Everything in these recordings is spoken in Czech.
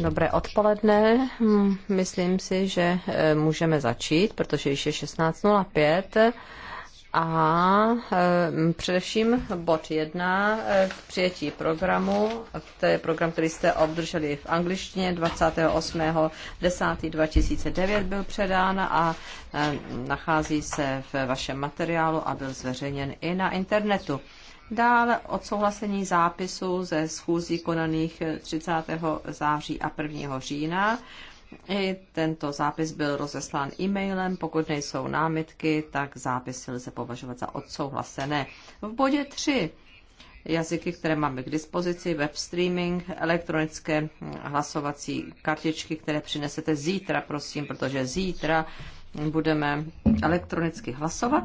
Dobré odpoledne. Hmm, myslím si, že eh, můžeme začít, protože již je 16.05. A eh, především bod jedna eh, k přijetí programu. To je program, který jste obdrželi v angličtině 28.10.2009 byl předán a nachází se v vašem materiálu a byl zveřejněn i na internetu. Dále odsouhlasení zápisu ze schůzí konaných 30. září a 1. října. I tento zápis byl rozeslán e-mailem, pokud nejsou námitky, tak zápisy lze považovat za odsouhlasené. V bodě 3 jazyky, které máme k dispozici, web streaming, elektronické hlasovací kartičky, které přinesete zítra, prosím, protože zítra budeme elektronicky hlasovat.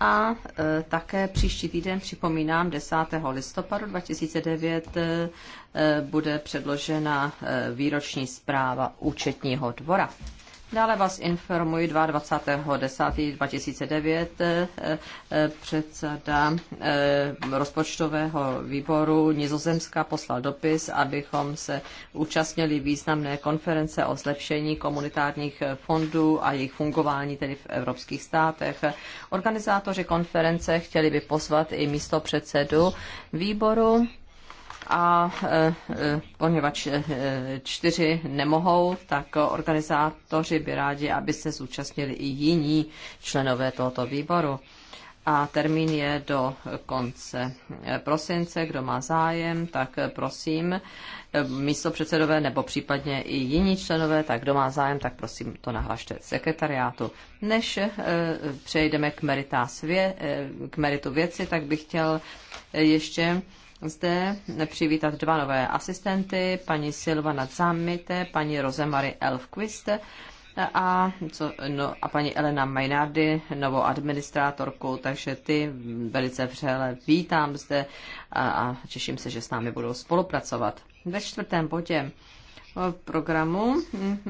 A e, také příští týden, připomínám, 10. listopadu 2009 e, e, bude předložena výroční zpráva účetního dvora. Dále vás informuji 22.10.2009 předseda rozpočtového výboru Nizozemska poslal dopis, abychom se účastnili významné konference o zlepšení komunitárních fondů a jejich fungování tedy v evropských státech. Organizátoři konference chtěli by pozvat i místo předsedu výboru a e, e, poněvadž e, čtyři nemohou, tak organizátoři by rádi, aby se zúčastnili i jiní členové tohoto výboru. A termín je do konce prosince. Kdo má zájem, tak prosím, místo předsedové nebo případně i jiní členové, tak kdo má zájem, tak prosím to nahlašte sekretariátu. Než přejdeme k, meritá svě, k meritu věci, tak bych chtěl ještě zde přivítat dva nové asistenty, paní Silvana Zamite, paní Rosemary Elfquist a, co, no, a paní Elena Maynardy, novou administrátorku, takže ty velice vřele vítám zde a, a těším se, že s námi budou spolupracovat. Ve čtvrtém bodě programu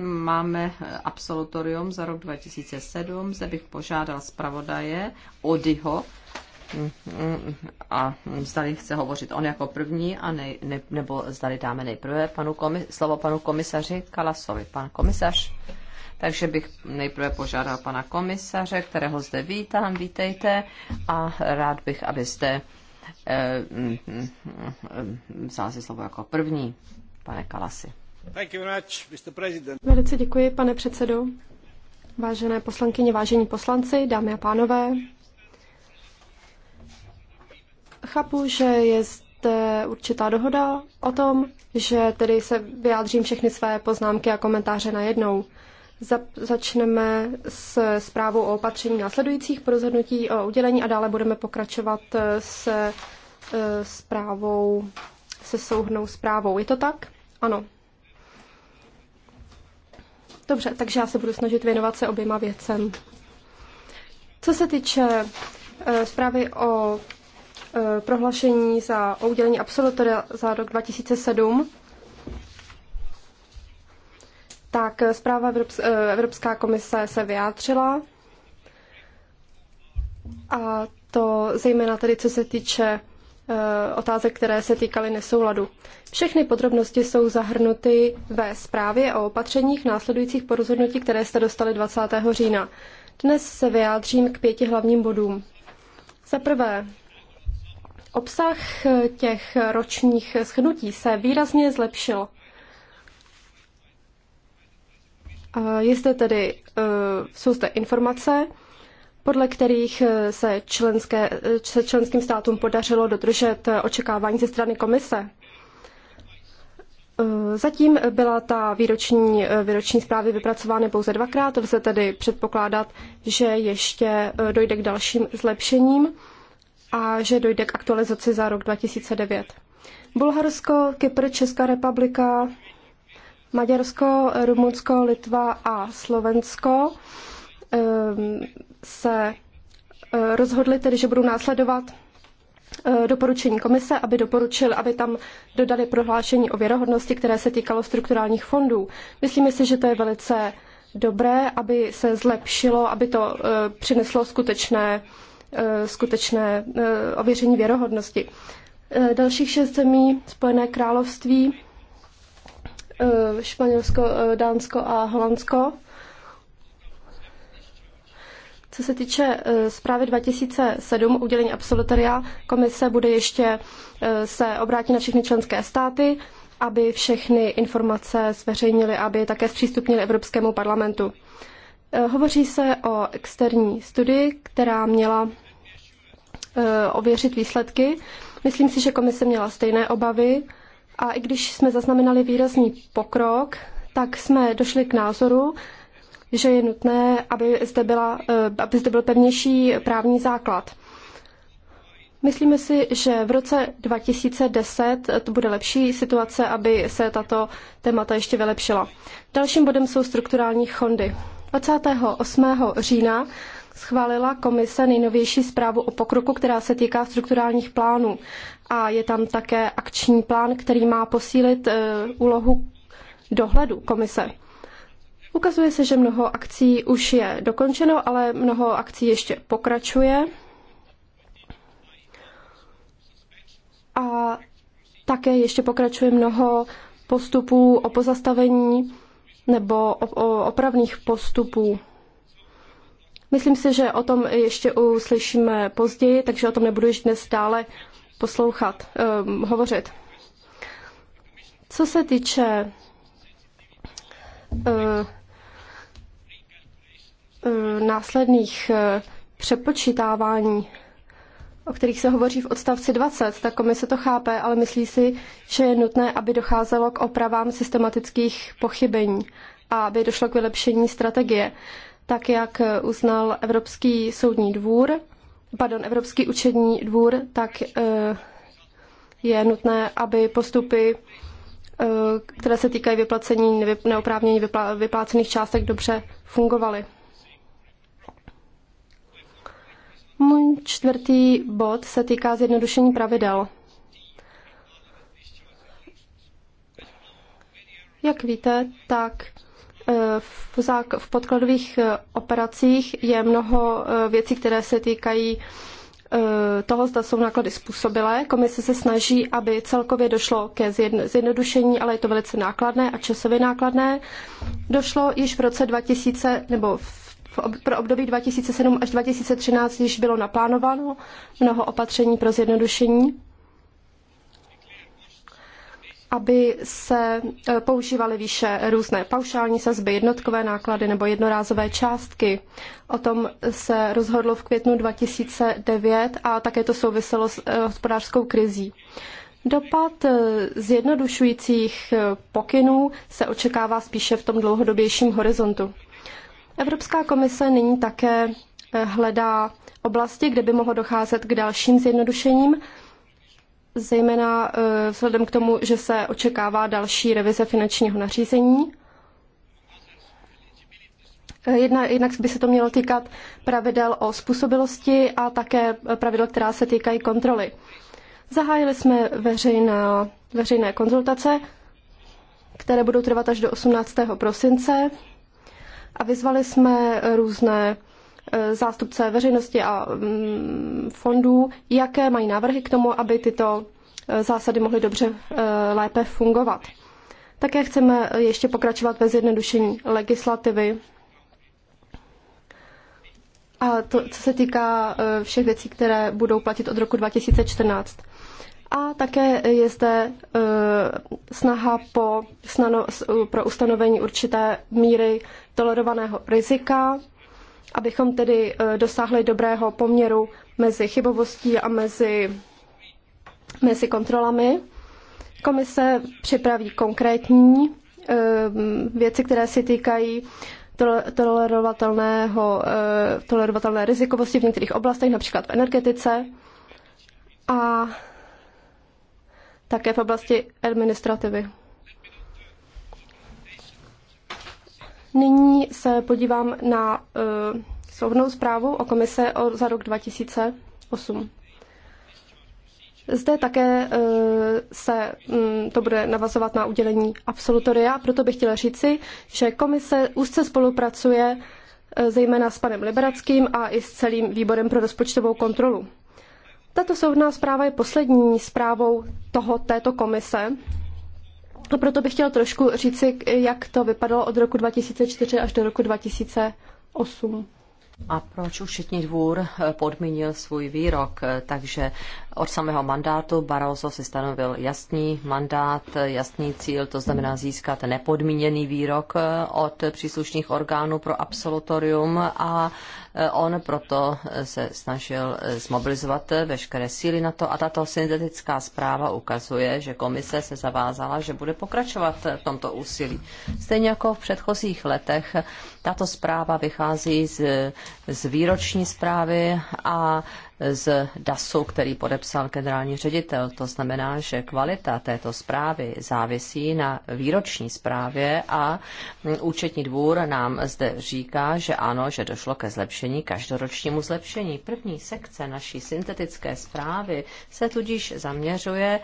máme absolutorium za rok 2007. Zde bych požádal zpravodaje Odyho, a zdali chce hovořit on jako první, a ne, ne, nebo zdali dáme nejprve panu komis, slovo panu komisaři Kalasovi. Pan komisař. Takže bych nejprve požádal pana komisaře, kterého zde vítám, vítejte a rád bych, abyste eh, mm, mm, mm, vzal si slovo jako první, pane Kalasi. Thank you much, Mr. President. Velice děkuji, pane předsedo. Vážené poslankyně, vážení poslanci, dámy a pánové, Chápu, že je zde určitá dohoda o tom, že tedy se vyjádřím všechny své poznámky a komentáře najednou. Za, začneme s zprávou o opatření následujících po rozhodnutí o udělení a dále budeme pokračovat se zprávou, se souhnou zprávou. Je to tak? Ano. Dobře, takže já se budu snažit věnovat se oběma věcem. Co se týče e, zprávy o Eh, prohlášení za udělení absolutoria za rok 2007, tak eh, zpráva eh, Evropská komise se vyjádřila a to zejména tedy co se týče otázek, které se týkaly nesouladu. Všechny podrobnosti jsou zahrnuty ve zprávě o opatřeních následujících po rozhodnutí, které jste dostali 20. října. Dnes se vyjádřím k pěti hlavním bodům. Za prvé, Obsah eh, těch ročních schnutí se výrazně zlepšil. Je zde tedy, eh, jsou zde informace, podle kterých eh, se, členské, se členským státům podařilo dodržet očekávání ze strany komise. Zatím byla ta výroční, výroční zprávy vypracovány pouze dvakrát, lze tedy předpokládat, že ještě dojde k dalším zlepšením a že dojde k aktualizaci za rok 2009. Bulharsko, Kypr, Česká republika, Maďarsko, Rumunsko, Litva a Slovensko ehm, se eh, rozhodli tedy, že budou následovat eh, doporučení komise, aby doporučil, aby tam dodali prohlášení o věrohodnosti, které se týkalo strukturálních fondů. Myslíme si, že to je velice dobré, aby se zlepšilo, aby to eh, přineslo skutečné Eh, skutečné eh, ověření věrohodnosti. Eh, dalších šest zemí, Spojené království, Španělsko, Dánsko a Holandsko. Co se týče zprávy 2007 udělení absolutoria, komise bude ještě se obrátit na všechny členské státy, aby všechny informace zveřejnili, aby je také zpřístupnili Evropskému parlamentu. Hovoří se o externí studii, která měla Eh, ověřit výsledky. Myslím si, že komise měla stejné obavy a i když jsme zaznamenali výrazný pokrok, tak jsme došli k názoru, že je nutné, aby zde, byla, eh, aby zde byl pevnější právní základ. Myslíme si, že v roce 2010 to bude lepší situace, aby se tato témata ještě vylepšila. Dalším bodem jsou strukturální fondy. 28. října schválila komise nejnovější zprávu o pokroku, která se týká strukturálních plánů. A je tam také akční plán, který má posílit e, úlohu dohledu komise. Ukazuje se, že mnoho akcí už je dokončeno, ale mnoho akcí ještě pokračuje. A také ještě pokračuje mnoho postupů o pozastavení nebo o, o opravných postupů. Myslím si, že o tom ještě uslyšíme později, takže o tom nebudu již dnes dále poslouchat, um, hovořit. Co se týče uh, následných eh, přepočítávání, o kterých se hovoří v odstavci 20, tak komise to chápe, ale myslí si, že je nutné, aby docházelo k opravám systematických pochybení a aby došlo k vylepšení strategie tak jak uznal Evropský soudní dvůr, pardon, Evropský učení dvůr, tak eh, je nutné, aby postupy, eh, které se týkají vyplacení neoprávnění vyplácených částek, dobře fungovaly. Můj čtvrtý bod se týká zjednodušení pravidel. Jak víte, tak v, podkladových eh, operacích je mnoho eh, věcí, které se týkají eh, toho, zda jsou náklady způsobilé. Komise se snaží, aby celkově došlo ke zjednodušení, ale je to velice nákladné a časově nákladné. Došlo již v roce 2000, nebo v, pro období 2007 až 2013 již bylo naplánováno mnoho opatření pro zjednodušení aby se e, používaly výše různé paušální sazby, jednotkové náklady nebo jednorázové částky. O tom se rozhodlo v květnu 2009 a také to souviselo s e, hospodářskou krizí. Dopad e, zjednodušujících pokynů se očekává spíše v tom dlouhodobějším horizontu. Evropská komise nyní také hledá oblasti, kde by mohlo docházet k dalším zjednodušením zejména eh, vzhledem k tomu, že se očekává další revize finančního nařízení. Eh, jedna, jednak by se to mělo týkat pravidel o způsobilosti a také pravidel, která se týkají kontroly. Zahájili jsme veřejná, veřejné konzultace, které budou trvat až do 18. prosince a vyzvali jsme různé Eh, zástupce veřejnosti a mm, fondů, jaké mají návrhy k tomu, aby tyto eh, zásady mohly dobře eh, lépe fungovat. Také chceme ještě pokračovat ve zjednodušení legislativy. A to, co se týká všech věcí, které budou platit od roku 2014. A také je zde snaha po, snano, pro ustanovení určité míry tolerovaného rizika abychom tedy eh, dosáhli dobrého poměru mezi chybovostí a mezi, mezi kontrolami. Komise připraví konkrétní eh, věci, které se týkají tolerovatelného, eh, tolerovatelné rizikovosti v některých oblastech, například v energetice a také v oblasti administrativy. Nyní se podívám na uh, slovnou zprávu o komise o, za rok 2008. Zde také eh, se mm, to bude navazovat na udělení absolutoria, proto bych chtěla říci, že komise úzce spolupracuje eh, zejména s panem Liberackým a i s celým výborem pro rozpočtovou kontrolu. Tato soudná zpráva je poslední zprávou toho, této komise a no, proto bych chtěl trošku říci, jak to vypadalo od roku 2004 až do roku 2008. A proč účetní dvůr eh, podmínil svůj výrok? Eh, takže od samého mandátu Barroso si stanovil jasný mandát, eh, jasný cíl, to znamená získat nepodmíněný výrok od příslušných orgánů pro absolutorium a Eh, on proto eh, se snažil eh, zmobilizovat veškeré síly na to a tato syntetická zpráva ukazuje, že komise se zavázala, že bude pokračovat v tomto úsilí. Stejně jako v předchozích letech, tato zpráva vychází z, z výroční zprávy a z DASu, který podepsal generální ředitel. To znamená, že kvalita této zprávy závisí na výroční zprávě a účetní dvůr nám zde říká, že ano, že došlo ke zlepšení, každoročnímu zlepšení. První sekce naší syntetické zprávy se tudíž zaměřuje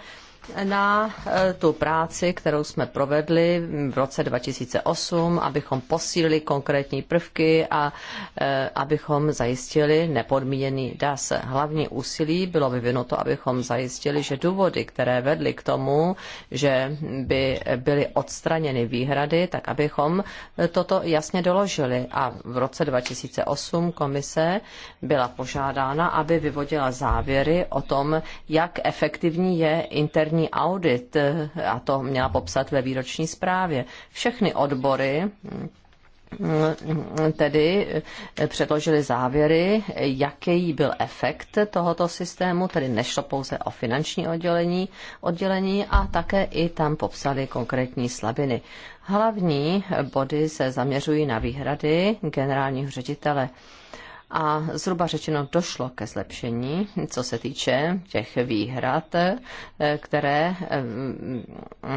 na eh, tu práci, kterou jsme provedli v roce 2008, abychom posílili konkrétní prvky a eh, abychom zajistili nepodmíněný DAS. Hlavní úsilí bylo vyvinuto, abychom zajistili, že důvody, které vedly k tomu, že by byly odstraněny výhrady, tak abychom toto jasně doložili. A v roce 2008 komise byla požádána, aby vyvodila závěry o tom, jak efektivní je interní interní audit, eh, a to měla popsat ve výroční zprávě. Všechny odbory mm, mm, tedy eh, předložili závěry, jaký byl efekt tohoto systému, tedy nešlo pouze o finanční oddělení, oddělení a také i tam popsali konkrétní slabiny. Hlavní body se zaměřují na výhrady generálního ředitele a zhruba řečeno došlo ke zlepšení, co se týče těch výhrad, eh, které eh, mm, eh,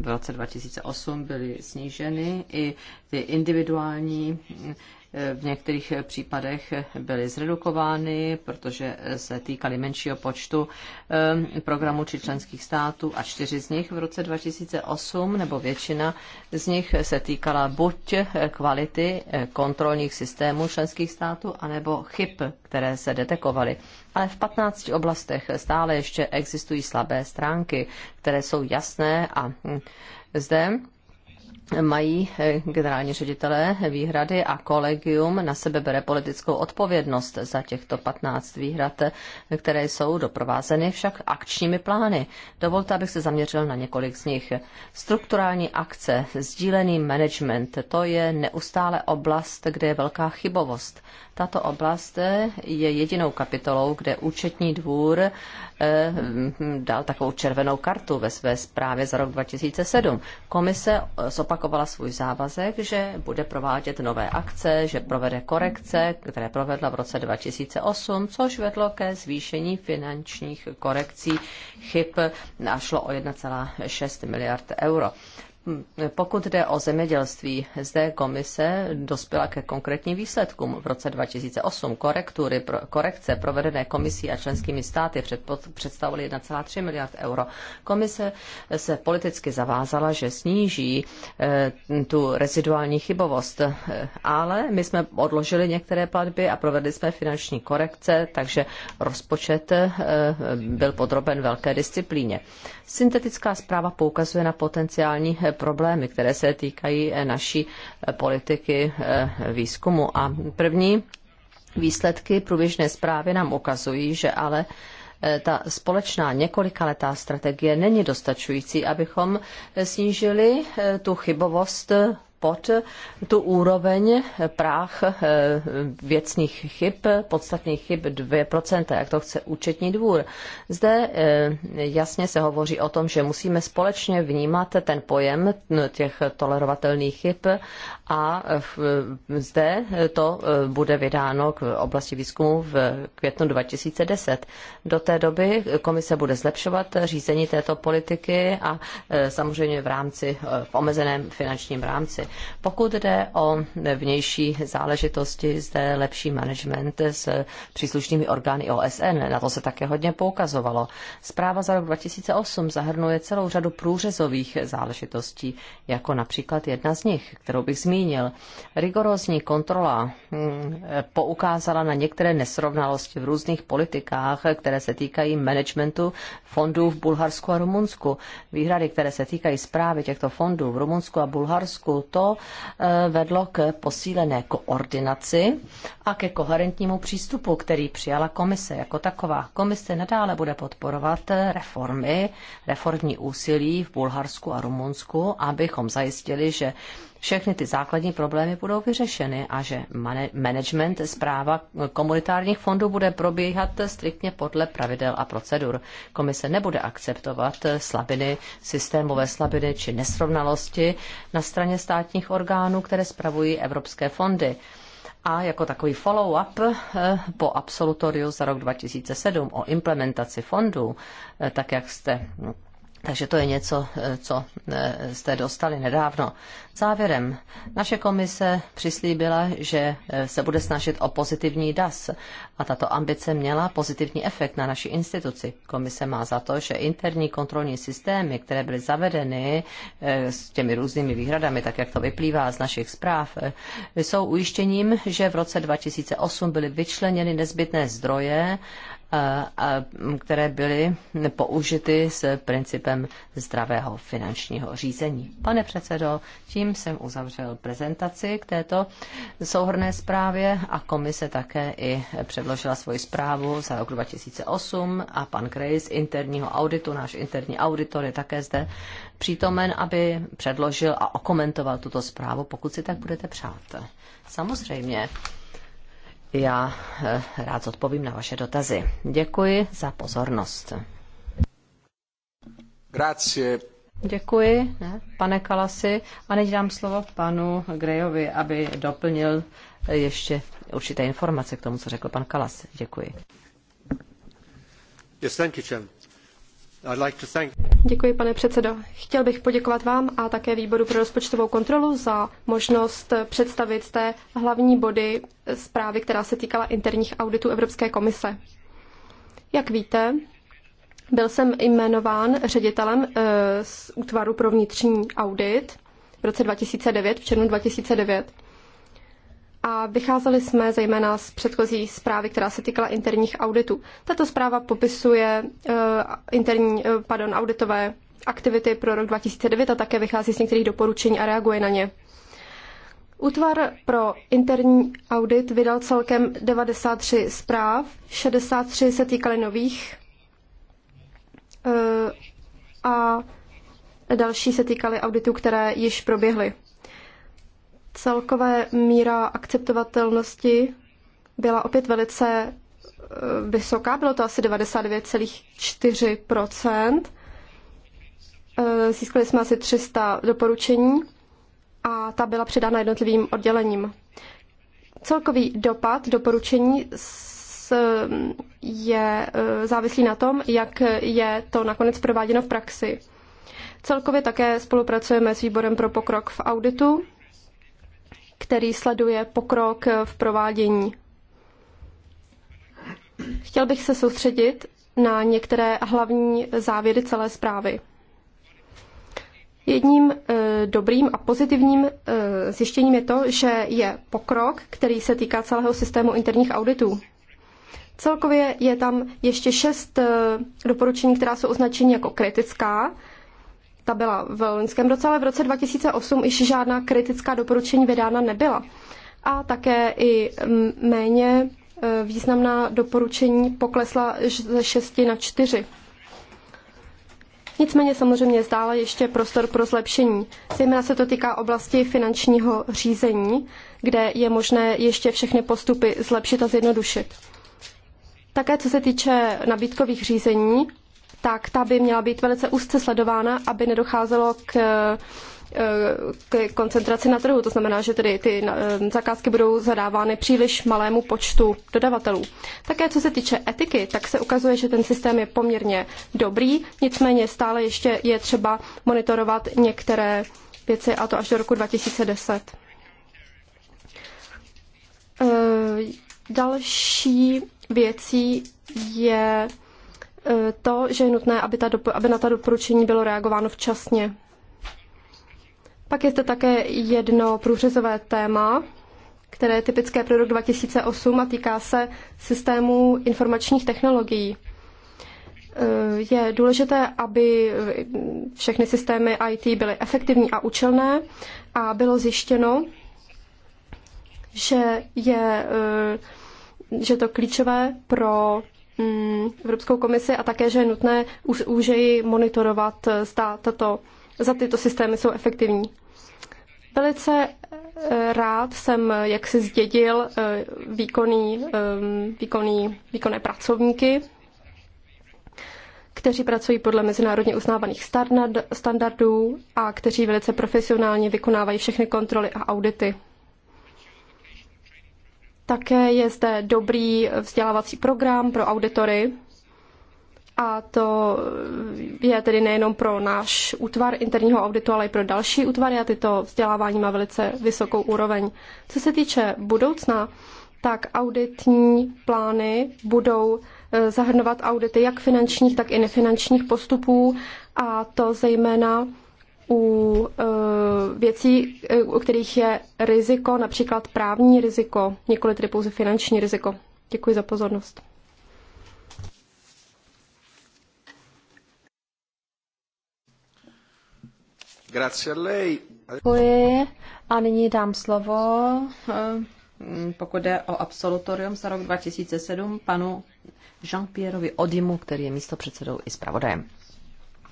v roce 2008 byly sníženy i ty individuální v některých případech byly zredukovány, protože se týkaly menšího počtu ehm, programů či členských států a čtyři z nich v roce 2008, nebo většina z nich se týkala buď kvality eh, kontrolních systémů členských států, anebo chyb, které se detekovaly. Ale v 15 oblastech stále ještě existují slabé stránky, které jsou jasné a hm, zde mají eh, generální ředitelé výhrady a kolegium na sebe bere politickou odpovědnost za těchto 15 výhrad, eh, které jsou doprovázeny však akčními plány. Dovolte, abych se zaměřil na několik z nich. Strukturální akce, sdílený management, to je neustále oblast, kde je velká chybovost. Tato oblast eh, je jedinou kapitolou, kde účetní dvůr Eh, dal takovou červenou kartu ve své zprávě za rok 2007. Komise eh, zopakovala svůj závazek, že bude provádět nové akce, že provede korekce, které provedla v roce 2008, což vedlo ke zvýšení finančních korekcí chyb a šlo o 1,6 miliard euro. Pokud jde o zemědělství, zde komise dospěla ke konkrétním výsledkům. V roce 2008 korektury, pro, korekce provedené komisí a členskými státy před, představily 1,3 miliard euro. Komise se politicky zavázala, že sníží e, tu reziduální chybovost, eh, ale my jsme odložili některé platby a provedli jsme finanční korekce, takže rozpočet e, byl podroben velké disciplíně. Syntetická zpráva poukazuje na potenciální problémy, které se týkají eh, naší eh, politiky eh, výzkumu. A první výsledky průběžné zprávy nám ukazují, že ale ta společná několikaletá strategie není dostačující, abychom snížili tu chybovost pod tu úroveň práh eh, věcných chyb, podstatných chyb 2%, jak to chce účetní dvůr. Zde eh, jasně se hovoří o tom, že musíme společně vnímat ten pojem těch tolerovatelných chyb a zde to eh, bude vydáno k oblasti výzkumu v květnu 2010. Do té doby komise bude zlepšovat řízení této politiky a samozřejmě v rámci, v omezeném finančním rámci. Pokud jde o vnější záležitosti, zde lepší management s příslušnými orgány OSN, na to se také hodně poukazovalo. Zpráva za rok 2008 zahrnuje celou řadu průřezových záležitostí, jako například jedna z nich, kterou bych zmínil. Rigorózní kontrola hm, poukázala na některé nesrovnalosti v různých politikách, které se týkají managementu fondů v Bulharsku a Rumunsku. Výhrady, které se týkají zprávy těchto fondů v Rumunsku a Bulharsku, to Eh, vedlo k posílené koordinaci a ke koherentnímu přístupu, který přijala komise jako taková. Komise nadále bude podporovat reformy, reformní úsilí v Bulharsku a Rumunsku, abychom zajistili, že všechny ty základní problémy budou vyřešeny a že management zpráva komunitárních fondů bude probíhat striktně podle pravidel a procedur. Komise nebude akceptovat slabiny, systémové slabiny či nesrovnalosti na straně státních orgánů, které spravují evropské fondy. A jako takový follow-up eh, po absolutoriu za rok 2007 o implementaci fondů, eh, tak jak jste hm, takže to je něco, eh, co eh, jste dostali nedávno. Závěrem, naše komise přislíbila, že eh, se bude snažit o pozitivní DAS a tato ambice měla pozitivní efekt na naši instituci. Komise má za to, že interní kontrolní systémy, které byly zavedeny s těmi různými výhradami, tak jak to vyplývá z našich zpráv, jsou ujištěním, že v roce 2008 byly vyčleněny nezbytné zdroje které byly použity s principem zdravého finančního řízení. Pane předsedo, tím jsem uzavřel prezentaci k této souhrné zprávě a komise také i předložila svoji zprávu za rok 2008 a pan Krej z interního auditu, náš interní auditor je také zde přítomen, aby předložil a okomentoval tuto zprávu, pokud si tak budete přát. Samozřejmě já eh, rád odpovím na vaše dotazy. Děkuji za pozornost. Grazie. Děkuji, ne, pane Kalasi. A než dám slovo panu Grejovi, aby doplnil eh, ještě určité informace k tomu, co řekl pan Kalas. Děkuji. Yes, thank you, Děkuji, pane předsedo. Chtěl bych poděkovat vám a také výboru pro rozpočtovou kontrolu za možnost představit zde hlavní body zprávy, která se týkala interních auditů Evropské komise. Jak víte, byl jsem jmenován ředitelem eh, z útvaru pro vnitřní audit v roce 2009, v červnu 2009 a vycházeli jsme zejména z předchozí zprávy, která se týkala interních auditů. Tato zpráva popisuje eh, interní, eh, pardon, auditové aktivity pro rok 2009 a také vychází z některých doporučení a reaguje na ně. Útvar pro interní audit vydal celkem 93 zpráv, 63 se týkaly nových eh, a další se týkaly auditů, které již proběhly celkové míra akceptovatelnosti byla opět velice eh, vysoká, bylo to asi 99,4%. Eh, získali jsme asi 300 doporučení a ta byla přidána jednotlivým oddělením. Celkový dopad doporučení je eh, závislý na tom, jak je to nakonec prováděno v praxi. Celkově také spolupracujeme s výborem pro pokrok v auditu který sleduje pokrok v provádění. Chtěl bych se soustředit na některé hlavní závěry celé zprávy. Jedním eh, dobrým a pozitivním eh, zjištěním je to, že je pokrok, který se týká celého systému interních auditů. Celkově je tam ještě šest eh, doporučení, která jsou označeny jako kritická ta byla v loňském roce, ale v roce 2008 již žádná kritická doporučení vydána nebyla. A také i mm, méně e, významná doporučení poklesla ze 6 na 4. Nicméně samozřejmě zdále ještě prostor pro zlepšení. Zejména se to týká oblasti finančního řízení, kde je možné ještě všechny postupy zlepšit a zjednodušit. Také co se týče nabídkových řízení, tak ta by měla být velice úzce sledována, aby nedocházelo k eh, k koncentraci na trhu. To znamená, že tedy ty eh, zakázky budou zadávány příliš malému počtu dodavatelů. Také co se týče etiky, tak se ukazuje, že ten systém je poměrně dobrý, nicméně stále ještě je třeba monitorovat některé věci a to až do roku 2010. Eh, další věcí je Eh, to, že je nutné, aby, ta, aby na ta doporučení bylo reagováno včasně. Pak je zde také jedno průřezové téma, které je typické pro rok 2008 a týká se systému informačních technologií. Eh, je důležité, aby eh, všechny systémy IT byly efektivní a účelné a bylo zjištěno, že je že to klíčové pro Mm, Evropskou komisi a také, že je nutné úžeji monitorovat, eh, zda tato, za tyto systémy jsou efektivní. Velice eh, rád jsem eh, jak si zdědil výkonný, ehm, výkonný, výkonné pracovníky, kteří pracují podle mezinárodně uznávaných standardů a kteří velice profesionálně vykonávají všechny kontroly a audity. Také je zde dobrý vzdělávací program pro auditory, a to je tedy nejenom pro náš útvar interního auditu, ale i pro další útvary a tyto vzdělávání má velice vysokou úroveň. Co se týče budoucna, tak auditní plány budou eh, zahrnovat audity jak finančních, tak i nefinančních postupů a to zejména u e, věcí, e, u kterých je riziko, například právní riziko, nikoli tedy pouze finanční riziko. Děkuji za pozornost. Děkuji a nyní dám slovo, e, pokud jde o absolutorium za rok 2007, panu jean pierrovi Odimu, který je místopředsedou i zpravodajem.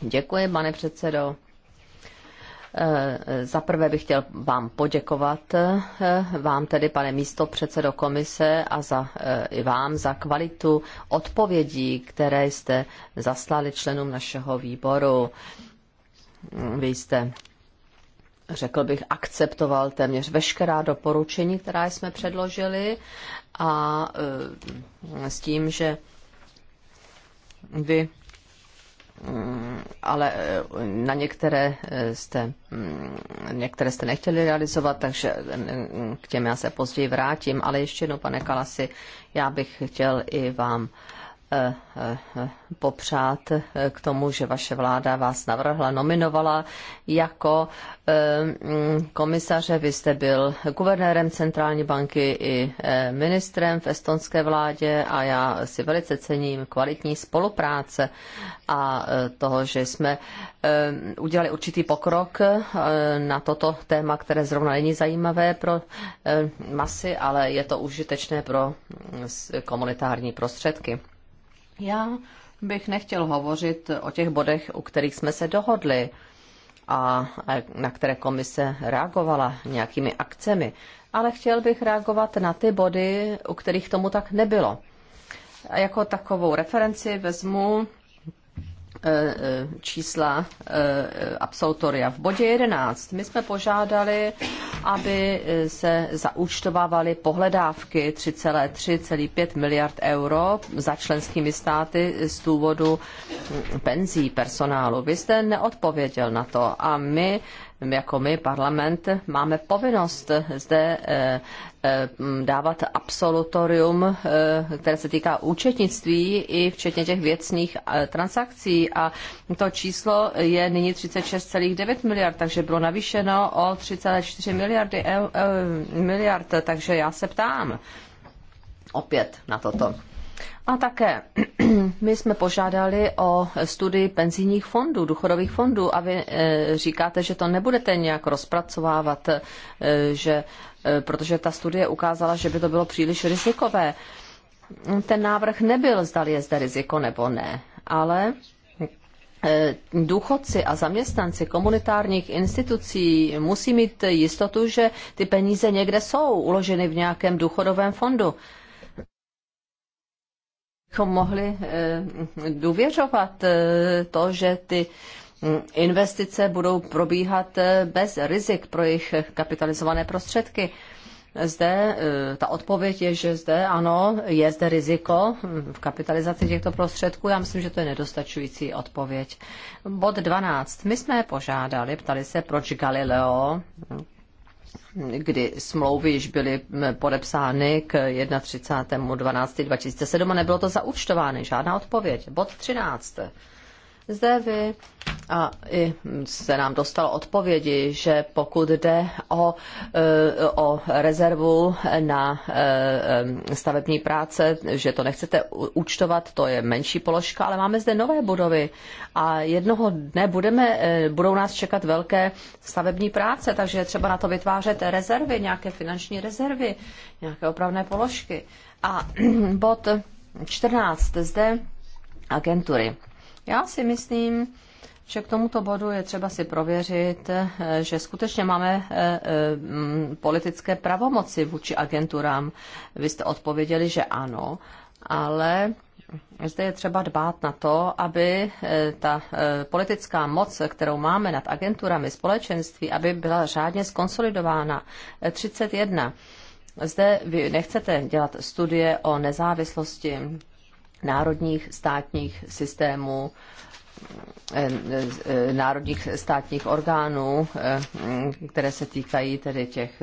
Děkuji, pane předsedo. Eh, za prvé bych chtěl vám poděkovat, eh, vám tedy, pane místo předsedo komise, a za, eh, i vám za kvalitu odpovědí, které jste zaslali členům našeho výboru. Mm, vy jste řekl bych, akceptoval téměř veškerá doporučení, která jsme předložili a s tím, že vy Mm, ale eh, na některé eh, jste, mm, některé jste nechtěli realizovat, takže mm, k těm já se později vrátím. Ale ještě jednou, pane Kalasi, já bych chtěl i vám Eh, eh, popřát eh, k tomu, že vaše vláda vás navrhla, nominovala jako mm, komisaře. Vy jste byl guvernérem centrální banky i ministrem v estonské vládě a já si velice cením kvalitní spolupráce a toho, že jsme udělali určitý pokrok na toto téma, které zrovna není zajímavé pro masy, ale je to užitečné pro mm, komunitární prostředky. Já bych nechtěl hovořit o těch bodech, u kterých jsme se dohodli a na které komise reagovala nějakými akcemi, ale chtěl bych reagovat na ty body, u kterých tomu tak nebylo. A jako takovou referenci vezmu Eh, eh, čísla eh, absolutoria. V bodě 11 my jsme požádali, aby se zaúčtovávaly pohledávky 3,3,5 miliard euro za členskými státy z důvodu hm, penzí personálu. Vy jste neodpověděl na to a my jako my, parlament, máme povinnost zde eh, eh, dávat absolutorium, eh, které se týká účetnictví i včetně těch věcných transakcí. A to číslo je nyní 36,9 miliard, takže bylo navýšeno o 3,4 miliardy miliard, takže já se ptám opět na toto. A také my jsme požádali o studii penzijních fondů, důchodových fondů a vy eh, říkáte, že to nebudete nějak rozpracovávat, eh, že, eh, protože ta studie ukázala, že by to bylo příliš rizikové. Ten návrh nebyl, zdali je zde riziko nebo ne, ale důchodci a zaměstnanci komunitárních institucí musí mít jistotu, že ty peníze někde jsou uloženy v nějakém důchodovém fondu mohli eh, důvěřovat eh, to, že ty hm, investice budou probíhat eh, bez rizik pro jejich kapitalizované prostředky. Zde ta odpověď je, že zde ano, je zde riziko hm, v kapitalizaci těchto prostředků. Já myslím, že to je nedostačující odpověď. Bod 12. My jsme požádali, ptali se, proč Galileo, hm, kdy smlouvy již byly podepsány k 31.12.2007 a nebylo to zaúčtováno. Žádná odpověď. Bod 13. Zde vy a i se nám dostalo odpovědi, že pokud jde o, e, o rezervu na e, e, stavební práce, že to nechcete účtovat, to je menší položka, ale máme zde nové budovy a jednoho dne budeme, budou nás čekat velké stavební práce, takže je třeba na to vytvářet rezervy, nějaké finanční rezervy, nějaké opravné položky. A bod 14 zde agentury. Já si myslím, že k tomuto bodu je třeba si prověřit, eh, že skutečně máme eh, eh, mm, politické pravomoci vůči agenturám. Vy jste odpověděli, že ano, ale zde je třeba dbát na to, aby ta politická moc, kterou máme nad agenturami společenství, aby byla řádně skonsolidována. 31. Zde vy nechcete dělat studie o nezávislosti národních státních systémů, eh, eh, národních státních orgánů, eh, které se týkají tedy těch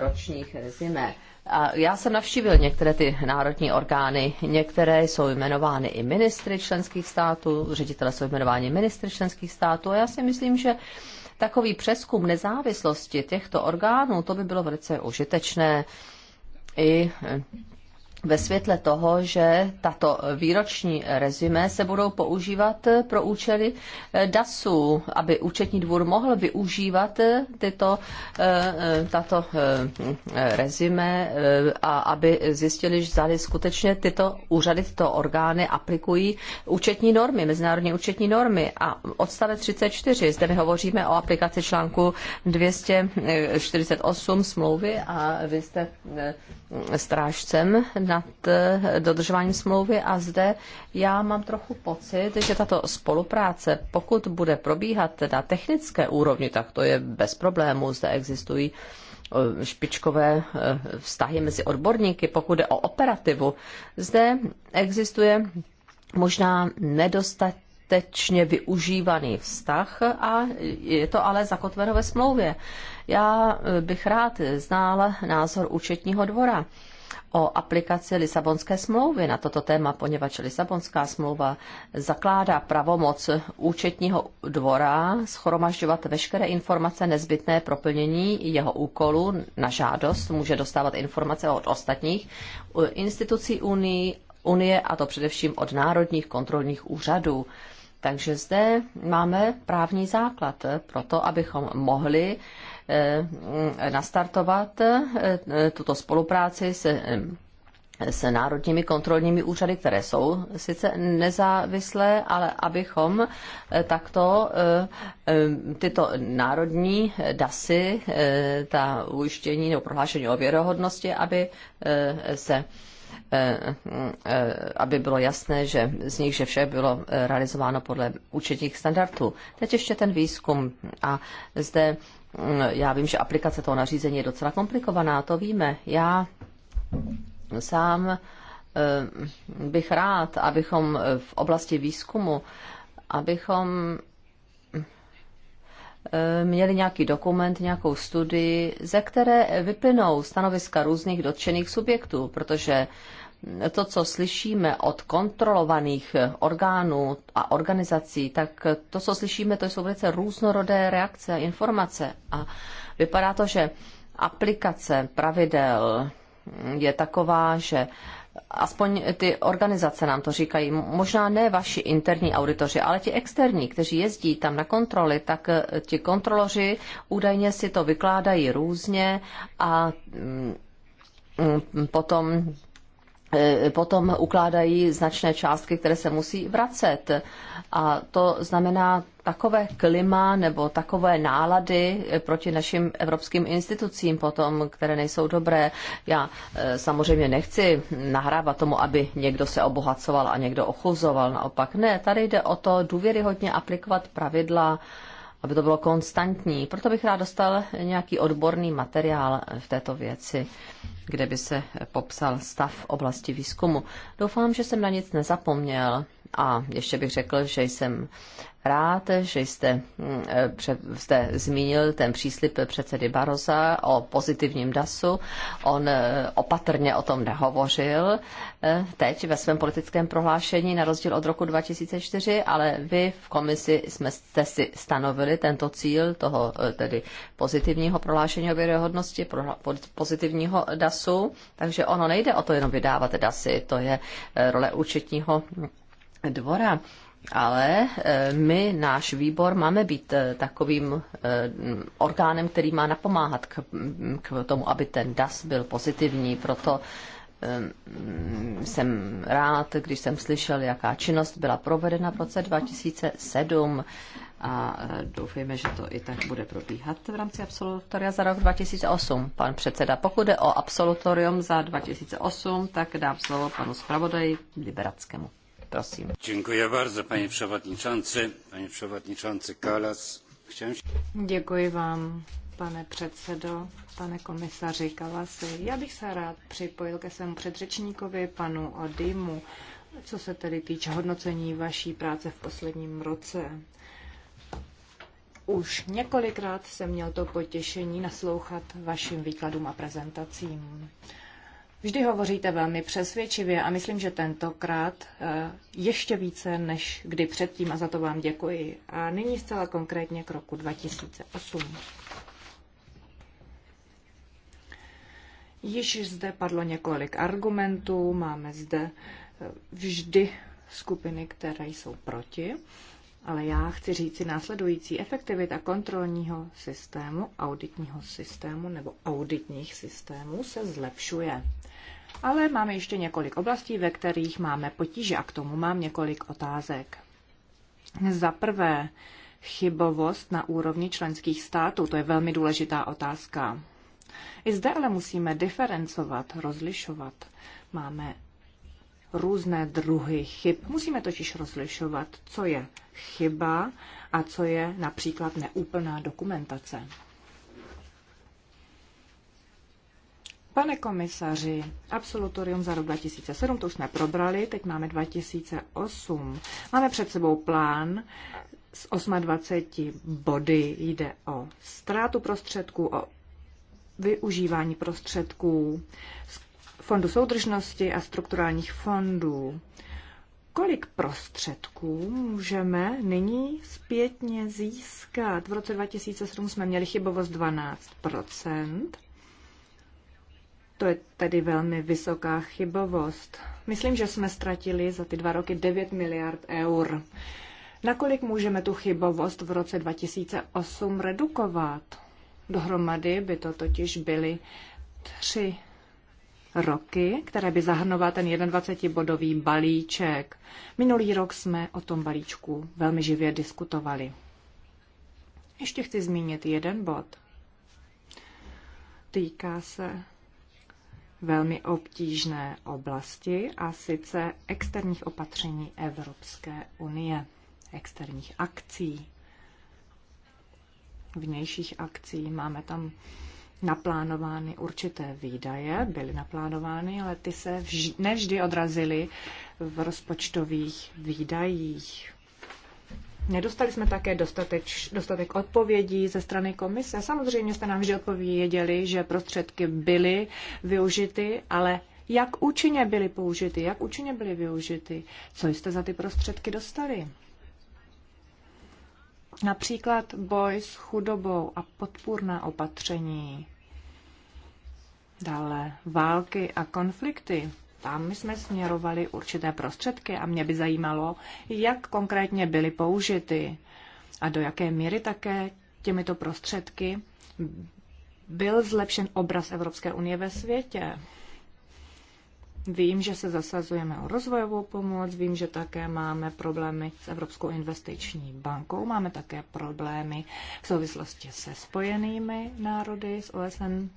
ročních rezime. A já jsem navštívil některé ty národní orgány, některé jsou jmenovány i ministry členských států, ředitele jsou jmenováni ministry členských států a já si myslím, že takový přeskum nezávislosti těchto orgánů, to by bylo velice užitečné i ve světle toho, že tato výroční rezime se budou používat pro účely eh, DASu, aby účetní dvůr mohl využívat eh, tyto, eh, tato rezime a aby zjistili, že zali skutečně tyto úřady, tyto orgány aplikují účetní normy, mezinárodní účetní normy. A odstavec 34, zde my hovoříme o aplikaci článku 248 smlouvy a vy jste strážcem nad eh, dodržováním smlouvy a zde já mám trochu pocit, že tato spolupráce, pokud bude probíhat na technické úrovni, tak to je bez problému. Zde existují eh, špičkové eh, vztahy mezi odborníky, pokud jde o operativu. Zde existuje možná nedostatek tečně využívaný vztah a je to ale zakotveno ve smlouvě. Já bych rád znal názor účetního dvora o aplikaci Lisabonské smlouvy na toto téma, poněvadž Lisabonská smlouva zakládá pravomoc účetního dvora schromažďovat veškeré informace nezbytné pro plnění jeho úkolu na žádost, může dostávat informace od ostatních institucí Unii, Unie a to především od národních kontrolních úřadů. Takže zde máme právní základ pro to, abychom mohli Eh, nastartovat eh, tuto spolupráci se eh, s národními kontrolními úřady, které jsou sice nezávislé, ale abychom takto tyto národní DASy, ta ujištění nebo prohlášení o věrohodnosti, aby se aby bylo jasné, že z nich, že vše bylo realizováno podle účetních standardů. Teď ještě ten výzkum a zde já vím, že aplikace toho nařízení je docela komplikovaná, to víme. Já sám eh, bych rád, abychom v oblasti výzkumu, abychom eh, měli nějaký dokument, nějakou studii, ze které vyplynou stanoviska různých dotčených subjektů, protože to, co slyšíme od kontrolovaných orgánů a organizací, tak to, co slyšíme, to jsou velice různorodé reakce a informace. A vypadá to, že aplikace pravidel je taková, že aspoň ty organizace nám to říkají, možná ne vaši interní auditoři, ale ti externí, kteří jezdí tam na kontroly, tak eh, ti kontroloři údajně si to vykládají různě a mm, mm, potom E, potom ukládají značné částky, které se musí vracet. A to znamená takové klima nebo takové nálady e, proti našim evropským institucím potom, které nejsou dobré. Já e, samozřejmě nechci nahrávat tomu, aby někdo se obohacoval a někdo ochuzoval. Naopak ne, tady jde o to důvěryhodně aplikovat pravidla aby to bylo konstantní. Proto bych rád dostal nějaký odborný materiál v této věci, kde by se popsal stav oblasti výzkumu. Doufám, že jsem na nic nezapomněl a ještě bych řekl, že jsem rád, že jste, mm, eh, jste zmínil ten příslip předsedy Baroza o pozitivním DASu. On eh, opatrně o tom nehovořil eh, teď ve svém politickém prohlášení, na rozdíl od roku 2004, ale vy v komisi jsme, jste si stanovili tento cíl toho tedy pozitivního prohlášení o věrohodnosti, pozitivního DASu, takže ono nejde o to jenom vydávat DASy, to je role účetního dvora ale eh, my, náš výbor, máme být eh, takovým eh, orgánem, který má napomáhat k, mm, k tomu, aby ten DAS byl pozitivní. Proto jsem rád, když jsem slyšel, jaká činnost byla provedena v roce 2007 a doufejme, že to i tak bude probíhat v rámci absolutoria za rok 2008. Pan předseda, pokud jde o absolutorium za 2008, tak dám slovo panu zpravodaji Liberackému. Prosím. Děkuji bardzo, paní předsedající, paní předsedající Kalas. Děkuji vám, pane předsedo, pane komisaři Kalasi. Já bych se rád připojil ke svému předřečníkovi, panu Odimu, co se tedy týče hodnocení vaší práce v posledním roce. Už několikrát jsem měl to potěšení naslouchat vašim výkladům a prezentacím. Vždy hovoříte velmi přesvědčivě a myslím, že tentokrát eh, ještě více než kdy předtím a za to vám děkuji. A nyní zcela konkrétně k roku 2008. Již zde padlo několik argumentů, máme zde eh, vždy skupiny, které jsou proti, ale já chci říci následující efektivita kontrolního systému, auditního systému nebo auditních systémů se zlepšuje ale máme ještě několik oblastí, ve kterých máme potíže a k tomu mám několik otázek. Za prvé, chybovost na úrovni členských států, to je velmi důležitá otázka. I zde ale musíme diferencovat, rozlišovat. Máme různé druhy chyb. Musíme totiž rozlišovat, co je chyba a co je například neúplná dokumentace. Pane komisaři, absolutorium za rok 2007, to už jsme probrali, teď máme 2008. Máme před sebou plán s 28 body. Jde o ztrátu prostředků, o využívání prostředků z Fondu soudržnosti a strukturálních fondů. Kolik prostředků můžeme nyní zpětně získat? V roce 2007 jsme měli chybovost 12 to je tedy velmi vysoká chybovost. Myslím, že jsme ztratili za ty dva roky 9 miliard eur. Nakolik můžeme tu chybovost v roce 2008 redukovat? Dohromady by to totiž byly tři roky, které by zahrnoval ten 21-bodový balíček. Minulý rok jsme o tom balíčku velmi živě diskutovali. Ještě chci zmínit jeden bod. Týká se velmi obtížné oblasti, a sice externích opatření Evropské unie, externích akcí, vnějších akcí. Máme tam naplánovány určité výdaje, byly naplánovány, ale ty se vž- nevždy odrazily v rozpočtových výdajích. Nedostali jsme také dostateč, dostatek odpovědí ze strany komise. Samozřejmě jste nám vždy odpověděli, že prostředky byly využity, ale jak účinně byly použity, jak účinně byly využity, co jste za ty prostředky dostali. Například boj s chudobou a podpůrná opatření. Dále války a konflikty tam jsme směrovali určité prostředky a mě by zajímalo, jak konkrétně byly použity a do jaké míry také těmito prostředky byl zlepšen obraz Evropské unie ve světě. Vím, že se zasazujeme o rozvojovou pomoc, vím, že také máme problémy s Evropskou investiční bankou, máme také problémy v souvislosti se spojenými národy, s OSN.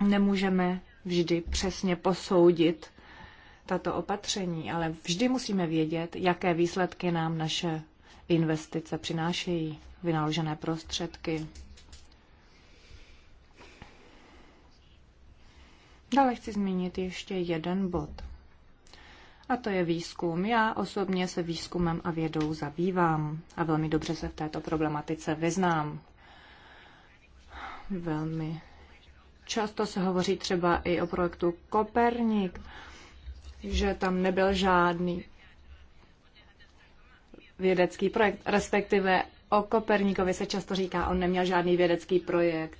Nemůžeme vždy přesně posoudit tato opatření, ale vždy musíme vědět, jaké výsledky nám naše investice přinášejí, vynaložené prostředky. Dále chci zmínit ještě jeden bod. A to je výzkum. Já osobně se výzkumem a vědou zabývám a velmi dobře se v této problematice vyznám. Velmi často se hovoří třeba i o projektu Koperník že tam nebyl žádný vědecký projekt, respektive o Koperníkovi se často říká, on neměl žádný vědecký projekt.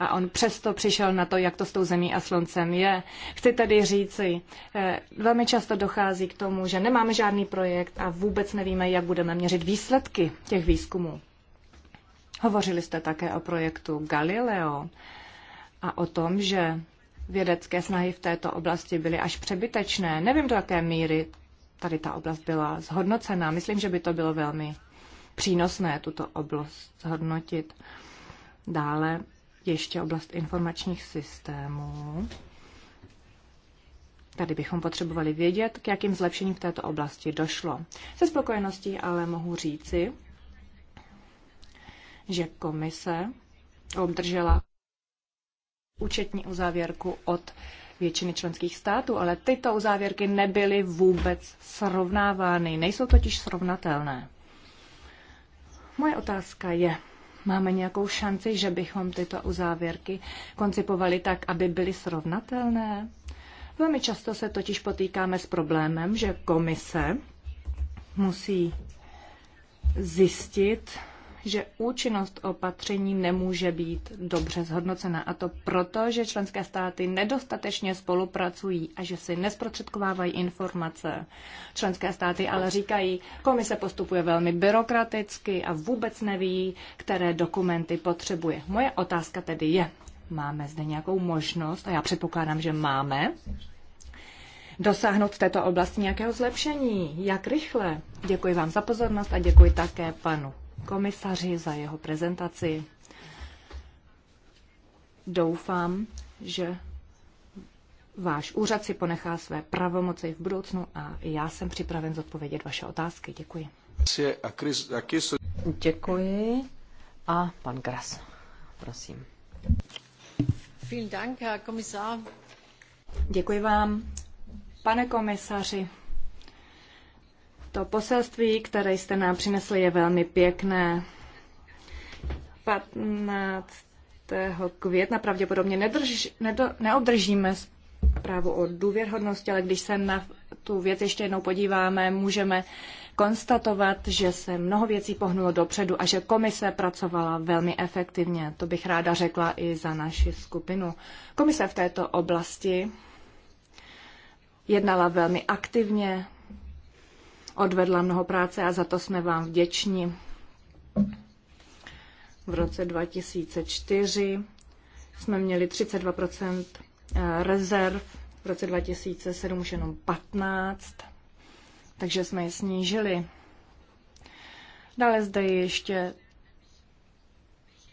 A on přesto přišel na to, jak to s tou zemí a sluncem je. Chci tady říci, eh, velmi často dochází k tomu, že nemáme žádný projekt a vůbec nevíme, jak budeme měřit výsledky těch výzkumů. Hovořili jste také o projektu Galileo a o tom, že vědecké snahy v této oblasti byly až přebytečné. Nevím, do jaké míry tady ta oblast byla zhodnocená. Myslím, že by to bylo velmi přínosné tuto oblast zhodnotit. Dále ještě oblast informačních systémů. Tady bychom potřebovali vědět, k jakým zlepšením v této oblasti došlo. Se spokojeností ale mohu říci, že komise obdržela účetní uzávěrku od většiny členských států, ale tyto uzávěrky nebyly vůbec srovnávány, nejsou totiž srovnatelné. Moje otázka je, máme nějakou šanci, že bychom tyto uzávěrky koncipovali tak, aby byly srovnatelné? Velmi často se totiž potýkáme s problémem, že komise musí zjistit, že účinnost opatření nemůže být dobře zhodnocena. A to proto, že členské státy nedostatečně spolupracují a že si nesprostředkovávají informace. Členské státy ale říkají, komise postupuje velmi byrokraticky a vůbec neví, které dokumenty potřebuje. Moje otázka tedy je, máme zde nějakou možnost, a já předpokládám, že máme, dosáhnout v této oblasti nějakého zlepšení. Jak rychle? Děkuji vám za pozornost a děkuji také panu komisaři za jeho prezentaci. Doufám, že váš úřad si ponechá své pravomoci v budoucnu a já jsem připraven zodpovědět vaše otázky. Děkuji. Děkuji. A pan Gras, prosím. Vielen Děkuji vám, pane komisaři. To poselství, které jste nám přinesli, je velmi pěkné. 15. května pravděpodobně nedrž, nedo, neobdržíme zprávu o důvěrhodnosti, ale když se na tu věc ještě jednou podíváme, můžeme konstatovat, že se mnoho věcí pohnulo dopředu a že komise pracovala velmi efektivně. To bych ráda řekla i za naši skupinu. Komise v této oblasti jednala velmi aktivně, odvedla mnoho práce a za to jsme vám vděční. V roce 2004 jsme měli 32 eh, rezerv, v roce 2007 už jenom 15, takže jsme je snížili. Dále zde je ještě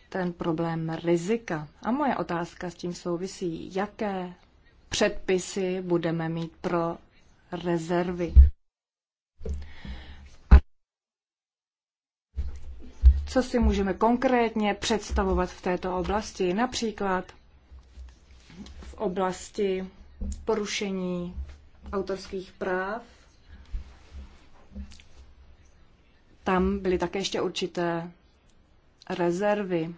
ten problém rizika. A moje otázka s tím souvisí, jaké předpisy budeme mít pro rezervy. co si můžeme konkrétně představovat v této oblasti, například v oblasti porušení autorských práv. Tam byly také ještě určité rezervy.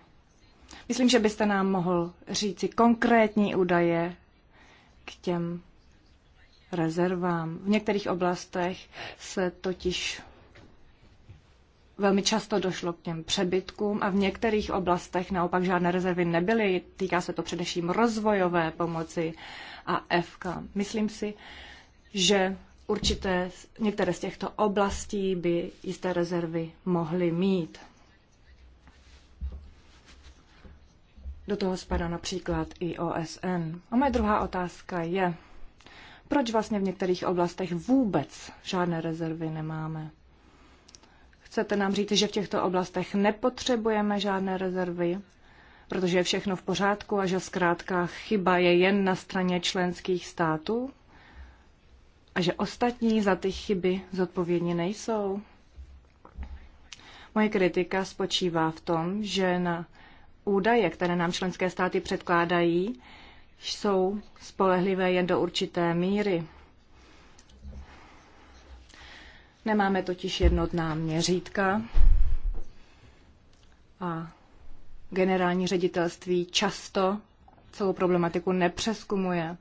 Myslím, že byste nám mohl říci konkrétní údaje k těm rezervám. V některých oblastech se totiž velmi často došlo k těm přebytkům a v některých oblastech naopak žádné rezervy nebyly. Týká se to především rozvojové pomoci a FK. Myslím si, že určité některé z těchto oblastí by jisté rezervy mohly mít. Do toho spadá například i OSN. A moje druhá otázka je, proč vlastně v některých oblastech vůbec žádné rezervy nemáme? Chcete nám říct, že v těchto oblastech nepotřebujeme žádné rezervy, protože je všechno v pořádku a že zkrátka chyba je jen na straně členských států? A že ostatní za ty chyby zodpovědní nejsou? Moje kritika spočívá v tom, že na údaje, které nám členské státy předkládají, jsou spolehlivé jen do určité míry. Nemáme totiž jednotná měřítka a generální ředitelství často celou problematiku nepřeskumuje.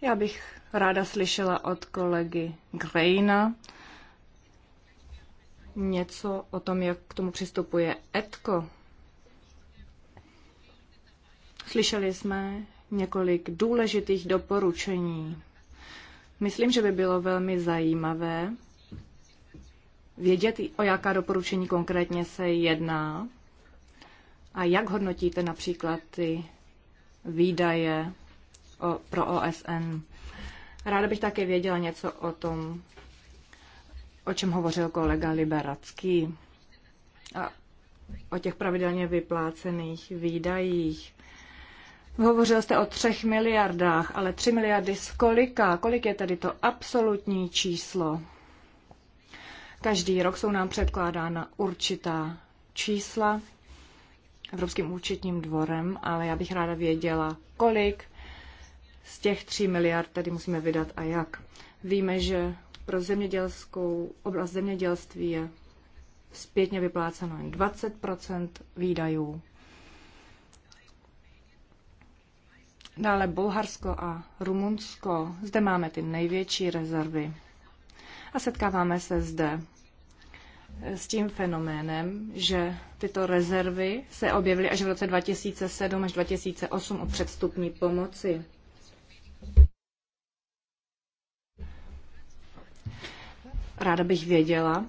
Já bych ráda slyšela od kolegy Greina něco o tom, jak k tomu přistupuje Etko. Slyšeli jsme několik důležitých doporučení. Myslím, že by bylo velmi zajímavé vědět, o jaká doporučení konkrétně se jedná a jak hodnotíte například ty výdaje o, pro OSN. Ráda bych také věděla něco o tom, o čem hovořil kolega Liberacký, a o těch pravidelně vyplácených výdajích. Hovořil jste o třech miliardách, ale tři miliardy z kolika? Kolik je tedy to absolutní číslo? Každý rok jsou nám předkládána určitá čísla Evropským účetním dvorem, ale já bych ráda věděla, kolik z těch 3 miliard tedy musíme vydat a jak. Víme, že pro zemědělskou oblast zemědělství je zpětně vypláceno jen 20 výdajů. Dále Bulharsko a Rumunsko. Zde máme ty největší rezervy. A setkáváme se zde s tím fenoménem, že tyto rezervy se objevily až v roce 2007 až 2008 o předstupní pomoci. Ráda bych věděla,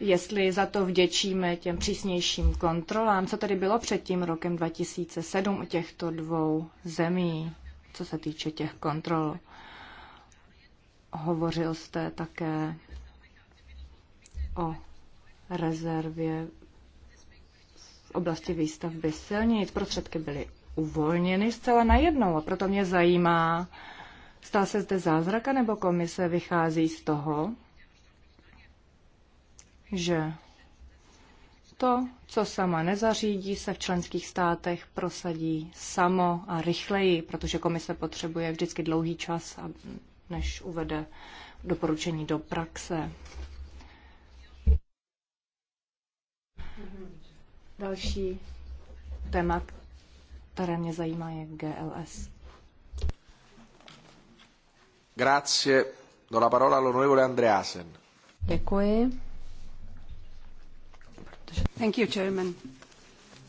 jestli za to vděčíme těm přísnějším kontrolám, co tady bylo před tím rokem 2007 u těchto dvou zemí, co se týče těch kontrol. Hovořil jste také o rezervě v oblasti výstavby silnic. Prostředky byly uvolněny zcela najednou a proto mě zajímá, stal se zde zázrak, nebo komise vychází z toho, že to, co sama nezařídí, se v členských státech prosadí samo a rychleji, protože komise potřebuje vždycky dlouhý čas, než uvede doporučení do praxe. Další téma, které mě zajímá, je GLS. Grazie. Do la parola all'onorevole Andreasen. Děkuji. Thank you, Chairman.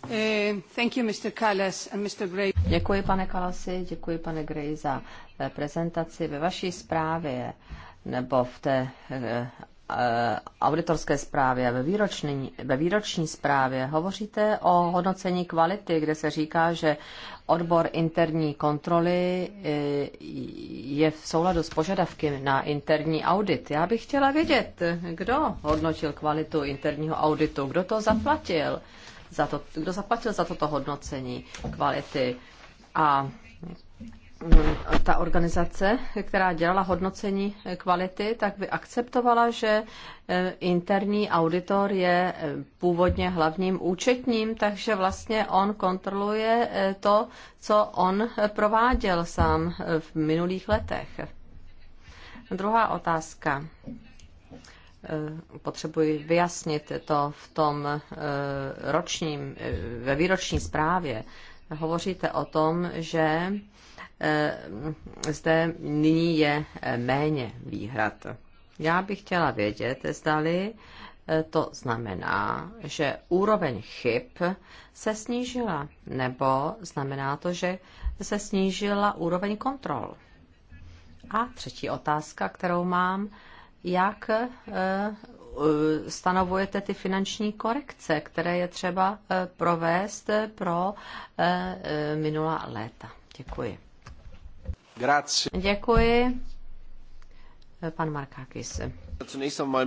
Eh, thank you, Mr. Kallas and Mr. Gray. Děkuji, pane Kalasi, děkuji, pane Gray, za eh, prezentaci ve vaší zprávě nebo v té eh, Eh, auditorské zprávě, ve výroční, ve výroční zprávě hovoříte o hodnocení kvality, kde se říká, že odbor interní kontroly eh, je v souladu s požadavky na interní audit. Já bych chtěla vědět, kdo hodnotil kvalitu interního auditu, kdo to zaplatil, za to, kdo zaplatil za toto hodnocení kvality a Mm, ta organizace, která dělala hodnocení eh, kvality, tak by akceptovala, že eh, interní auditor je eh, původně hlavním účetním, takže vlastně on kontroluje to, co on prováděl sám v minulých letech. Druhá otázka. Potřebuji vyjasnit to v tom ročním, ve výroční zprávě. Hovoříte o tom, že Eh, zde nyní je eh, méně výhrad. Já bych chtěla vědět, zdali eh, to znamená, že úroveň chyb se snížila, nebo znamená to, že se snížila úroveň kontrol. A třetí otázka, kterou mám, jak stanovujete ty finanční korekce, které je třeba provést pro minulá léta. Děkuji. Děkuji. Pan Markákis.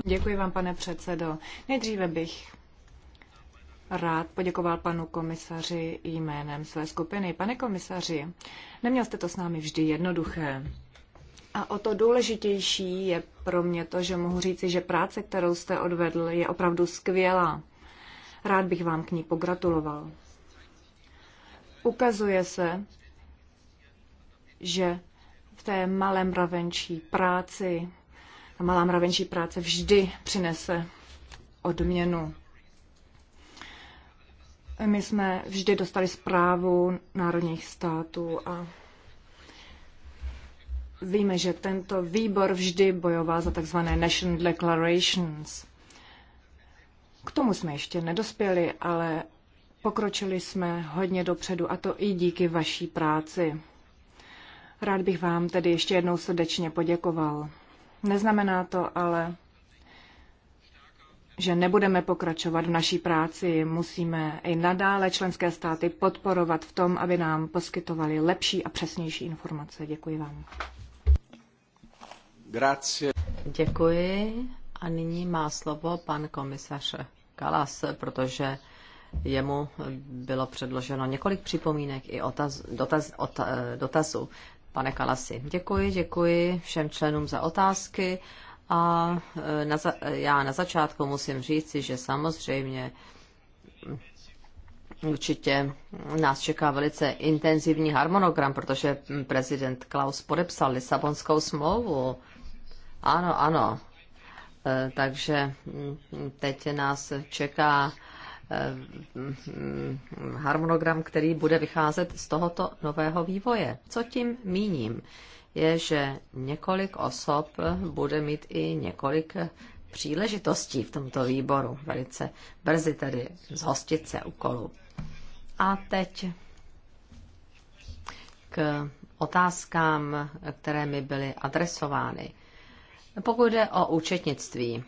Děkuji vám, pane předsedo. Nejdříve bych rád poděkoval panu komisaři jménem své skupiny. Pane komisaři, neměl jste to s námi vždy jednoduché. A o to důležitější je pro mě to, že mohu říci, že práce, kterou jste odvedl, je opravdu skvělá. Rád bych vám k ní pogratuloval. Ukazuje se, že v té malé mravenčí práci, ta malá mravenčí práce vždy přinese odměnu. My jsme vždy dostali zprávu národních států a víme, že tento výbor vždy bojoval za tzv. National Declarations. K tomu jsme ještě nedospěli, ale pokročili jsme hodně dopředu a to i díky vaší práci. Rád bych vám tedy ještě jednou srdečně poděkoval. Neznamená to ale, že nebudeme pokračovat v naší práci. Musíme i nadále členské státy podporovat v tom, aby nám poskytovali lepší a přesnější informace. Děkuji vám. Grazie. Děkuji. A nyní má slovo pan komisař Kalas, protože jemu bylo předloženo několik připomínek i otaz, dotaz, ot, dotazů pane Kalasi. Děkuji, děkuji všem členům za otázky. A e, na za, já na začátku musím říci, že samozřejmě určitě nás čeká velice intenzivní harmonogram, protože prezident Klaus podepsal Lisabonskou smlouvu. Ano, ano. E, takže teď nás čeká Eh, harmonogram, který bude vycházet z tohoto nového vývoje. Co tím míním? Je, že několik osob bude mít i několik příležitostí v tomto výboru. Velice brzy tedy zhostit se úkolu. A teď k otázkám, které mi byly adresovány. Pokud jde o účetnictví,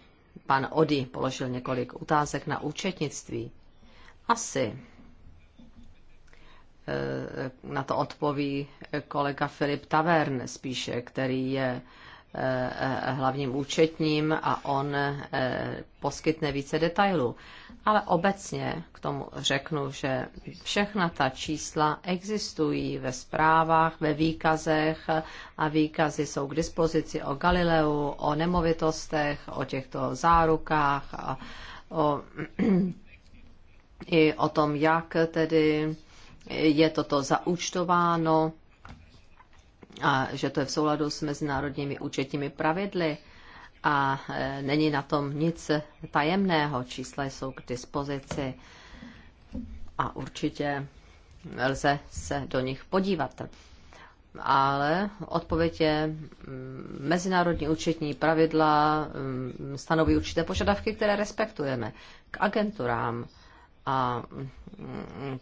Pan Odi položil několik otázek na účetnictví. Asi eh, na to odpoví kolega Filip Tavern spíše, který je hlavním účetním a on eh, poskytne více detailů. Ale obecně k tomu řeknu, že všechna ta čísla existují ve zprávách, ve výkazech a výkazy jsou k dispozici o Galileu, o nemovitostech, o těchto zárukách a o, i o tom, jak tedy je toto zaúčtováno a že to je v souladu s mezinárodními účetními pravidly a e, není na tom nic tajemného. Čísla jsou k dispozici a určitě lze se do nich podívat. Ale odpověď je, mm, mezinárodní účetní pravidla mm, stanoví určité požadavky, které respektujeme. K agenturám a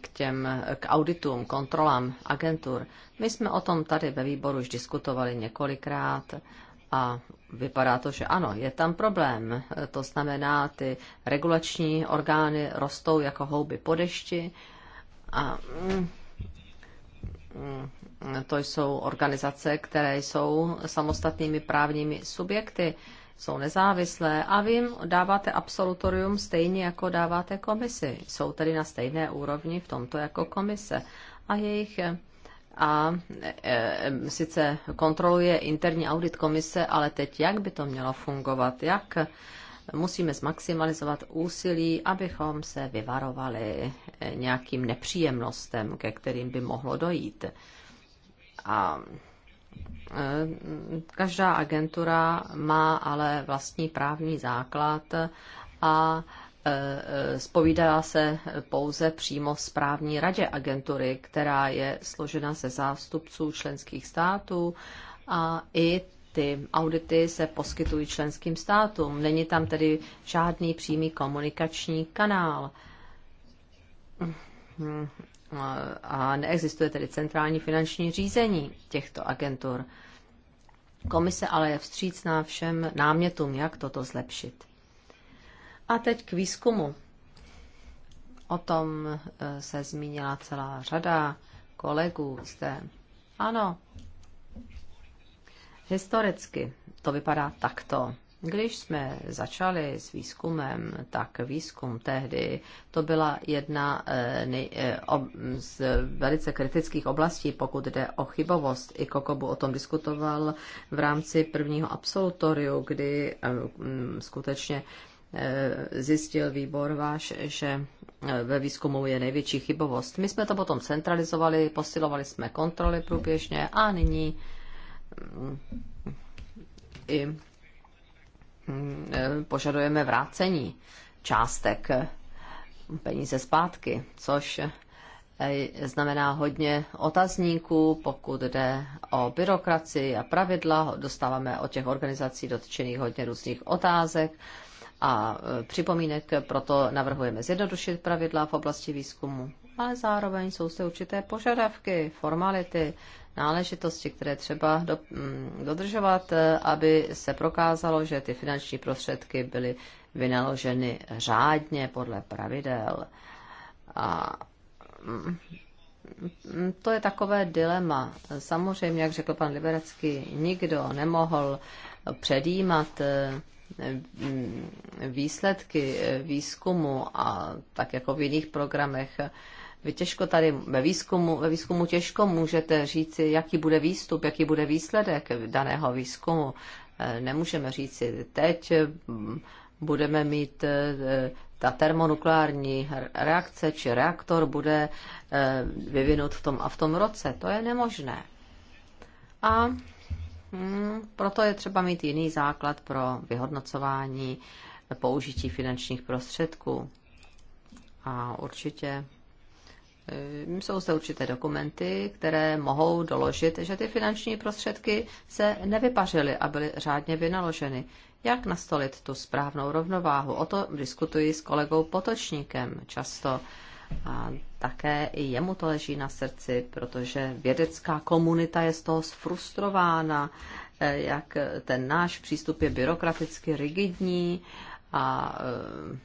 k těm, k auditům, kontrolám agentur. My jsme o tom tady ve výboru už diskutovali několikrát a vypadá to, že ano, je tam problém. To znamená, ty regulační orgány rostou jako houby po dešti a to jsou organizace, které jsou samostatnými právními subjekty jsou nezávislé a vy jim dáváte absolutorium stejně jako dáváte komisi. Jsou tedy na stejné úrovni v tomto jako komise a jejich eh, a e, sice kontroluje interní audit komise, ale teď jak by to mělo fungovat, jak musíme zmaximalizovat úsilí, abychom se vyvarovali nějakým nepříjemnostem, ke kterým by mohlo dojít. A Eh, každá agentura má ale vlastní právní základ a spovídala eh, se pouze přímo správní radě agentury, která je složena ze zástupců členských států a i ty audity se poskytují členským státům. Není tam tedy žádný přímý komunikační kanál a neexistuje tedy centrální finanční řízení těchto agentur. Komise ale je vstřícná všem námětům, jak toto zlepšit. A teď k výzkumu. O tom eh, se zmínila celá řada kolegů zde. Ano, historicky to vypadá takto. Když jsme začali s výzkumem, tak výzkum tehdy to byla jedna eh, eh, z velice kritických oblastí, pokud jde o chybovost. I Kokobu o tom diskutoval v rámci prvního absolutoriu, kdy eh, mm, skutečně zjistil výbor váš, že ve výzkumu je největší chybovost. My jsme to potom centralizovali, posilovali jsme kontroly průběžně a nyní mm, i Mm, požadujeme vrácení částek peníze zpátky, což eh, znamená hodně otazníků, pokud jde o byrokracii a pravidla. Dostáváme od těch organizací dotčených hodně různých otázek a eh, připomínek, proto navrhujeme zjednodušit pravidla v oblasti výzkumu. Ale zároveň jsou zde určité požadavky, formality, náležitosti, které třeba do, mm, dodržovat, eh, aby se prokázalo, že ty finanční prostředky byly vynaloženy řádně podle pravidel. A mm, to je takové dilema. Samozřejmě, jak řekl pan Liberecký, nikdo nemohl předjímat eh, mm, výsledky eh, výzkumu a tak jako v jiných programech vy těžko tady ve výzkumu, ve výzkumu těžko můžete říci, jaký bude výstup, jaký bude výsledek daného výzkumu. Eh, nemůžeme říci, teď mm, budeme mít eh, ta termonukleární reakce či reaktor bude eh, vyvinut v tom a v tom roce. To je nemožné. A mm, proto je třeba mít jiný základ pro vyhodnocování použití finančních prostředků. A určitě Ehm, jsou zde určité dokumenty, které mohou doložit, že ty finanční prostředky se nevypařily a byly řádně vynaloženy. Jak nastolit tu správnou rovnováhu? O to diskutuji s kolegou Potočníkem často. A také i jemu to leží na srdci, protože vědecká komunita je z toho sfrustrována, eh, jak ten náš přístup je byrokraticky rigidní a ehm,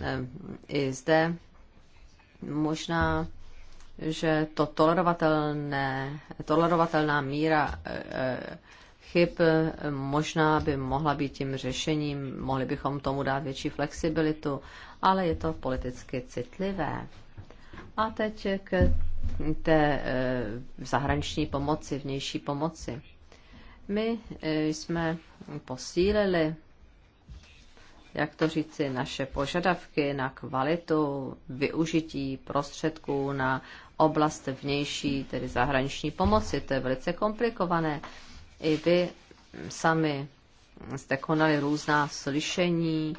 ehm, i zde možná že to tolerovatelné, tolerovatelná míra e, e, chyb možná by mohla být tím řešením, mohli bychom tomu dát větší flexibilitu, ale je to politicky citlivé. A teď k té e, zahraniční pomoci, vnější pomoci. My jsme posílili, jak to říci, naše požadavky na kvalitu využití prostředků na oblast vnější, tedy zahraniční pomoci. To je velice komplikované. I vy sami jste konali různá slyšení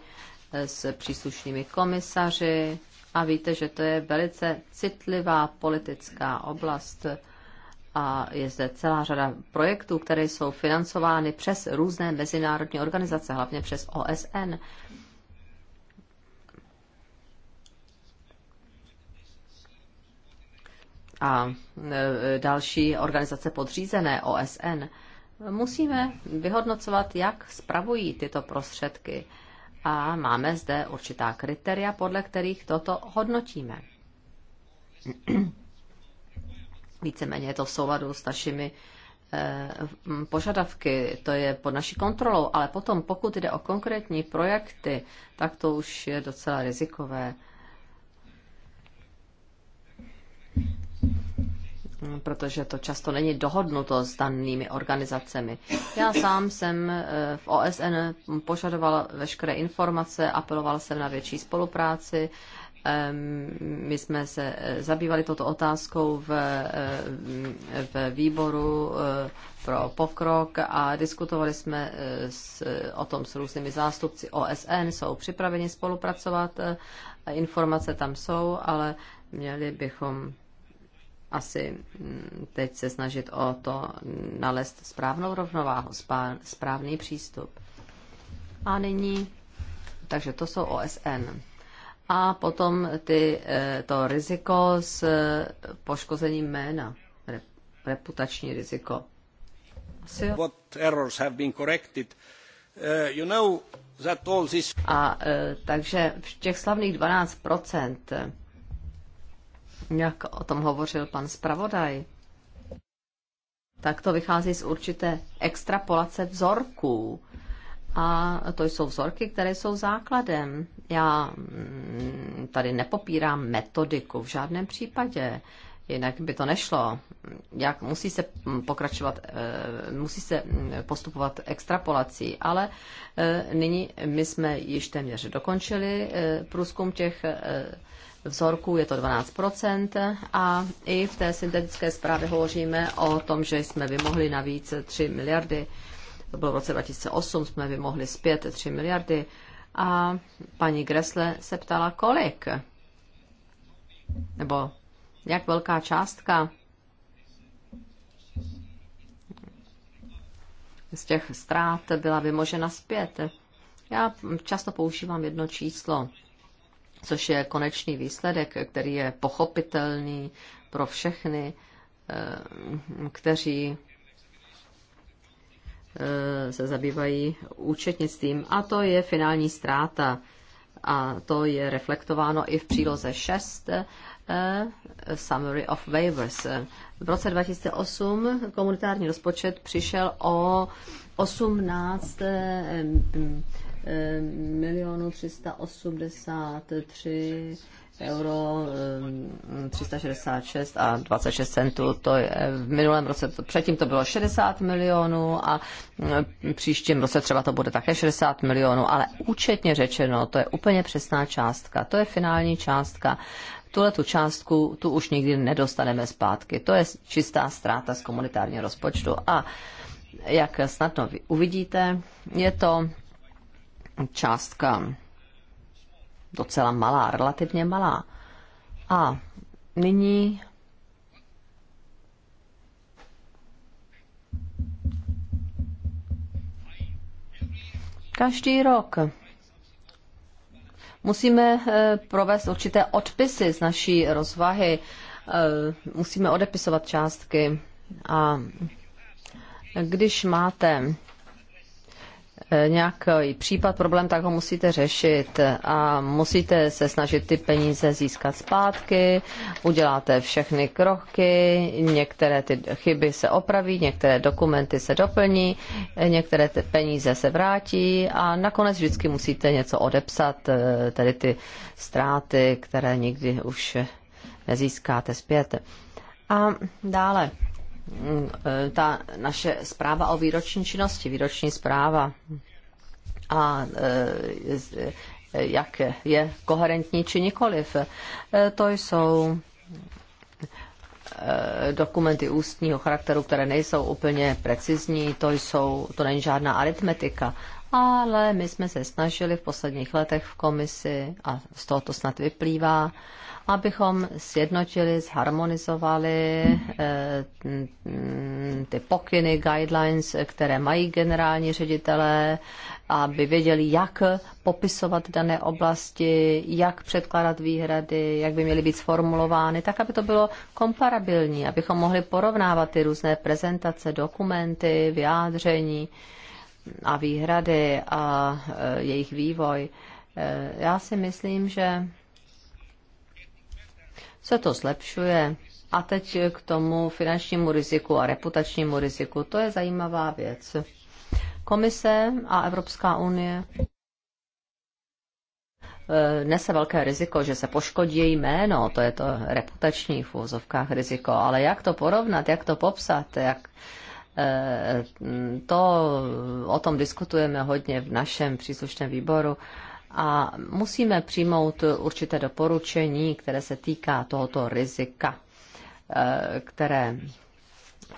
eh, s příslušnými komisaři a víte, že to je velice citlivá politická oblast a je zde celá řada projektů, které jsou financovány přes různé mezinárodní organizace, hlavně přes OSN. a e, další organizace podřízené OSN, musíme vyhodnocovat, jak spravují tyto prostředky. A máme zde určitá kritéria, podle kterých toto hodnotíme. Víceméně je to v souladu s našimi e, požadavky, to je pod naší kontrolou, ale potom pokud jde o konkrétní projekty, tak to už je docela rizikové. protože to často není dohodnuto s danými organizacemi. Já sám jsem eh, v OSN požadoval veškeré informace, apeloval jsem na větší spolupráci. My jsme se eh, zabývali toto otázkou v, eh, v výboru pro pokrok a diskutovali jsme s, o tom s různými zástupci OSN, jsou připraveni spolupracovat, informace tam jsou, ale měli bychom asi mm, teď se snažit o to nalézt správnou rovnováhu, správný přístup. A nyní, takže to jsou OSN. A potom ty, eh, to riziko s eh, poškozením jména, reputační riziko. Asi What errors have been corrected? Uh, you know that all this... A takže v těch slavných 12 jak o tom hovořil pan zpravodaj, tak to vychází z určité extrapolace vzorků. A to jsou vzorky, které jsou základem. Já mm, tady nepopírám metodiku v žádném případě, jinak by to nešlo. Jak musí se mm, pokračovat, eh, musí se mm, postupovat extrapolací, ale eh, nyní my jsme již téměř dokončili eh, průzkum těch vzorků, je to 12 a i v té syntetické zprávě hovoříme o tom, že jsme vymohli navíc 3 miliardy. To bylo v roce 2008, jsme vymohli zpět 3 miliardy. A paní Gresle se ptala, kolik? Nebo jak velká částka z těch ztrát byla vymožena zpět? Já často používám jedno číslo což je konečný výsledek, který je pochopitelný pro všechny, eh, kteří eh, se zabývají účetnictvím. A to je finální ztráta. A to je reflektováno i v příloze 6 eh, Summary of Waivers. V roce 2008 komunitární rozpočet přišel o 18 Eh, milionů 383 euro 366 eh, a 26 centů, to je eh, v minulém roce, to, předtím to bylo 60 milionů a příštím roce třeba to bude také 60 milionů, ale účetně řečeno, to je úplně přesná částka, to je finální částka. Tuhle tu částku tu už nikdy nedostaneme zpátky. To je čistá ztráta z komunitárního rozpočtu. A jak snadno uvidíte, je to částka docela malá, relativně malá. A nyní každý rok musíme eh, provést určité odpisy z naší rozvahy, eh, musíme odepisovat částky a když máte Eh, nějaký případ, problém, tak ho musíte řešit a musíte se snažit ty peníze získat zpátky, uděláte všechny kroky, některé ty chyby se opraví, některé dokumenty se doplní, eh, některé ty peníze se vrátí a nakonec vždycky musíte něco odepsat, eh, tedy ty ztráty, které nikdy už nezískáte zpět. A dále Mm, e, ta naše zpráva o výroční činnosti, výroční zpráva a e, e, jak je koherentní či nikoliv. To jsou dokumenty ústního charakteru, které nejsou úplně precizní, to, jsou, to není žádná aritmetika ale my jsme se snažili v posledních letech v komisi, a z toho to snad vyplývá, abychom sjednotili, zharmonizovali eh, mm, ty pokyny, guidelines, které mají generální ředitelé, aby věděli, jak popisovat dané oblasti, jak předkládat výhrady, jak by měly být sformulovány, tak, aby to bylo komparabilní, abychom mohli porovnávat ty různé prezentace, dokumenty, vyjádření a výhrady a e, jejich vývoj. E, já si myslím, že se to zlepšuje. A teď k tomu finančnímu riziku a reputačnímu riziku. To je zajímavá věc. Komise a Evropská unie e, nese velké riziko, že se poškodí její jméno, to je to reputační v riziko, ale jak to porovnat, jak to popsat, jak Eh, to o tom diskutujeme hodně v našem příslušném výboru a musíme přijmout určité doporučení, které se týká tohoto rizika, eh, které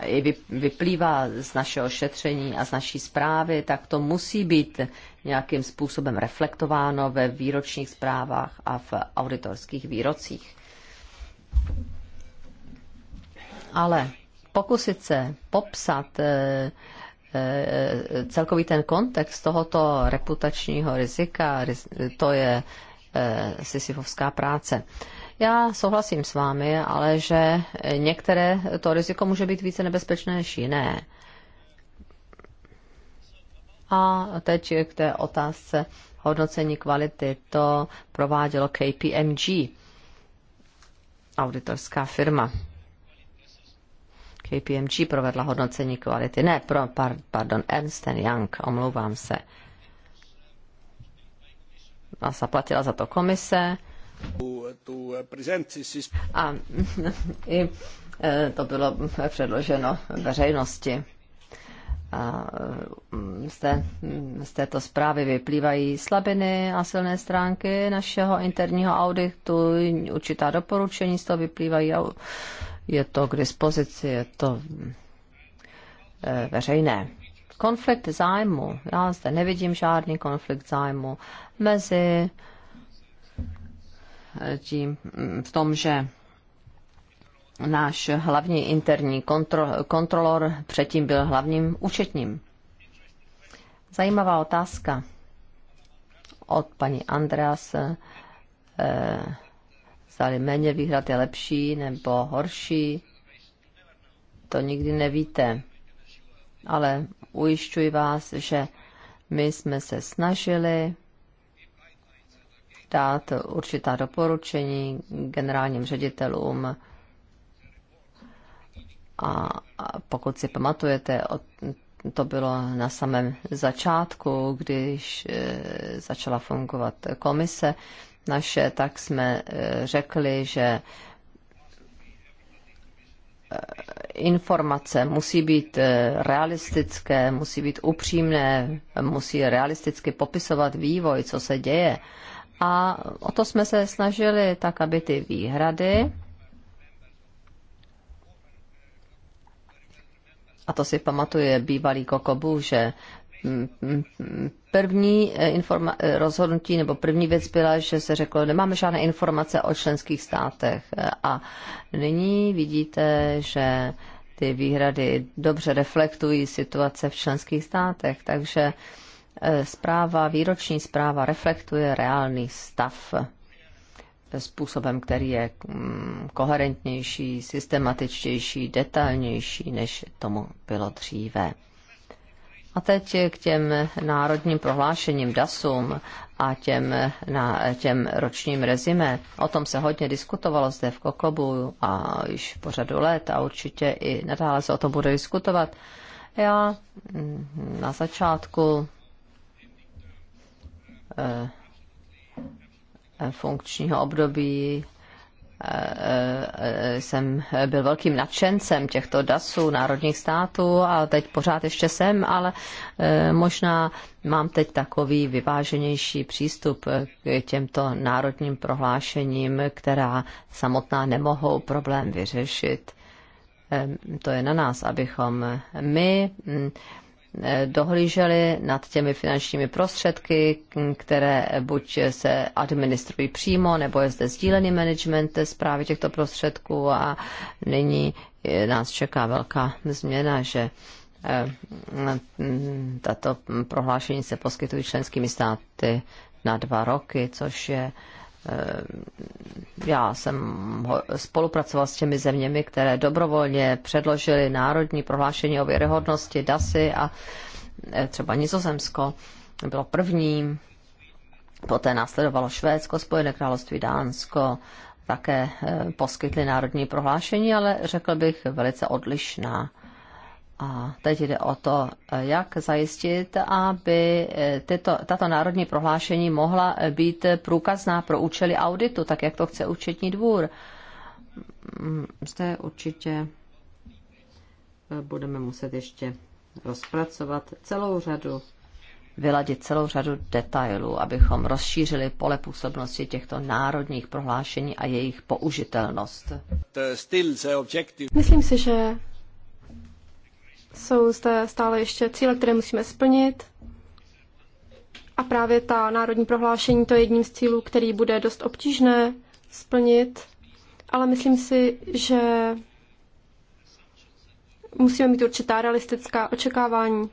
i vyplývá z našeho šetření a z naší zprávy, tak to musí být nějakým způsobem reflektováno ve výročních zprávách a v auditorských výrocích. Ale pokusit se popsat eh, eh, celkový ten kontext tohoto reputačního rizika, to je eh, sisyfovská práce. Já souhlasím s vámi, ale že některé to riziko může být více nebezpečné než jiné. A teď k té otázce hodnocení kvality. To provádělo KPMG, auditorská firma. KPMG provedla hodnocení kvality. Ne, pro, pardon, Ernst Young, omlouvám se. A zaplatila za to komise. A i e, to bylo předloženo veřejnosti. A e, té, z této zprávy vyplývají slabiny a silné stránky našeho interního auditu, určitá doporučení z toho vyplývají je to k dispozici, je to eh, veřejné. Konflikt zájmu. Já zde nevidím žádný konflikt zájmu mezi eh, tím mm, v tom, že náš hlavní interní kontro, kontrolor předtím byl hlavním účetním. Zajímavá otázka od paní Andreas. Eh, zdali méně výhrad je lepší nebo horší, to nikdy nevíte. Ale ujišťuji vás, že my jsme se snažili dát určitá doporučení generálním ředitelům a pokud si pamatujete, to bylo na samém začátku, když eh, začala fungovat komise, naše, tak jsme eh, řekli, že eh, informace musí být eh, realistické, musí být upřímné, musí realisticky popisovat vývoj, co se děje. A o to jsme se snažili, tak aby ty výhrady, a to si pamatuje bývalý Kokobu, že mm, mm, První eh, informa- eh, rozhodnutí nebo první věc byla, že se řeklo, nemáme žádné informace o členských státech. Eh, a nyní vidíte, že ty výhrady dobře reflektují situace v členských státech, takže zpráva, výroční zpráva reflektuje reálný stav způsobem, který je mm, koherentnější, systematičtější, detailnější, než tomu bylo dříve. A teď k těm národním prohlášením DASům a těm, na, těm ročním rezime. O tom se hodně diskutovalo zde v Kokobu a již po řadu let a určitě i nadále se o tom bude diskutovat. Já mm, na začátku eh, funkčního období jsem byl velkým nadšencem těchto DASů, národních států a teď pořád ještě jsem, ale eh, možná mám teď takový vyváženější přístup k těmto národním prohlášením, která samotná nemohou problém vyřešit. To je na nás, abychom my dohlíželi nad těmi finančními prostředky, které buď se administrují přímo, nebo je zde sdílený management zprávy těchto prostředků a nyní nás čeká velká změna, že eh, tato prohlášení se poskytují členskými státy na dva roky, což je Eh, já jsem spolupracoval s těmi zeměmi, které dobrovolně předložily národní prohlášení o věrohodnosti DASy a eh, třeba Nizozemsko bylo první, poté následovalo Švédsko, Spojené království, Dánsko, také eh, poskytli národní prohlášení, ale řekl bych velice odlišná. A teď jde o to, jak zajistit, aby tyto, tato národní prohlášení mohla být průkazná pro účely auditu, tak jak to chce účetní dvůr. Zde určitě budeme muset ještě rozpracovat celou řadu, vyladit celou řadu detailů, abychom rozšířili pole působnosti těchto národních prohlášení a jejich použitelnost. Myslím si, že jsou zde stále ještě cíle, které musíme splnit. A právě ta národní prohlášení to je jedním z cílů, který bude dost obtížné splnit. Ale myslím si, že musíme mít určitá realistická očekávání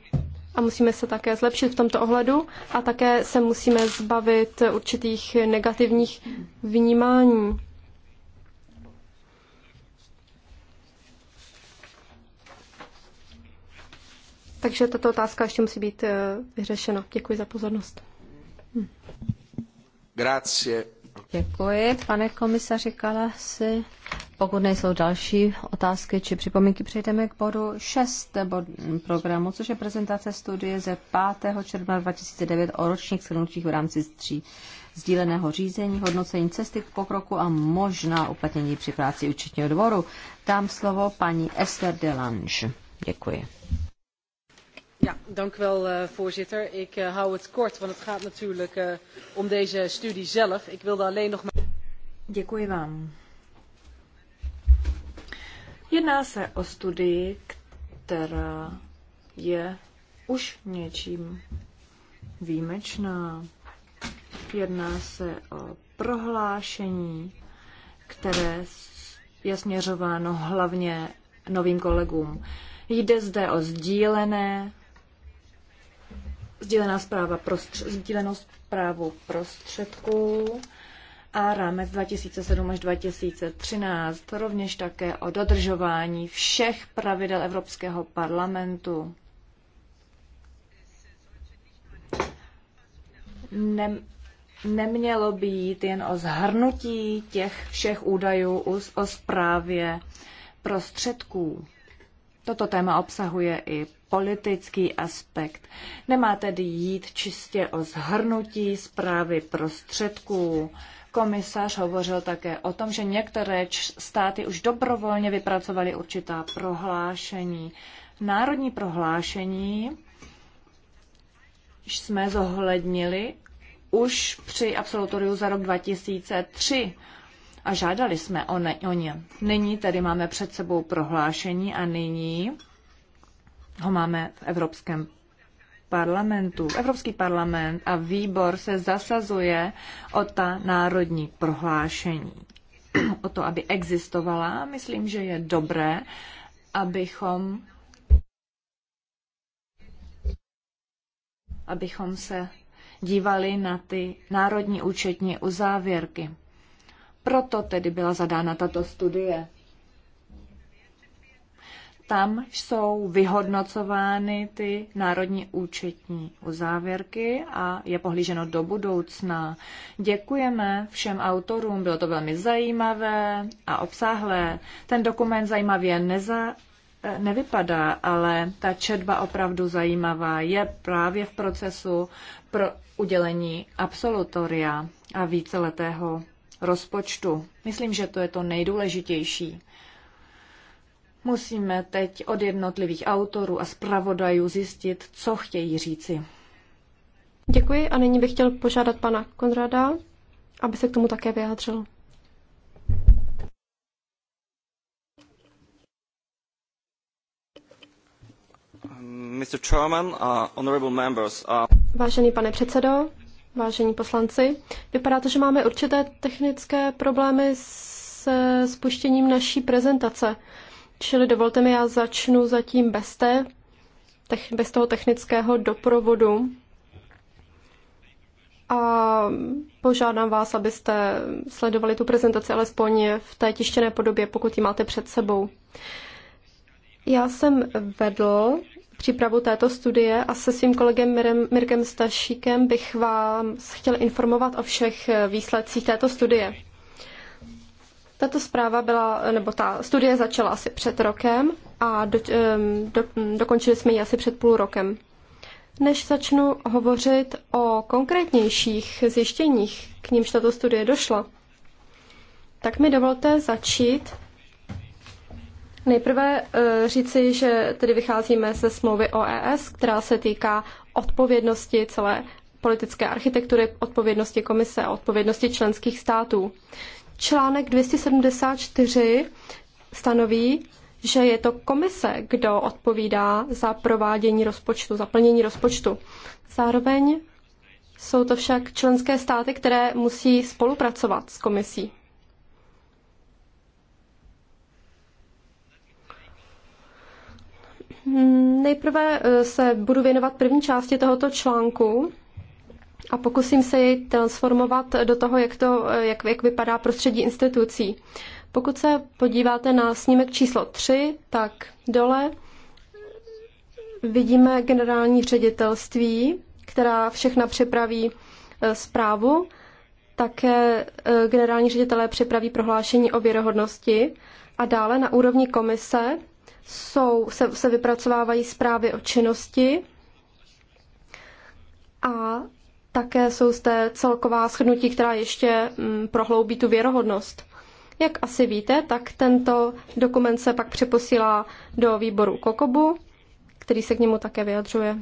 a musíme se také zlepšit v tomto ohledu a také se musíme zbavit určitých negativních vnímání. Takže tato otázka ještě musí být eh, vyřešena. Děkuji za pozornost. Hm. Grazie. Děkuji, pane komisaři Kalasi. Pokud nejsou další otázky či připomínky, přejdeme k bodu 6 bod programu, což je prezentace studie ze 5. června 2009 o ročních shrnutích v rámci stří sdíleného řízení, hodnocení cesty k pokroku a možná uplatnění při práci účetního dvoru. Dám slovo paní Esther Delange. Děkuji. Eh, voorzitter. Ik eh, hou het kort, want het gaat natuurlijk eh, om deze studie zelf. Ik wilde alleen nog maar... Jedná se o studii, která je už něčím výjimečná. Jedná se o prohlášení, které je směřováno hlavně novým kolegům. Jde zde o sdílené sdílená zpráva prostř- sdílenou zprávu prostředků a rámec 2007 až 2013, rovněž také o dodržování všech pravidel Evropského parlamentu. Ne- nemělo by jít jen o zhrnutí těch všech údajů o zprávě prostředků. Toto téma obsahuje i politický aspekt. Nemá tedy jít čistě o zhrnutí zprávy prostředků. Komisař hovořil také o tom, že některé státy už dobrovolně vypracovaly určitá prohlášení. Národní prohlášení jsme zohlednili už při absolutoriu za rok 2003 a žádali jsme o, ne, o ně. Nyní tedy máme před sebou prohlášení a nyní ho máme v Evropském parlamentu. Evropský parlament a výbor se zasazuje o ta národní prohlášení, o to, aby existovala. Myslím, že je dobré, abychom abychom se dívali na ty národní účetní uzávěrky. Proto tedy byla zadána tato studie tam jsou vyhodnocovány ty národní účetní uzávěrky a je pohlíženo do budoucna. Děkujeme všem autorům, bylo to velmi zajímavé a obsáhlé. Ten dokument zajímavě neza, eh, nevypadá, ale ta četba opravdu zajímavá je právě v procesu pro udělení absolutoria a víceletého rozpočtu. Myslím, že to je to nejdůležitější. Musíme teď od jednotlivých autorů a zpravodajů zjistit, co chtějí říci. Děkuji a nyní bych chtěl požádat pana Konrada, aby se k tomu také vyjádřil. Mr. Chairman, uh, honorable members, uh... Vážený pane předsedo, vážení poslanci, vypadá to, že máme určité technické problémy se spuštěním naší prezentace. Čili dovolte mi, já začnu zatím bez, té, bez toho technického doprovodu a požádám vás, abyste sledovali tu prezentaci alespoň v té tištěné podobě, pokud ji máte před sebou. Já jsem vedl přípravu této studie a se svým kolegem Mirem, Mirkem Stašíkem bych vám chtěl informovat o všech výsledcích této studie. Tato zpráva byla, nebo ta studie začala asi před rokem a do, do, dokončili jsme ji asi před půl rokem. Než začnu hovořit o konkrétnějších zjištěních, k nímž tato studie došla, tak mi dovolte začít nejprve eh, říci, že tedy vycházíme ze smlouvy OES, která se týká odpovědnosti celé politické architektury, odpovědnosti komise a odpovědnosti členských států. Článek 274 stanoví, že je to komise, kdo odpovídá za provádění rozpočtu, za plnění rozpočtu. Zároveň jsou to však členské státy, které musí spolupracovat s komisí. Nejprve eh, se budu věnovat první části tohoto článku, a pokusím se ji transformovat do toho, jak, to, jak, jak vypadá prostředí institucí. Pokud se podíváte na snímek číslo 3, tak dole vidíme generální ředitelství, která všechna připraví e, zprávu. Také e, generální ředitelé připraví prohlášení o věrohodnosti a dále na úrovni komise jsou, se, se vypracovávají zprávy o činnosti a také jsou zde celková shrnutí, která ještě mm, prohloubí tu věrohodnost. Jak asi víte, tak tento dokument se pak přeposílá do výboru Kokobu, který se k němu také vyjadřuje.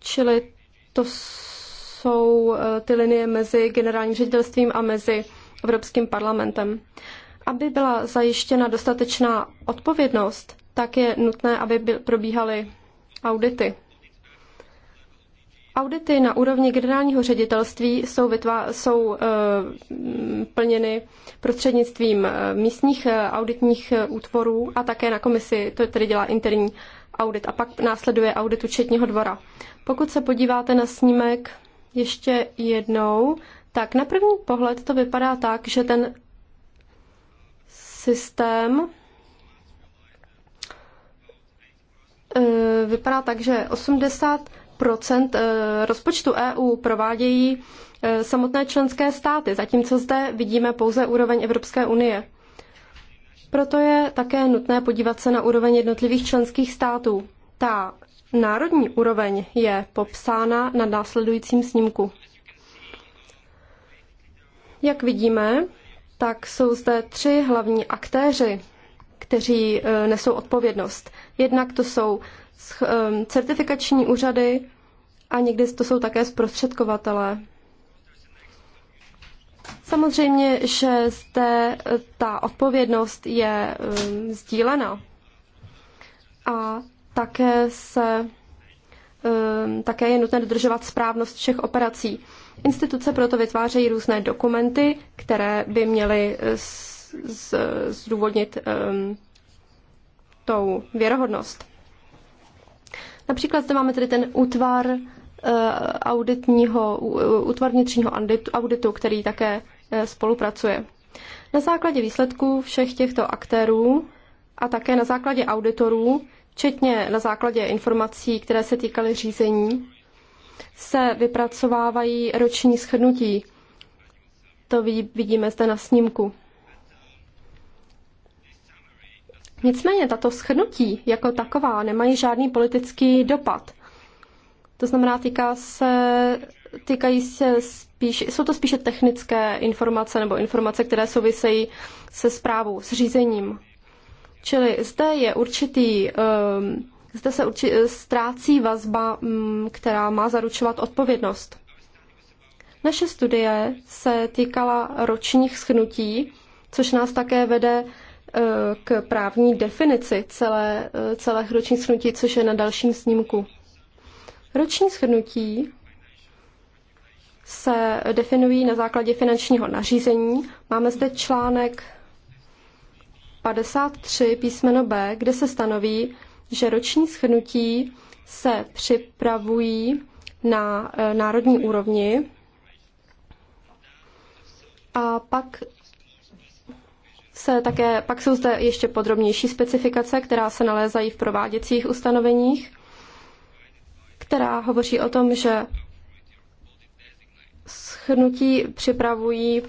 Čili to jsou e, ty linie mezi generálním ředitelstvím a mezi Evropským parlamentem. Aby byla zajištěna dostatečná odpovědnost, tak je nutné, aby probíhaly audity Audity na úrovni generálního ředitelství jsou, vytvá, jsou e, plněny prostřednictvím eh, místních eh, auditních útvorů a také na komisi, to tedy dělá interní audit a pak následuje audit účetního dvora. Pokud se podíváte na snímek ještě jednou, tak na první pohled to vypadá tak, že ten systém vypadá tak, že 80 Eh, rozpočtu EU provádějí eh, samotné členské státy, zatímco zde vidíme pouze úroveň Evropské unie. Proto je také nutné podívat se na úroveň jednotlivých členských států. Ta národní úroveň je popsána na následujícím snímku. Jak vidíme, tak jsou zde tři hlavní aktéři, kteří eh, nesou odpovědnost. Jednak to jsou Ehm, certifikační úřady a někdy to jsou také zprostředkovatelé. Samozřejmě, že zde e, ta odpovědnost je ehm, sdílena a také se ehm, také je nutné dodržovat správnost všech operací. Instituce proto vytvářejí různé dokumenty, které by měly z, e, z, zdůvodnit um, tou věrohodnost. Například zde máme tedy ten útvar eh, auditního, útvar vnitřního auditu, který také eh, spolupracuje. Na základě výsledků všech těchto aktérů a také na základě auditorů, včetně na základě informací, které se týkaly řízení, se vypracovávají roční schrnutí. To vidíme zde na snímku. Nicméně tato schrnutí jako taková nemají žádný politický dopad. To znamená, týká se, týkají se spíš, jsou to spíše technické informace nebo informace, které souvisejí se zprávou, s řízením. Čili zde je určitý, um, zde se urči, ztrácí vazba, um, která má zaručovat odpovědnost. Naše studie se týkala ročních schnutí, což nás také vede Eh, k právní definici celé, eh, celých ročních shrnutí, což je na dalším snímku. Roční shrnutí se definují na základě finančního nařízení. Máme zde článek 53 písmeno B, kde se stanoví, že roční shrnutí se připravují na eh, národní úrovni a pak se také, pak jsou zde ještě podrobnější specifikace, která se nalézají v prováděcích ustanoveních, která hovoří o tom, že schrnutí připravují e,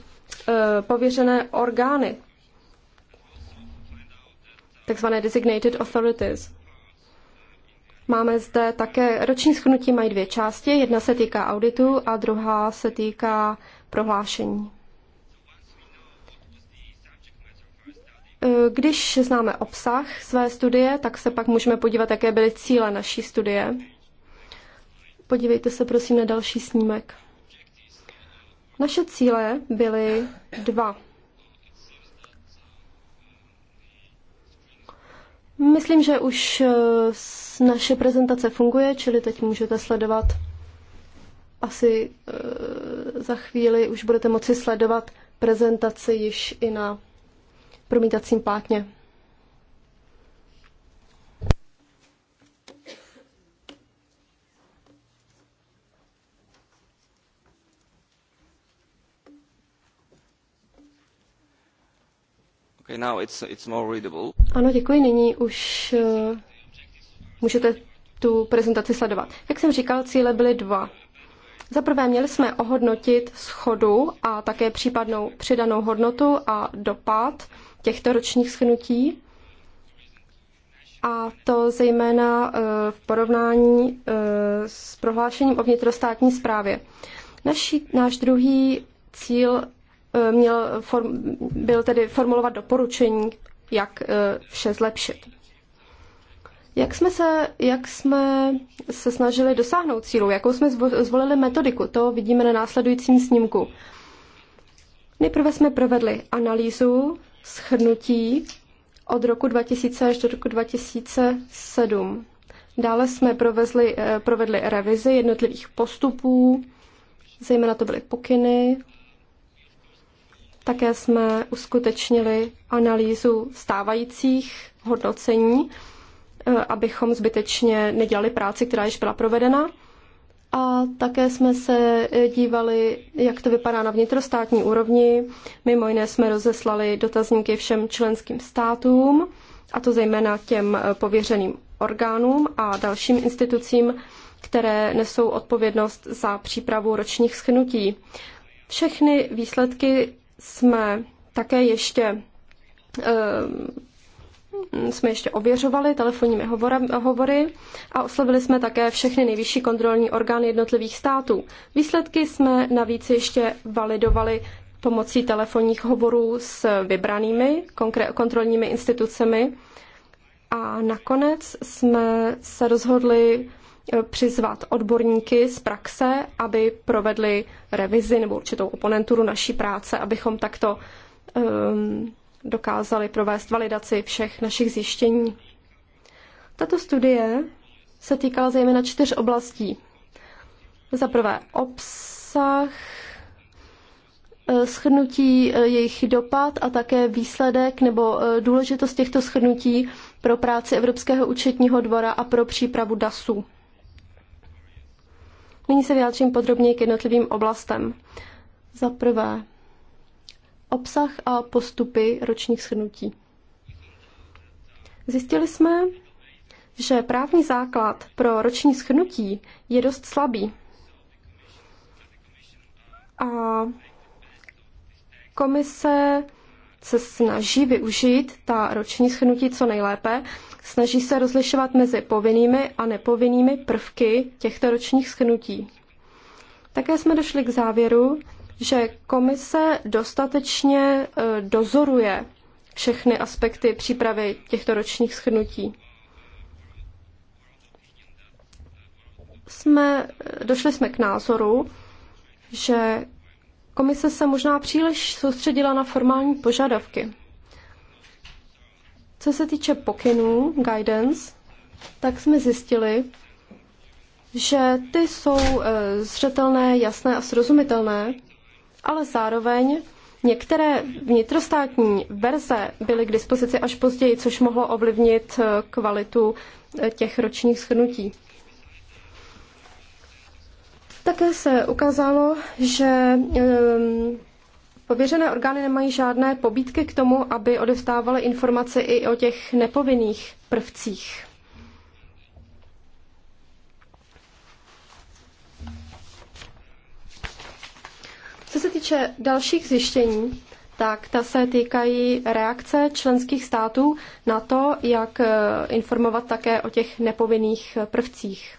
pověřené orgány, takzvané designated authorities. Máme zde také roční schrnutí mají dvě části. Jedna se týká auditu a druhá se týká prohlášení. Eh, když známe obsah své studie, tak se pak můžeme podívat, jaké byly cíle naší studie. Podívejte se prosím na další snímek. Naše cíle byly dva. Myslím, že už eh, naše prezentace funguje, čili teď můžete sledovat. Asi eh, za chvíli už budete moci sledovat prezentaci již i na promítacím plátně. Okay, now it's, it's more readable. Ano, děkuji. Nyní už uh, můžete tu prezentaci sledovat. Jak jsem říkal, cíle byly dva. Za prvé měli jsme ohodnotit schodu a také případnou přidanou hodnotu a dopad těchto ročních schnutí. A to zejména e, v porovnání e, s prohlášením o vnitrostátní zprávě. Naši, náš druhý cíl e, měl, form, byl tedy formulovat doporučení, jak vše zlepšit. Jak jsme, se, jak jsme se snažili dosáhnout cílu, jakou jsme zvolili metodiku, to vidíme na následujícím snímku. Nejprve jsme provedli analýzu schrnutí od roku 2000 až do roku 2007. Dále jsme provezli, eh, provedli revizi jednotlivých postupů, zejména to byly pokyny. Také jsme uskutečnili analýzu stávajících hodnocení, eh, abychom zbytečně nedělali práci, která již byla provedena. A také jsme se e, dívali, jak to vypadá na vnitrostátní úrovni. Mimo jiné jsme rozeslali dotazníky všem členským státům, a to zejména těm e, pověřeným orgánům a dalším institucím, které nesou odpovědnost za přípravu ročních schnutí. Všechny výsledky jsme také ještě e, jsme ještě ověřovali telefonními hovory a oslovili jsme také všechny nejvyšší kontrolní orgány jednotlivých států. Výsledky jsme navíc ještě validovali pomocí telefonních hovorů s vybranými kontrolními institucemi a nakonec jsme se rozhodli eh, přizvat odborníky z praxe, aby provedli revizi nebo určitou oponenturu naší práce, abychom takto um, dokázali provést validaci všech našich zjištění. Tato studie se týkala zejména čtyř oblastí. Za prvé obsah, eh, schrnutí eh, jejich dopad a také výsledek nebo eh, důležitost těchto schrnutí pro práci Evropského účetního dvora a pro přípravu DASu. Nyní se vyjádřím podrobněji k jednotlivým oblastem. Za prvé, obsah a postupy ročních shrnutí. Zjistili jsme, že právní základ pro roční shrnutí je dost slabý. A komise se snaží využít ta roční shrnutí co nejlépe, snaží se rozlišovat mezi povinnými a nepovinnými prvky těchto ročních shrnutí. Také jsme došli k závěru, že komise dostatečně e, dozoruje všechny aspekty přípravy těchto ročních schrnutí. Jsme, e, došli jsme k názoru, že komise se možná příliš soustředila na formální požadavky. Co se týče pokynů, guidance, tak jsme zjistili, že ty jsou e, zřetelné, jasné a srozumitelné, ale zároveň některé vnitrostátní verze byly k dispozici až později, což mohlo ovlivnit eh, kvalitu eh, těch ročních shrnutí. Také se ukázalo, že ehm, pověřené orgány nemají žádné pobídky k tomu, aby odevstávaly informace i o těch nepovinných prvcích. Co se týče dalších zjištění, tak ta se týkají reakce členských států na to, jak eh, informovat také o těch nepovinných prvcích.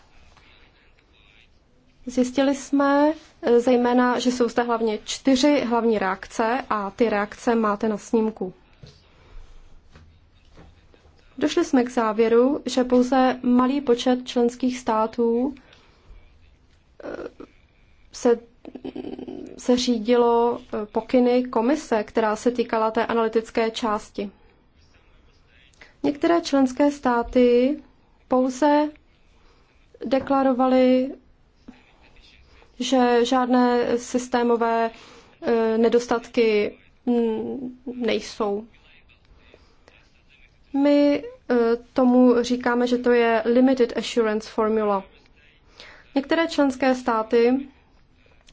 Zjistili jsme eh, zejména, že jsou zde hlavně čtyři hlavní reakce a ty reakce máte na snímku. Došli jsme k závěru, že pouze malý počet členských států eh, se se řídilo e, pokyny komise, která se týkala té analytické části. Některé členské státy pouze deklarovaly, že žádné systémové e, nedostatky nejsou. My e, tomu říkáme, že to je Limited Assurance Formula. Některé členské státy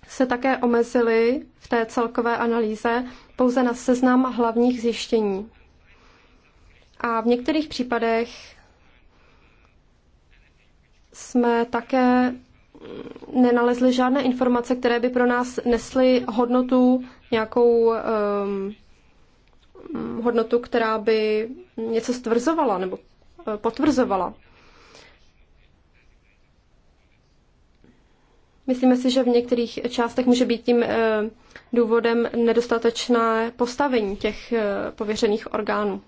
se také omezili v té celkové analýze pouze na seznam hlavních zjištění. A v některých případech jsme také nenalezli žádné informace, které by pro nás nesly hodnotu, nějakou um, hodnotu, která by něco stvrzovala nebo eh, potvrzovala. Myslíme si, že v některých částech může být tím eh, důvodem nedostatečné postavení těch eh, pověřených orgánů.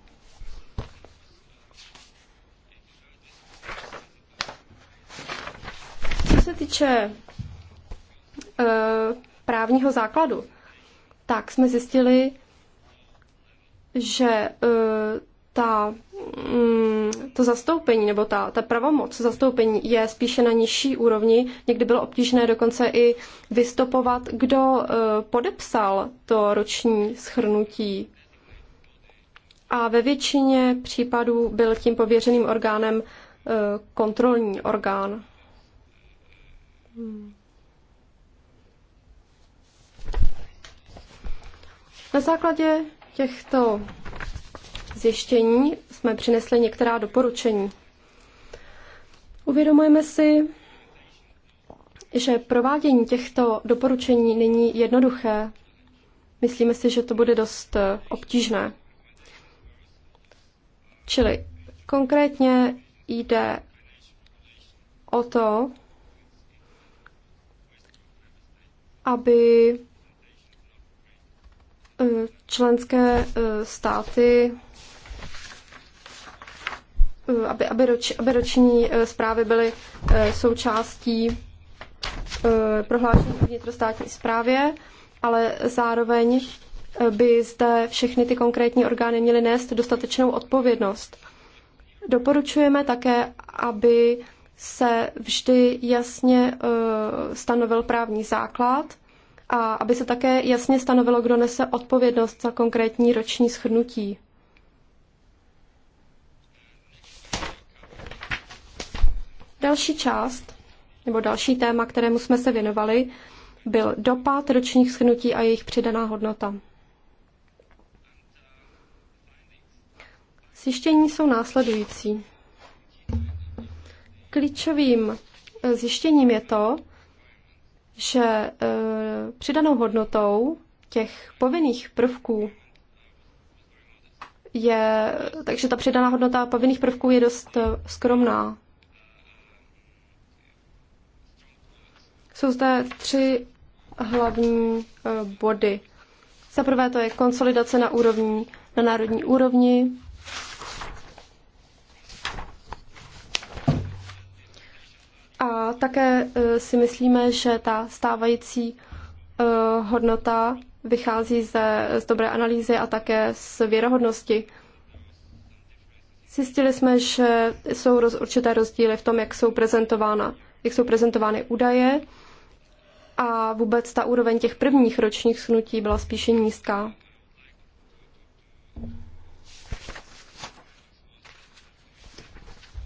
Co se týče eh, právního základu, tak jsme zjistili, že ta, mm, to zastoupení nebo ta, ta pravomoc zastoupení je spíše na nižší úrovni. Někdy bylo obtížné dokonce i vystupovat, kdo e, podepsal to roční schrnutí. A ve většině případů byl tím pověřeným orgánem e, kontrolní orgán. Hmm. Na základě těchto zjištění jsme přinesli některá doporučení. Uvědomujeme si, že provádění těchto doporučení není jednoduché. Myslíme si, že to bude dost eh, obtížné. Čili konkrétně jde o to, aby eh, členské eh, státy Eh, aby, aby, roč, aby roční eh, zprávy byly eh, součástí prohlášení o vnitrostátní zprávě, ale zároveň by zde všechny ty konkrétní orgány měly nést dostatečnou odpovědnost. Doporučujeme také, aby se vždy jasně stanovil právní základ a aby se také jasně stanovilo, kdo nese odpovědnost za konkrétní roční shrnutí. Další část, nebo další téma, kterému jsme se věnovali, byl dopad ročních schnutí a jejich přidaná hodnota. Zjištění jsou následující. Klíčovým eh, zjištěním je to, že eh, přidanou hodnotou těch povinných prvků je, takže ta přidaná hodnota povinných prvků je dost eh, skromná. Jsou zde tři hlavní eh, body. Za prvé to je konsolidace na úrovni, na národní úrovni. A také eh, si myslíme, že ta stávající eh, hodnota vychází ze, z dobré analýzy a také z věrohodnosti. Zjistili jsme, že jsou roz, určité rozdíly v tom, jak jsou prezentována, jak jsou prezentovány údaje a vůbec ta úroveň těch prvních ročních snutí byla spíše nízká.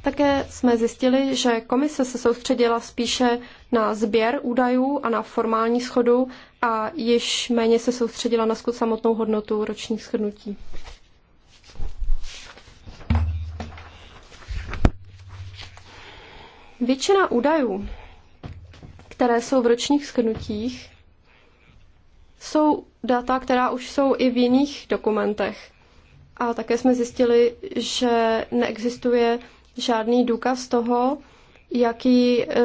Také jsme zjistili, že komise se soustředila spíše na sběr údajů a na formální schodu a již méně se soustředila na skut samotnou hodnotu ročních shrnutí. Většina údajů, které jsou v ročních schrnutích, jsou data, která už jsou i v jiných dokumentech. A také jsme zjistili, že neexistuje žádný důkaz toho, jaký, e,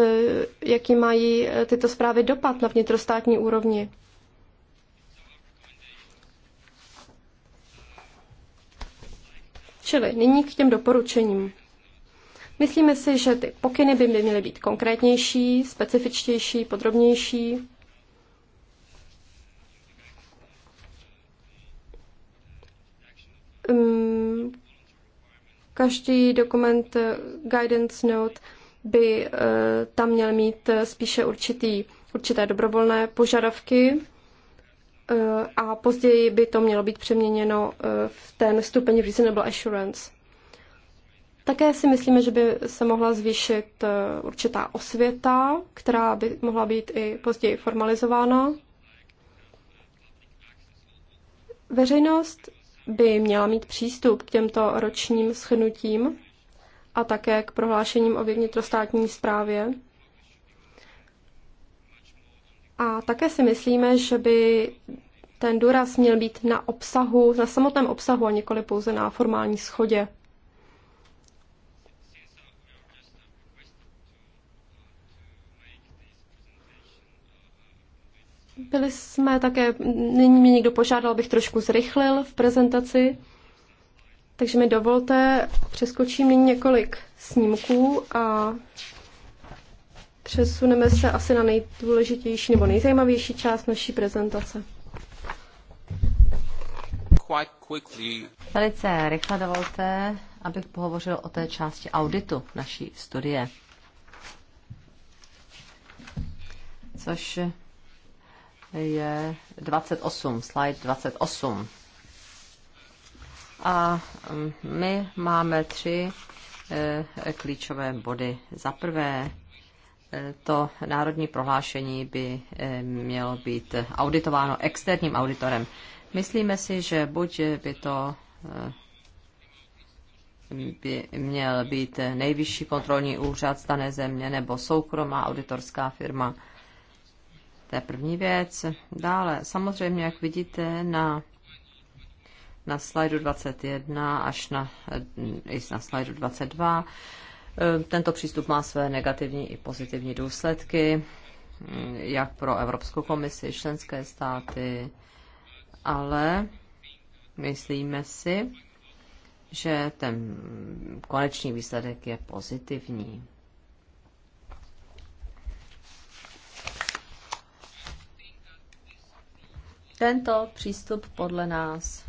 jaký mají e, tyto zprávy dopad na vnitrostátní úrovni. Čili nyní k těm doporučením. Myslíme si, že ty pokyny by měly být konkrétnější, specifičtější, podrobnější. Hm, každý dokument eh, guidance note by eh, tam měl mít eh, spíše určitý, určité dobrovolné požadavky a později by to mělo být přeměněno v ten stupeň reasonable assurance. Také si myslíme, že by se mohla zvýšit eh, určitá osvěta, která by mohla být i později formalizována. Veřejnost by měla mít přístup k těmto ročním schnutím a také k prohlášením o vnitrostátní správě. A také si myslíme, že by ten důraz měl být na obsahu, na samotném obsahu a nikoli pouze na formální schodě. Byli jsme také, nyní mě někdo požádal, abych trošku zrychlil v prezentaci, takže mi dovolte, přeskočím nyní několik snímků a přesuneme se asi na nejdůležitější nebo nejzajímavější část naší prezentace. Velice rychle dovolte, abych pohovořil o té části auditu naší studie. Což je 28, slide 28. A mm, my máme tři e, klíčové body. Za prvé, e, to národní prohlášení by e, mělo být auditováno externím auditorem. Myslíme si, že buď by to by měl být nejvyšší kontrolní úřad z dané země nebo soukromá auditorská firma to je první věc. Dále, samozřejmě, jak vidíte na, na slajdu 21 až na, i na slajdu 22, eh, tento přístup má své negativní i pozitivní důsledky, mm, jak pro Evropskou komisi, členské státy, ale myslíme si, že ten konečný výsledek je pozitivní. Tento přístup podle nás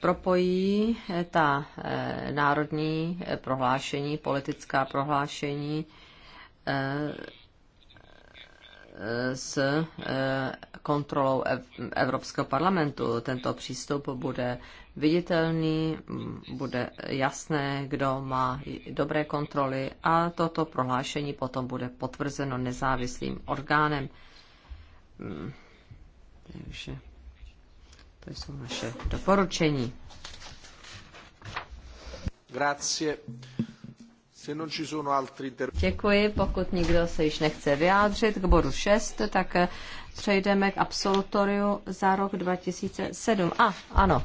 propojí eh, ta eh, národní eh, prohlášení, politická prohlášení s kontrolou Evropského parlamentu. Tento přístup bude viditelný, mm, bude jasné, kdo má dobré kontroly a toto prohlášení potom bude potvrzeno nezávislým orgánem. Mm. Takže to jsou naše doporučení. Grazie. Děkuji, pokud nikdo se již nechce vyjádřit k bodu 6, tak přejdeme k absolutoriu za rok 2007. A, ano,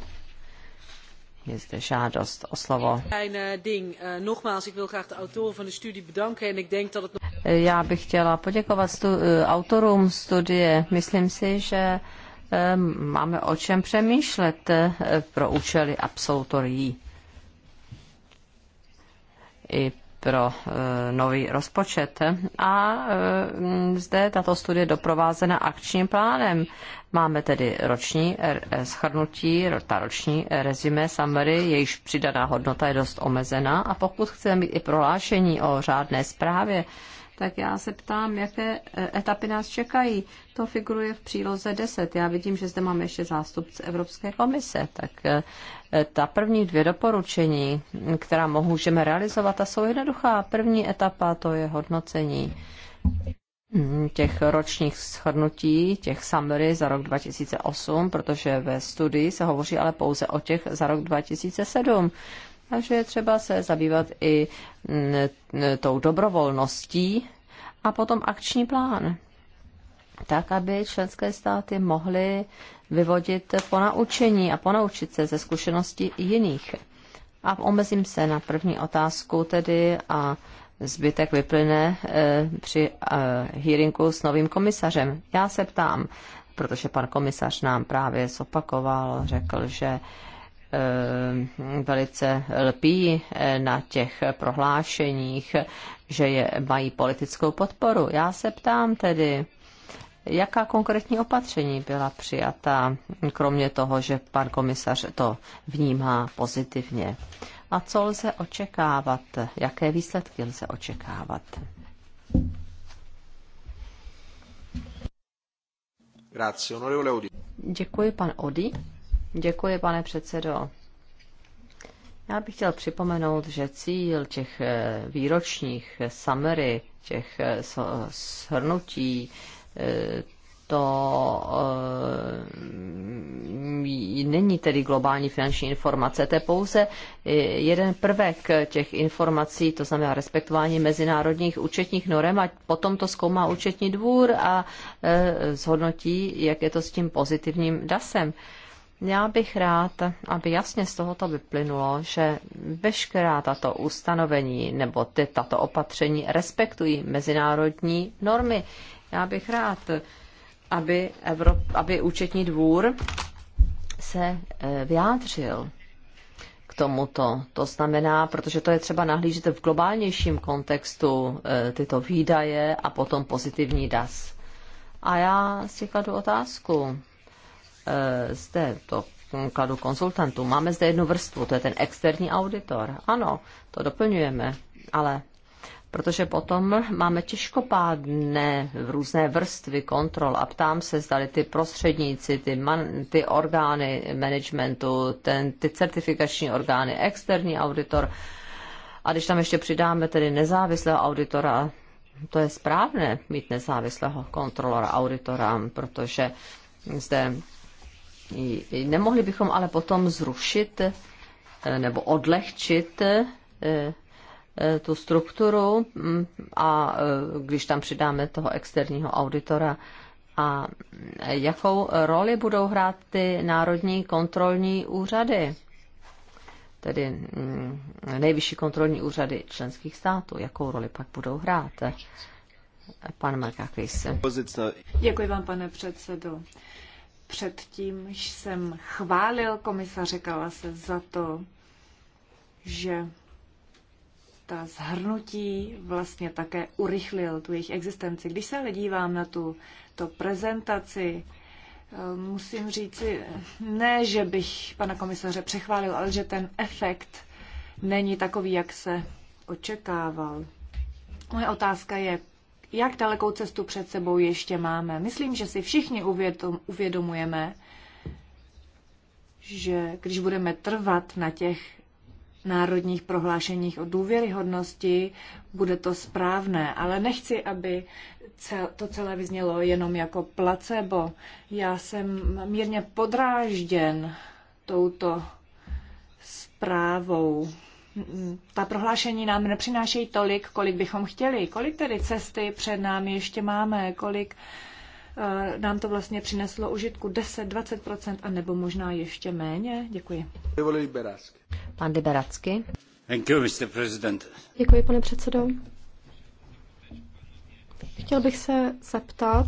je zde žádost o slovo. Eh, eh, já bych chtěla poděkovat stu- eh, autorům studie. Myslím si, že máme o čem přemýšlet pro účely absolutorií. I pro e, nový rozpočet. A e, zde tato studie doprovázena akčním plánem. Máme tedy roční e, schrnutí, ta roční rezime summary, jejíž přidaná hodnota je dost omezená a pokud chceme mít i prohlášení o řádné zprávě, tak já se ptám, jaké e, etapy nás čekají. To figuruje v příloze 10. Já vidím, že zde máme ještě zástupce Evropské komise. Tak e, e, ta první dvě doporučení, která můžeme realizovat, a jsou jednoduchá. První etapa to je hodnocení mm, těch ročních shrnutí, těch summary za rok 2008, protože ve studii se hovoří ale pouze o těch za rok 2007 a že je třeba se zabývat i mm, tou dobrovolností a potom akční plán, tak aby členské státy mohly vyvodit ponaučení a ponaučit se ze zkušeností jiných. A omezím se na první otázku tedy a zbytek vyplyne e, při e, hearingu s novým komisařem. Já se ptám, protože pan komisař nám právě zopakoval, řekl, že Eh, velice lpí eh, na těch prohlášeních, že je, mají politickou podporu. Já se ptám tedy, jaká konkrétní opatření byla přijata, kromě toho, že pan komisař to vnímá pozitivně. A co lze očekávat? Jaké výsledky lze očekávat? Děkuji, pan Odi. Děkuji, pane předsedo. Já bych chtěl připomenout, že cíl těch eh, výročních summary, těch eh, shrnutí, eh, to není tedy globální finanční informace, to je pouze jeden prvek těch informací, to znamená respektování mezinárodních účetních norem a potom to zkoumá účetní dvůr a zhodnotí, jak je to s tím pozitivním DASem. Já bych rád, aby jasně z tohoto vyplynulo, že veškerá tato ustanovení nebo ty, tato opatření respektují mezinárodní normy. Já bych rád, aby, Evrop, aby účetní dvůr se eh, vyjádřil k tomuto. To znamená, protože to je třeba nahlížet v globálnějším kontextu eh, tyto výdaje a potom pozitivní DAS. A já si kladu otázku Eh, zde to kladu konzultantů, Máme zde jednu vrstvu, to je ten externí auditor. Ano, to doplňujeme, ale protože potom máme těžkopádné v různé vrstvy kontrol a ptám se, zdali ty prostředníci, ty, man, ty orgány managementu, ten, ty certifikační orgány, externí auditor a když tam ještě přidáme tedy nezávislého auditora, to je správné mít nezávislého kontrolora, auditora, protože zde Nemohli bychom ale potom zrušit eh, nebo odlehčit eh, eh, tu strukturu mm, a když tam přidáme toho externího auditora, a jakou roli budou hrát ty národní kontrolní úřady, tedy mm, nejvyšší kontrolní úřady členských států, jakou roli pak budou hrát? Pan Markakis. Děkuji vám, pane předsedo. Předtím jsem chválil komisaře Kalase za to, že ta zhrnutí vlastně také urychlil tu jejich existenci. Když se dívám na tu to prezentaci, eh, musím říci, ne, že bych pana komisaře přechválil, ale že ten efekt není takový, jak se očekával. Moje otázka je, jak dalekou cestu před sebou ještě máme. Myslím, že si všichni uvědom, uvědomujeme, že když budeme trvat na těch národních prohlášeních o důvěryhodnosti, bude to správné, ale nechci, aby cel, to celé vyznělo jenom jako placebo. Já jsem mírně podrážděn touto zprávou ta prohlášení nám nepřinášejí tolik, kolik bychom chtěli. Kolik tedy cesty před námi ještě máme, kolik eh, nám to vlastně přineslo užitku 10-20% a nebo možná ještě méně? Děkuji. Pan Liberacky. Děkuji, pane předsedo. Chtěl bych se zeptat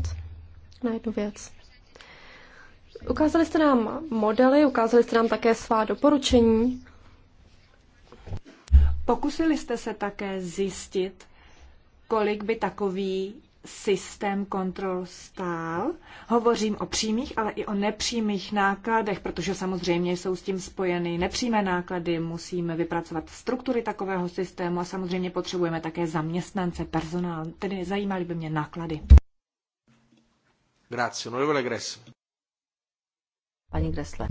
na jednu věc. Ukázali jste nám modely, ukázali jste nám také svá doporučení Pokusili jste se také zjistit, kolik by takový systém kontrol stál. Hovořím o přímých, ale i o nepřímých nákladech, protože samozřejmě jsou s tím spojeny nepřímé náklady, musíme vypracovat struktury takového systému a samozřejmě potřebujeme také zaměstnance, personál. Tedy zajímaly by mě náklady. Grazie, onorevole Gressle. Paní Gressle.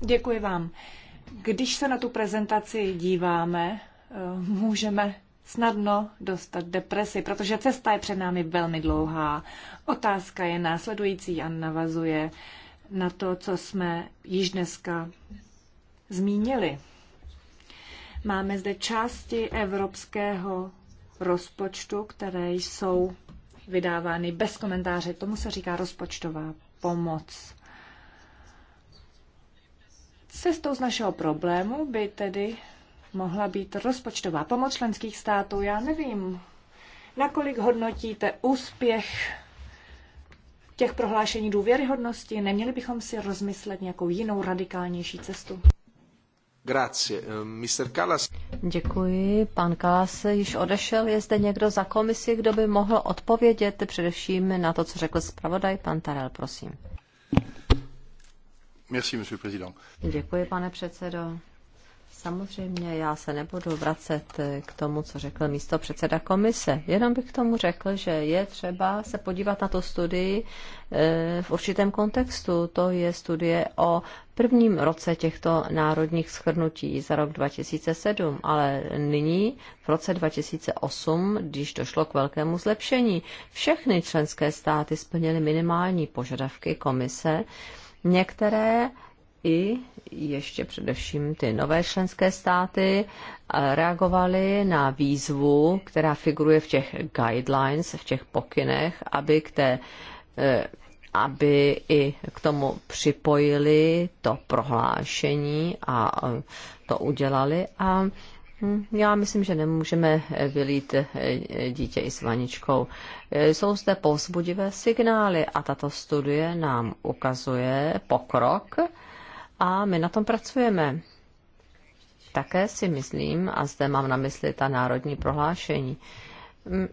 Děkuji vám. Když se na tu prezentaci díváme, eh, můžeme snadno dostat depresi, protože cesta je před námi velmi dlouhá. Otázka je následující a navazuje na to, co jsme již dneska zmínili. Máme zde části evropského rozpočtu, které jsou vydávány bez komentáře. Tomu se říká rozpočtová pomoc. Cestou z našeho problému by tedy mohla být rozpočtová pomoc členských států. Já nevím, nakolik hodnotíte úspěch těch prohlášení důvěryhodnosti. Neměli bychom si rozmyslet nějakou jinou radikálnější cestu. Grazie. Eh, Mr. Kalas. Děkuji. Pan Kalas již odešel. Je zde někdo za komisi, kdo by mohl odpovědět především na to, co řekl zpravodaj. Pan Tarel, prosím. Merci, monsieur président. Děkuji, pane předsedo. Samozřejmě já se nebudu vracet eh, k tomu, co řekl místo předseda komise. Jenom bych k tomu řekl, že je třeba se podívat na tu studii eh, v určitém kontextu. To je studie o prvním roce těchto národních schrnutí za rok 2007, ale nyní v roce 2008, když došlo k velkému zlepšení, všechny členské státy splnily minimální požadavky komise, Některé i ještě především ty nové členské státy eh, reagovaly na výzvu, která figuruje v těch guidelines, v těch pokynech, aby k té eh, aby i k tomu připojili to prohlášení a eh, to udělali a Hm, já myslím, že nemůžeme eh, vylít eh, dítě i s vaničkou. Eh, jsou zde povzbudivé signály a tato studie nám ukazuje pokrok a my na tom pracujeme. Také si myslím, a zde mám na mysli ta národní prohlášení. Hm,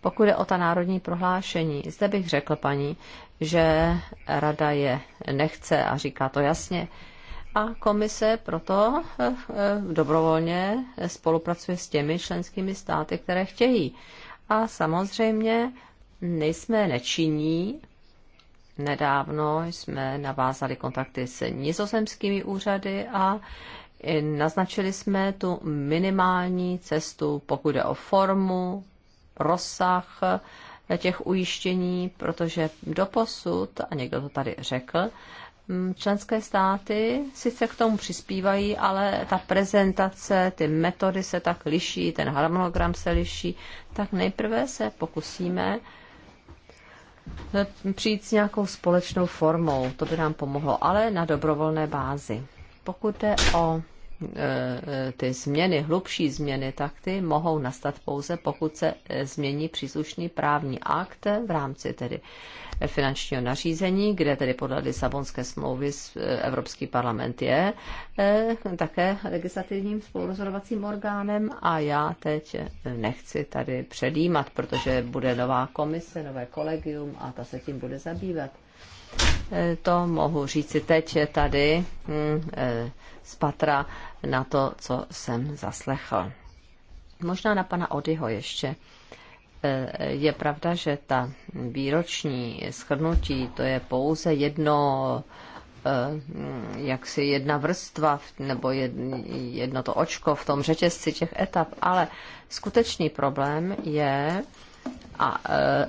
pokud je o ta národní prohlášení, zde bych řekl paní, že rada je nechce a říká to jasně, a komise proto eh, eh, dobrovolně spolupracuje s těmi členskými státy, které chtějí. A samozřejmě nejsme nečinní. Nedávno jsme navázali kontakty s nizozemskými úřady a naznačili jsme tu minimální cestu, pokud jde o formu, rozsah těch ujištění, protože doposud, a někdo to tady řekl, Mm, členské státy sice k tomu přispívají, ale ta prezentace, ty metody se tak liší, ten harmonogram se liší, tak nejprve se pokusíme přijít s nějakou společnou formou. To by nám pomohlo, ale na dobrovolné bázi. Pokud jde o Eh, eh, ty změny, hlubší změny, tak ty mohou nastat pouze, pokud se eh, změní příslušný právní akt v rámci tedy finančního nařízení, kde tedy podle Lisabonské smlouvy Evropský parlament je také legislativním spolurozhodovacím orgánem a já teď nechci tady předjímat, protože bude nová komise, nové kolegium a ta se tím bude zabývat. Eh, to mohu říci teď tady hm, eh, z patra na to, co jsem zaslechl. Možná na pana Odyho ještě. Eh, je pravda, že ta výroční schrnutí, to je pouze jedno jaksi jedna vrstva nebo jedno to očko v tom řetězci těch etap, ale skutečný problém je,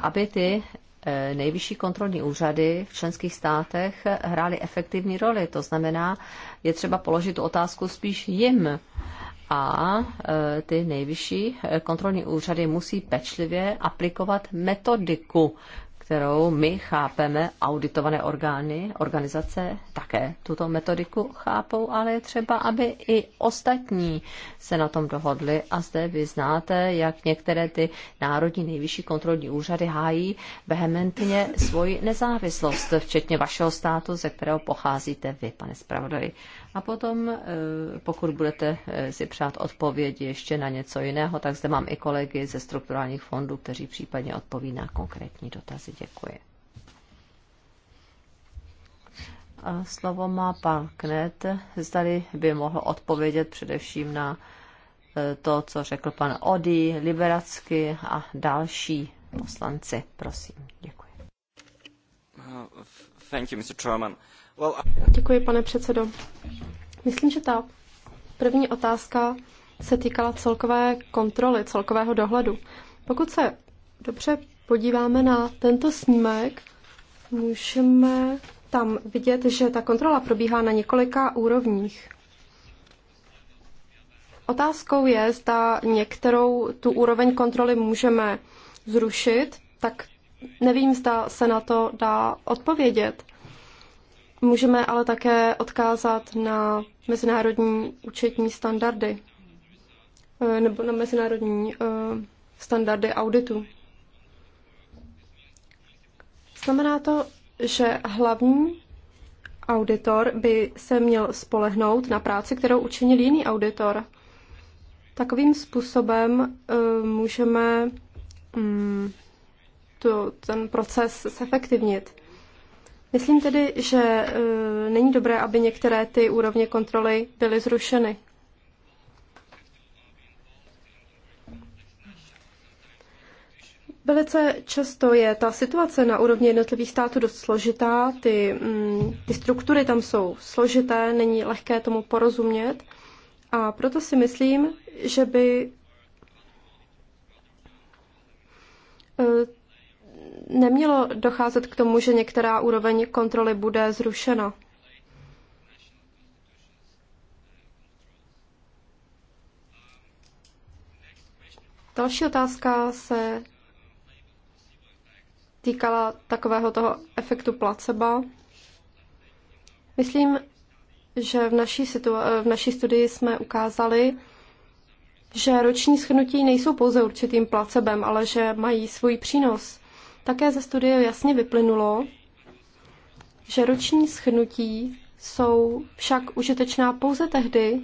aby ty Eh, nejvyšší kontrolní úřady v členských státech hrály efektivní roli. To znamená, je třeba položit tu otázku spíš jim. A eh, ty nejvyšší eh, kontrolní úřady musí pečlivě aplikovat metodiku, kterou my chápeme, auditované orgány, organizace také tuto metodiku chápou, ale je třeba, aby i ostatní se na tom dohodli. A zde vy znáte, jak některé ty národní nejvyšší kontrolní úřady hájí vehementně svoji nezávislost, včetně vašeho státu, ze kterého pocházíte vy, pane zpravodaji. A potom, eh, pokud budete eh, si přát odpovědi ještě na něco jiného, tak zde mám i kolegy ze strukturálních fondů, kteří případně odpoví na konkrétní dotazy. Děkuji. A slovo má pan Knet. Zdali by mohl odpovědět především na eh, to, co řekl pan Odi, Liberacky a další poslanci. Prosím, děkuji. Uh, thank you, Mr. Chairman. Uh, Děkuji, pane předsedo. Myslím, že ta první otázka se týkala celkové kontroly, celkového dohledu. Pokud se dobře podíváme na tento snímek, můžeme tam vidět, že ta kontrola probíhá na několika úrovních. Otázkou je, zda některou tu úroveň kontroly můžeme zrušit, tak nevím, zda se na to dá odpovědět. Můžeme ale také odkázat na mezinárodní účetní standardy eh, nebo na mezinárodní eh, standardy auditu. Znamená to, že hlavní auditor by se měl spolehnout na práci, kterou učinil jiný auditor. Takovým způsobem eh, můžeme mm, to, ten proces zefektivnit. Myslím tedy, že e, není dobré, aby některé ty úrovně kontroly byly zrušeny. Velice často je ta situace na úrovni jednotlivých států dost složitá, ty, mm, ty struktury tam jsou složité, není lehké tomu porozumět a proto si myslím, že by e, nemělo docházet k tomu, že některá úroveň kontroly bude zrušena. Další otázka se týkala takového toho efektu placebo. Myslím, že v naší, situa- v naší studii jsme ukázali, že roční schnutí nejsou pouze určitým placebem, ale že mají svůj přínos. Také ze studie jasně vyplynulo, že roční schnutí jsou však užitečná pouze tehdy,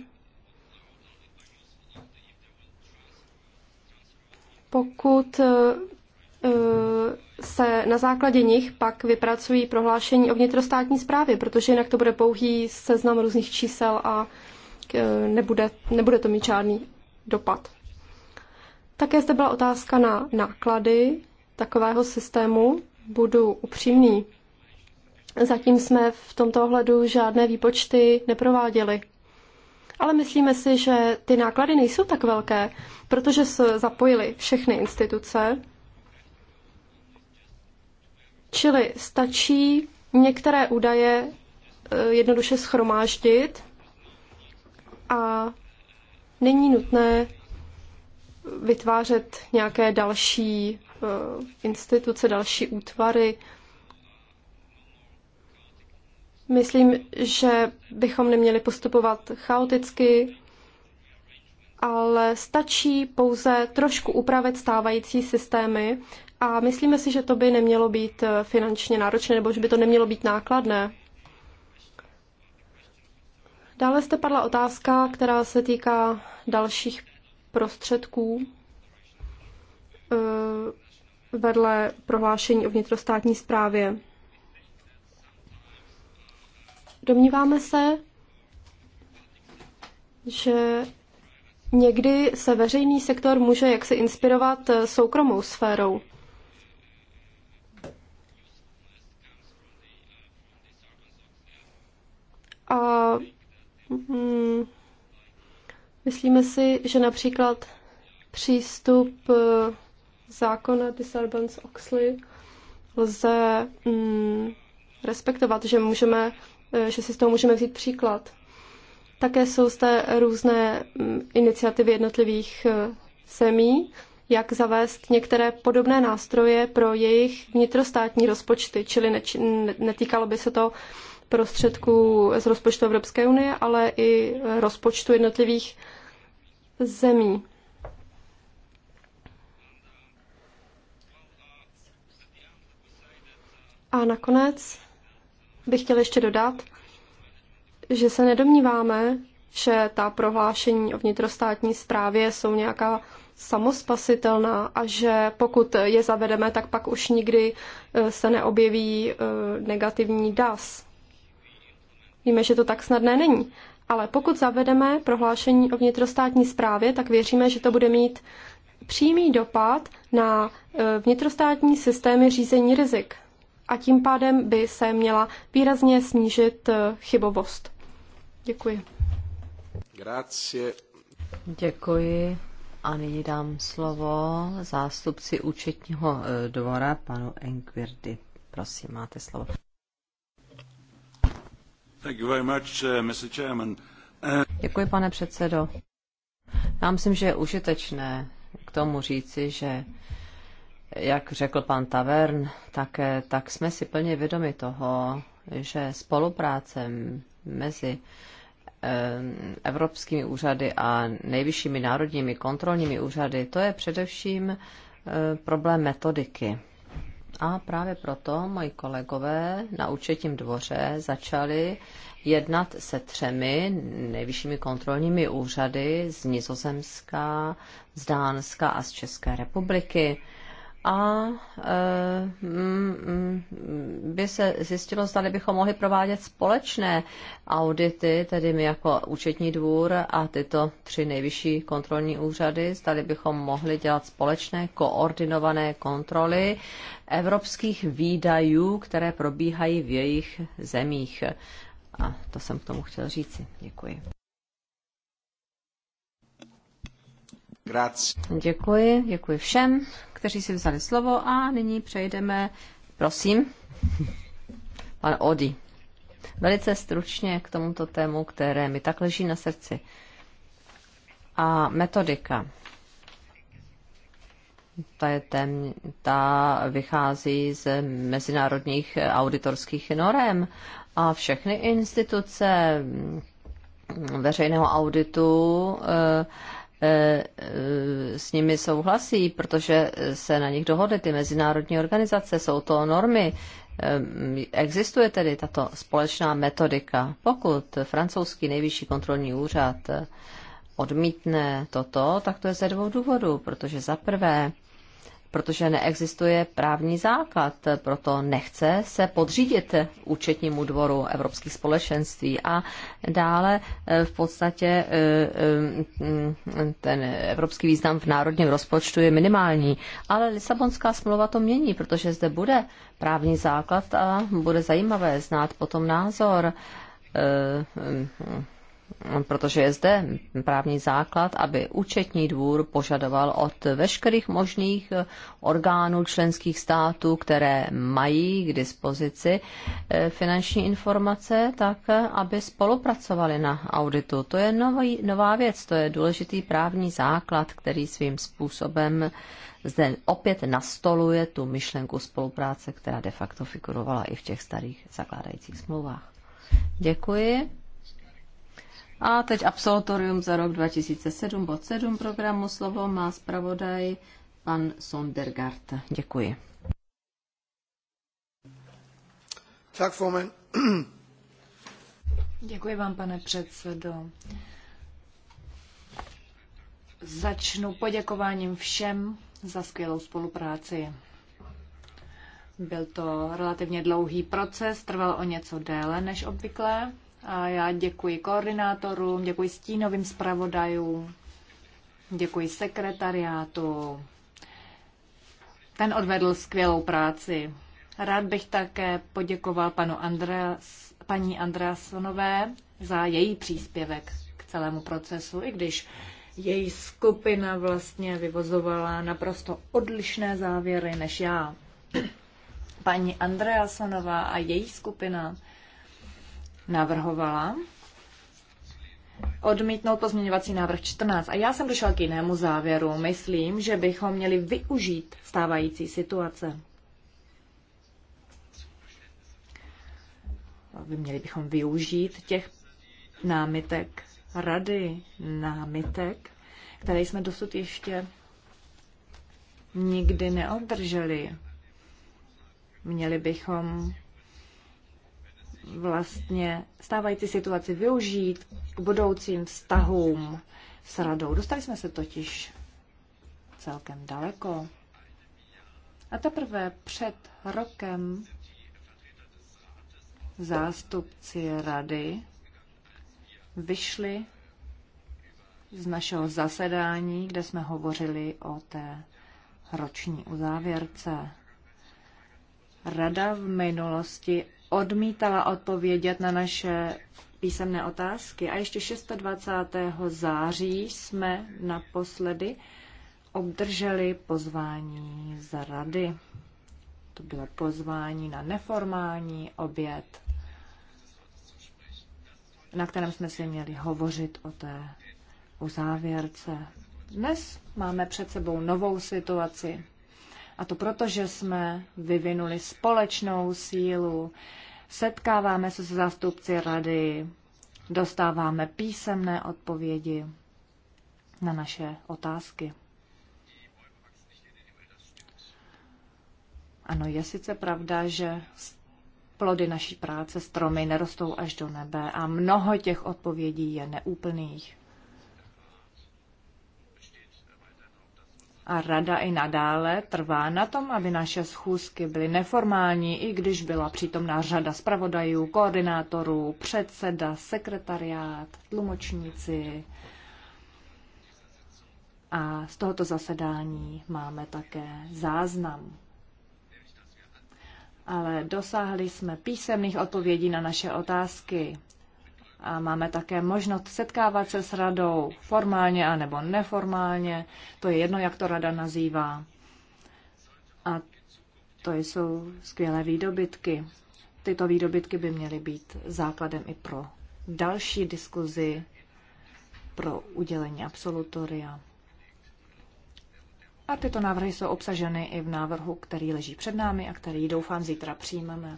pokud eh, se na základě nich pak vypracují prohlášení o vnitrostátní správě, protože jinak to bude pouhý seznam různých čísel a eh, nebude, nebude to mít žádný dopad. Také zde byla otázka na náklady takového systému, budu upřímný. Zatím jsme v tomto ohledu žádné výpočty neprováděli. Ale myslíme si, že ty náklady nejsou tak velké, protože se zapojili všechny instituce. Čili stačí některé údaje eh, jednoduše schromáždit a není nutné vytvářet nějaké další Eh, instituce, další útvary. Myslím, že bychom neměli postupovat chaoticky, ale stačí pouze trošku upravit stávající systémy a myslíme si, že to by nemělo být eh, finančně náročné nebo že by to nemělo být nákladné. Dále jste padla otázka, která se týká dalších prostředků eh, vedle prohlášení o vnitrostátní správě. Domníváme se, že někdy se veřejný sektor může jaksi inspirovat soukromou sférou. A hmm, myslíme si, že například přístup eh, zákona Disarbans-Oxley lze mm, respektovat, že, můžeme, e, že si z toho můžeme vzít příklad. Také jsou zde různé mm, iniciativy jednotlivých e, zemí, jak zavést některé podobné nástroje pro jejich vnitrostátní rozpočty, čili neč, netýkalo by se to prostředků z rozpočtu Evropské unie, ale i rozpočtu jednotlivých zemí. A nakonec bych chtěl ještě dodat, že se nedomníváme, že ta prohlášení o vnitrostátní správě jsou nějaká samospasitelná a že pokud je zavedeme, tak pak už nikdy eh, se neobjeví eh, negativní DAS. Víme, že to tak snadné není. Ale pokud zavedeme prohlášení o vnitrostátní správě, tak věříme, že to bude mít přímý dopad na eh, vnitrostátní systémy řízení rizik a tím pádem by se měla výrazně snížit eh, chybovost. Děkuji. Grazie. Děkuji. A nyní dám slovo zástupci účetního eh, dvora, panu Enquirdy. Prosím, máte slovo. Thank you very much, eh, Mr. Chairman. Děkuji, pane předsedo. Já myslím, že je užitečné k tomu říci, že jak řekl pan Tavern, tak, eh, tak jsme si plně vědomi toho, že spolupráce mezi eh, evropskými úřady a nejvyššími národními kontrolními úřady, to je především eh, problém metodiky. A právě proto moji kolegové na účetním dvoře začali jednat se třemi nejvyššími kontrolními úřady z Nizozemska, z Dánska a z České republiky a e, mm, mm, by se zjistilo, zda bychom mohli provádět společné audity, tedy my jako účetní dvůr a tyto tři nejvyšší kontrolní úřady, zda bychom mohli dělat společné koordinované kontroly evropských výdajů, které probíhají v jejich zemích. A to jsem k tomu chtěl říci. Děkuji. Grazie. Děkuji, děkuji všem, kteří si vzali slovo a nyní přejdeme, prosím, pan Odi. Velice stručně k tomuto tému, které mi tak leží na srdci. A metodika. Ta, je tém, ta vychází z mezinárodních auditorských norem a všechny instituce veřejného auditu e, E, e, s nimi souhlasí, protože se na nich dohodly ty mezinárodní organizace, jsou to normy. E, existuje tedy tato společná metodika. Pokud francouzský nejvyšší kontrolní úřad odmítne toto, tak to je ze dvou důvodů, protože za prvé protože neexistuje právní základ, proto nechce se podřídit účetnímu dvoru evropských společenství a dále eh, v podstatě eh, eh, ten evropský význam v národním rozpočtu je minimální, ale Lisabonská smlouva to mění, protože zde bude právní základ a bude zajímavé znát potom názor protože je zde právní základ, aby účetní dvůr požadoval od veškerých možných orgánů členských států, které mají k dispozici eh, finanční informace, tak eh, aby spolupracovali na auditu. To je nový, nová věc, to je důležitý právní základ, který svým způsobem zde opět nastoluje tu myšlenku spolupráce, která de facto figurovala i v těch starých zakládajících smlouvách. Děkuji. A teď absolutorium za rok 2007, bod 7 programu. Slovo má zpravodaj pan Sondergaard. Děkuji. Tak, Fomen. Děkuji vám, pane předsedo. Začnu poděkováním všem za skvělou spolupráci. Byl to relativně dlouhý proces, trval o něco déle než obvykle. A já děkuji koordinátorům, děkuji stínovým zpravodajům, děkuji sekretariátu. Ten odvedl skvělou práci. Rád bych také poděkoval panu Andreas, paní Andreasonové za její příspěvek k celému procesu, i když její skupina vlastně vyvozovala naprosto odlišné závěry než já. Paní Andreasonová a její skupina navrhovala odmítnout pozměňovací návrh 14. A já jsem došla k jinému závěru. Myslím, že bychom měli využít stávající situace. Měli bychom využít těch námitek rady, námitek, které jsme dosud ještě nikdy neobdrželi. Měli bychom vlastně stávající situaci využít k budoucím vztahům s radou. Dostali jsme se totiž celkem daleko. A teprve před rokem zástupci rady vyšli z našeho zasedání, kde jsme hovořili o té roční uzávěrce. Rada v minulosti odmítala odpovědět na naše písemné otázky. A ještě 26. září jsme naposledy obdrželi pozvání z rady. To bylo pozvání na neformální oběd, na kterém jsme si měli hovořit o té uzávěrce. Dnes máme před sebou novou situaci. A to proto, že jsme vyvinuli společnou sílu, setkáváme se s zástupci rady, dostáváme písemné odpovědi na naše otázky. Ano, je sice pravda, že plody naší práce, stromy nerostou až do nebe a mnoho těch odpovědí je neúplných. a rada i nadále trvá na tom, aby naše schůzky byly neformální, i když byla přítomná řada zpravodajů, koordinátorů, předseda, sekretariát, tlumočníci. A z tohoto zasedání máme také záznam. Ale dosáhli jsme písemných odpovědí na naše otázky a máme také možnost setkávat se s radou formálně a nebo neformálně. To je jedno, jak to rada nazývá. A to jsou skvělé výdobytky. Tyto výdobytky by měly být základem i pro další diskuzi pro udělení absolutoria. A tyto návrhy jsou obsaženy i v návrhu, který leží před námi a který doufám zítra přijmeme.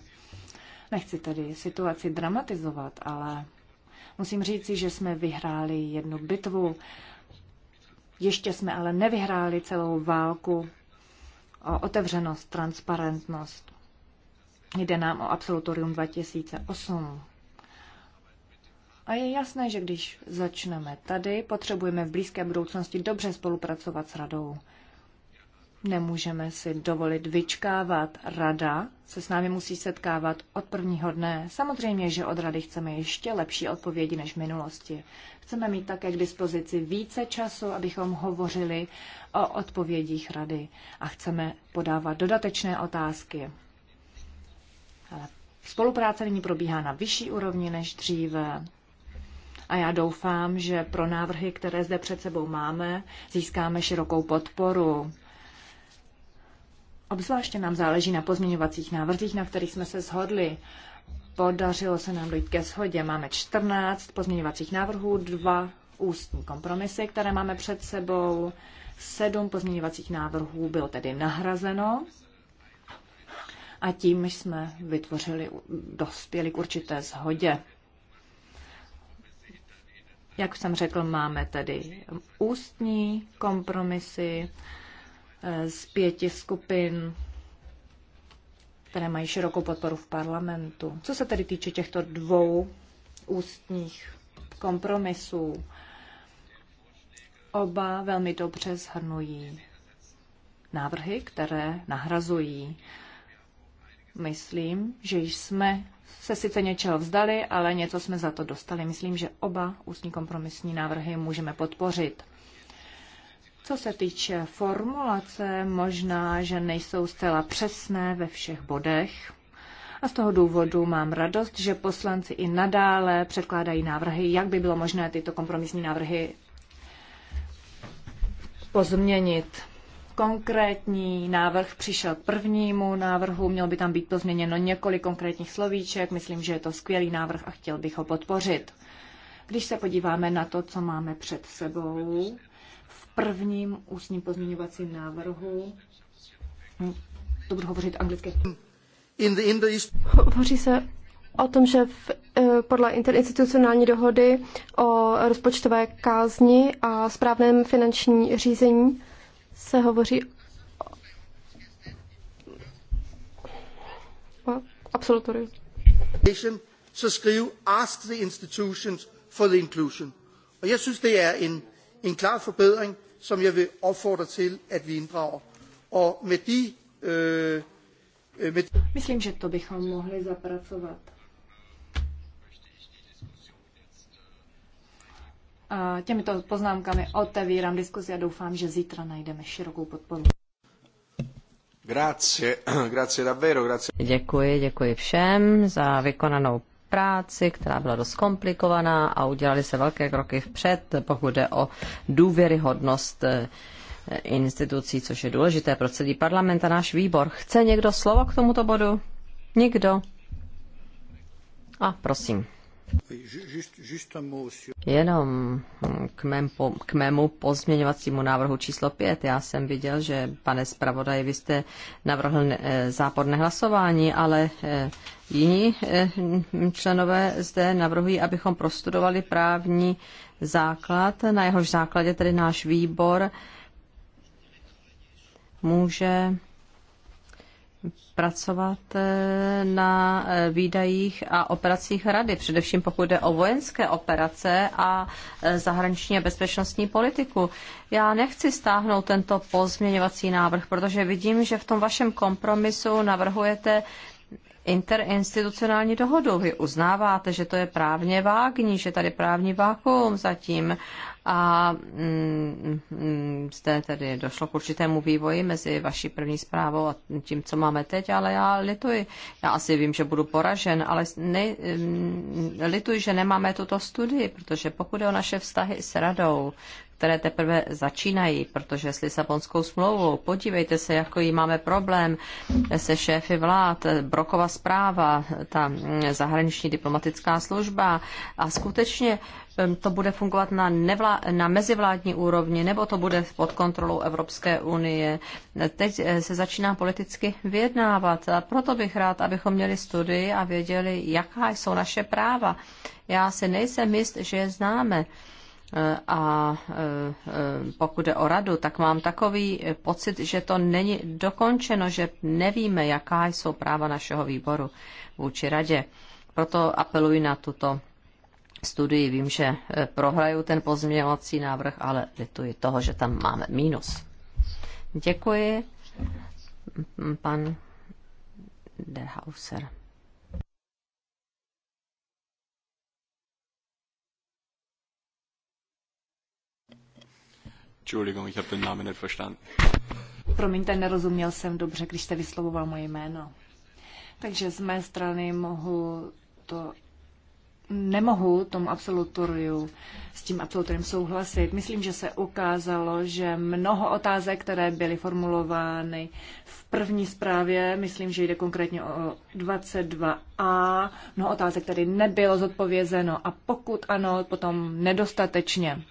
Nechci tedy situaci dramatizovat, ale Musím říci, že jsme vyhráli jednu bitvu. Ještě jsme ale nevyhráli celou válku o otevřenost, transparentnost. Jde nám o absolutorium 2008. A je jasné, že když začneme tady, potřebujeme v blízké budoucnosti dobře spolupracovat s radou. Nemůžeme si dovolit vyčkávat. Rada se s námi musí setkávat od prvního dne. Samozřejmě, že od rady chceme ještě lepší odpovědi než v minulosti. Chceme mít také k dispozici více času, abychom hovořili o odpovědích rady a chceme podávat dodatečné otázky. Ale spolupráce nyní probíhá na vyšší úrovni než dříve. A já doufám, že pro návrhy, které zde před sebou máme, získáme širokou podporu. Obzvláště nám záleží na pozměňovacích návrzích, na kterých jsme se shodli. Podařilo se nám dojít ke shodě. Máme 14 pozměňovacích návrhů, dva ústní kompromisy, které máme před sebou. Sedm pozměňovacích návrhů bylo tedy nahrazeno a tím jsme vytvořili, dospěli k určité shodě. Jak jsem řekl, máme tedy ústní kompromisy, Eh, z pěti skupin, které mají širokou podporu v parlamentu. Co se tedy týče těchto dvou ústních kompromisů, oba velmi dobře zhrnují návrhy, které nahrazují. Myslím, že jsme se sice něčeho vzdali, ale něco jsme za to dostali. Myslím, že oba ústní kompromisní návrhy můžeme podpořit. Co se týče formulace, možná, že nejsou zcela přesné ve všech bodech. A z toho důvodu mám radost, že poslanci i nadále předkládají návrhy, jak by bylo možné tyto kompromisní návrhy pozměnit. Konkrétní návrh přišel k prvnímu návrhu, mělo by tam být pozměněno několik konkrétních slovíček, myslím, že je to skvělý návrh a chtěl bych ho podpořit. Když se podíváme na to, co máme před sebou, prvním ústním pozměňovacím návrhu. To budu hovořit anglicky. In the, in the Hovoří se o tom, že v, e, podle interinstitucionální dohody o rozpočtové kázni a správném finanční řízení se hovoří o, o absolutoriu. Så skriv ask the institutions for the inclusion. Og jeg synes, det er en, en klar forbedring som jeg vil opfordre til, at vi inddrager. Og med de... Øh, øh med Myslím, že to bychom mohli zapracovat. A těmito poznámkami otevírám diskuzi a doufám, že zítra najdeme širokou podporu. Grazie, grazie davvero, grazie. Děkuji, děkuji všem za vykonanou práci, která byla dost komplikovaná a udělali se velké kroky vpřed, pokud jde o důvěryhodnost eh, institucí, což je důležité pro celý parlament a náš výbor. Chce někdo slovo k tomuto bodu? Nikdo? A prosím. Jenom k, mém, k mému pozměňovacímu návrhu číslo 5. Já jsem viděl, že, pane zpravodaji, vy jste navrhl eh, záporné hlasování, ale eh, jiní eh, členové zde navrhují, abychom prostudovali právní základ, na jehož základě tedy náš výbor může pracovat eh, na eh, výdajích a operacích rady, především pokud jde o vojenské operace a eh, zahraniční a bezpečnostní politiku. Já nechci stáhnout tento pozměňovací návrh, protože vidím, že v tom vašem kompromisu navrhujete interinstitucionální dohodu. Vy uznáváte, že to je právně vágní, že tady právní vákuum zatím a mm, mm, zde tedy došlo k určitému vývoji mezi vaší první zprávou a tím, co máme teď, ale já lituji. Já asi vím, že budu poražen, ale ne, mm, lituji, že nemáme tuto studii, protože pokud je o naše vztahy s radou, které teprve začínají, protože s Lisabonskou smlouvou, podívejte se, jako jí máme problém se šéfy vlád, Brokova zpráva, ta mm, zahraniční diplomatická služba a skutečně mm, to bude fungovat na, nevlá, na mezivládní úrovni, nebo to bude pod kontrolou Evropské unie. Teď eh, se začíná politicky vyjednávat a proto bych rád, abychom měli studii a věděli, jaká jsou naše práva. Já si nejsem jist, že je známe. Eh, a eh, eh, pokud jde o radu, tak mám takový pocit, že to není dokončeno, že nevíme, jaká jsou práva našeho výboru vůči radě. Proto apeluji na tuto studii. Vím, že prohraju ten pozměňovací návrh, ale lituji toho, že tam máme mínus. Děkuji. Pan Derhauser. Entschuldigung, ich habe den Namen nicht verstanden. Promiňte, nerozuměl jsem dobře, když jste vyslovoval moje jméno. Takže z mé strany mohu to nemohu tomu absolutoriu s tím absolutorium souhlasit. Myslím, že se ukázalo, že mnoho otázek, které byly formulovány v první zprávě, myslím, že jde konkrétně o 22a, mnoho otázek tady nebylo zodpovězeno a pokud ano, potom nedostatečně.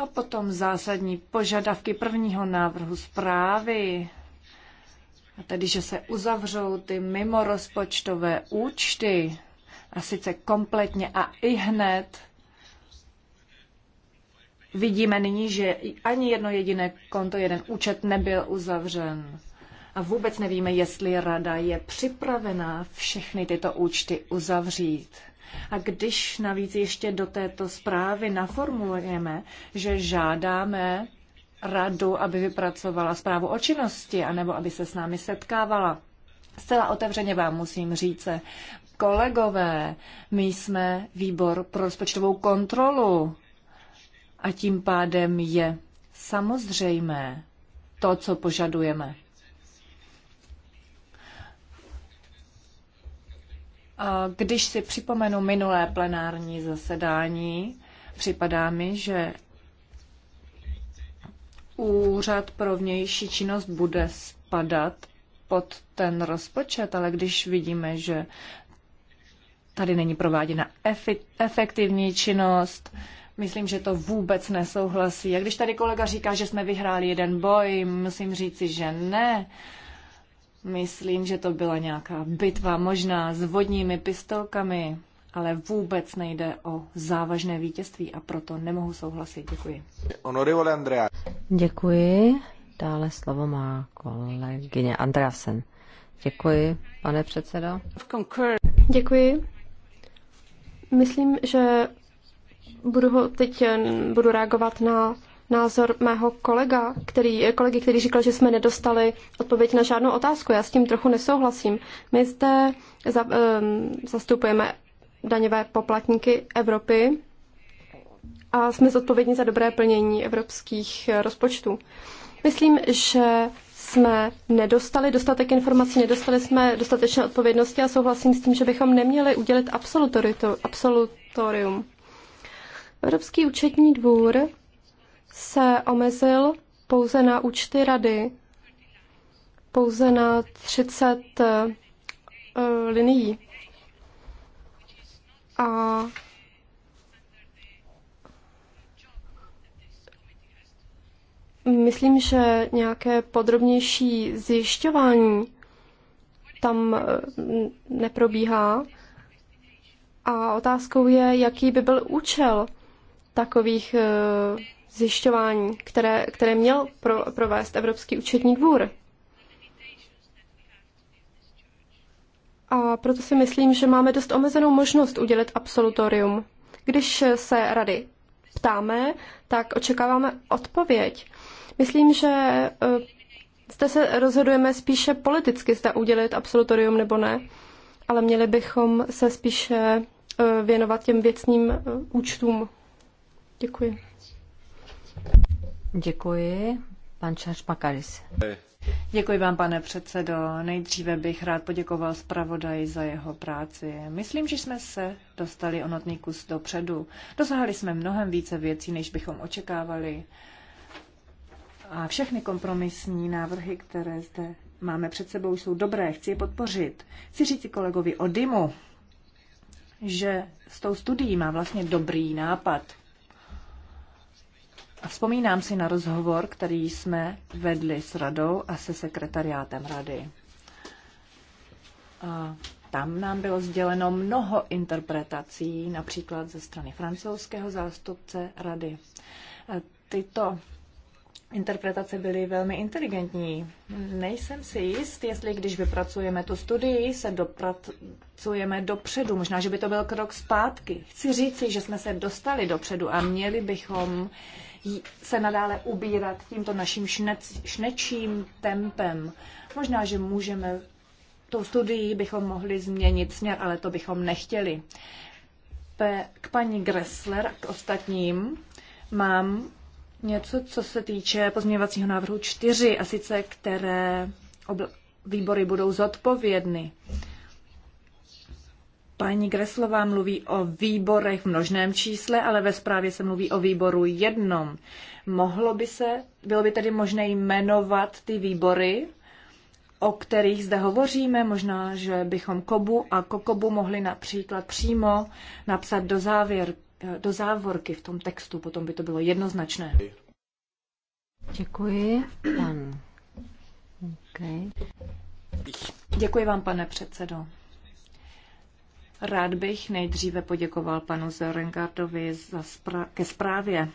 A potom zásadní požadavky prvního návrhu zprávy, a tedy, že se uzavřou ty mimorozpočtové účty, a sice kompletně a i hned, vidíme nyní, že ani jedno jediné konto, jeden účet nebyl uzavřen. A vůbec nevíme, jestli rada je připravená všechny tyto účty uzavřít. A když navíc ještě do této zprávy naformulujeme, že žádáme radu, aby vypracovala zprávu o činnosti, anebo aby se s námi setkávala, Zcela otevřeně vám musím říct, kolegové, my jsme výbor pro rozpočtovou kontrolu a tím pádem je samozřejmé to, co požadujeme. Když si připomenu minulé plenární zasedání, připadá mi, že úřad pro vnější činnost bude spadat pod ten rozpočet, ale když vidíme, že tady není prováděna efektivní činnost, myslím, že to vůbec nesouhlasí. A když tady kolega říká, že jsme vyhráli jeden boj, musím říci, že ne. Uh, Myslím, že to byla nějaká bitva možná s vodními pistolkami, ale vůbec nejde o závažné vítězství a proto nemohu souhlasit. Děkuji. Honorable Andrea. Děkuji. Dále slovo má kolegyně Andreasen. Děkuji, pane předsedo. Děkuji. Myslím, že budu ho teď budu reagovat na názor mého kolega, který, kolegy, který říkal, že jsme nedostali odpověď na žádnou otázku. Já s tím trochu nesouhlasím. My zde za, um, zastupujeme daňové poplatníky Evropy a jsme zodpovědní za dobré plnění evropských eh, rozpočtů. Myslím, že jsme nedostali dostatek informací, nedostali jsme dostatečné odpovědnosti a souhlasím s tím, že bychom neměli udělit absolutorium. Evropský účetní dvůr se omezil pouze na účty rady, pouze na 30 eh, linií. A myslím, že nějaké podrobnější zjišťování tam eh, neprobíhá. A otázkou je, jaký by byl účel takových eh, zjišťování, které, které měl pro, provést Evropský účetní dvůr. A proto si myslím, že máme dost omezenou možnost udělit absolutorium. Když se rady ptáme, tak očekáváme odpověď. Myslím, že e, zde se rozhodujeme spíše politicky, zda udělit absolutorium nebo ne, ale měli bychom se spíše e, věnovat těm věcným e, účtům. Děkuji. Děkuji. Pan Čař Děkuji vám, pane předsedo. Nejdříve bych rád poděkoval zpravodaji za jeho práci. Myslím, že jsme se dostali o notný kus dopředu. Dosáhli jsme mnohem více věcí, než bychom očekávali. A všechny kompromisní návrhy, které zde máme před sebou, jsou dobré, chci je podpořit. Chci říct kolegovi o Dimu, že s tou studií má vlastně dobrý nápad – a vzpomínám si na rozhovor, který jsme vedli s radou a se sekretariátem rady. A tam nám bylo sděleno mnoho interpretací, například ze strany francouzského zástupce rady. Tyto interpretace byly velmi inteligentní. Nejsem si jist, jestli když vypracujeme tu studii, se dopracujeme dopředu. Možná, že by to byl krok zpátky. Chci říci, že jsme se dostali dopředu a měli bychom uh, se nadále ubírat tímto naším šnec, šnečím tempem. Možná, že můžeme, tou studií bychom mohli změnit směr, ale to bychom nechtěli. Pe, k paní Gressler a k ostatním mám něco, co se týče pozměňovacího návrhu 4, a sice které výbory budou zodpovědny. Paní Greslová mluví o výborech v množném čísle, ale ve zprávě se mluví o výboru jednom. Mohlo by se, bylo by tedy možné jmenovat ty výbory, o kterých zde hovoříme, možná, že bychom Kobu a Kokobu mohli například přímo napsat do, závěr, do závorky v tom textu, potom by to bylo jednoznačné. Děkuji. Okay. Děkuji vám, pane předsedo. Rád bych nejdříve poděkoval panu Zorengardovi za spra- ke zprávě.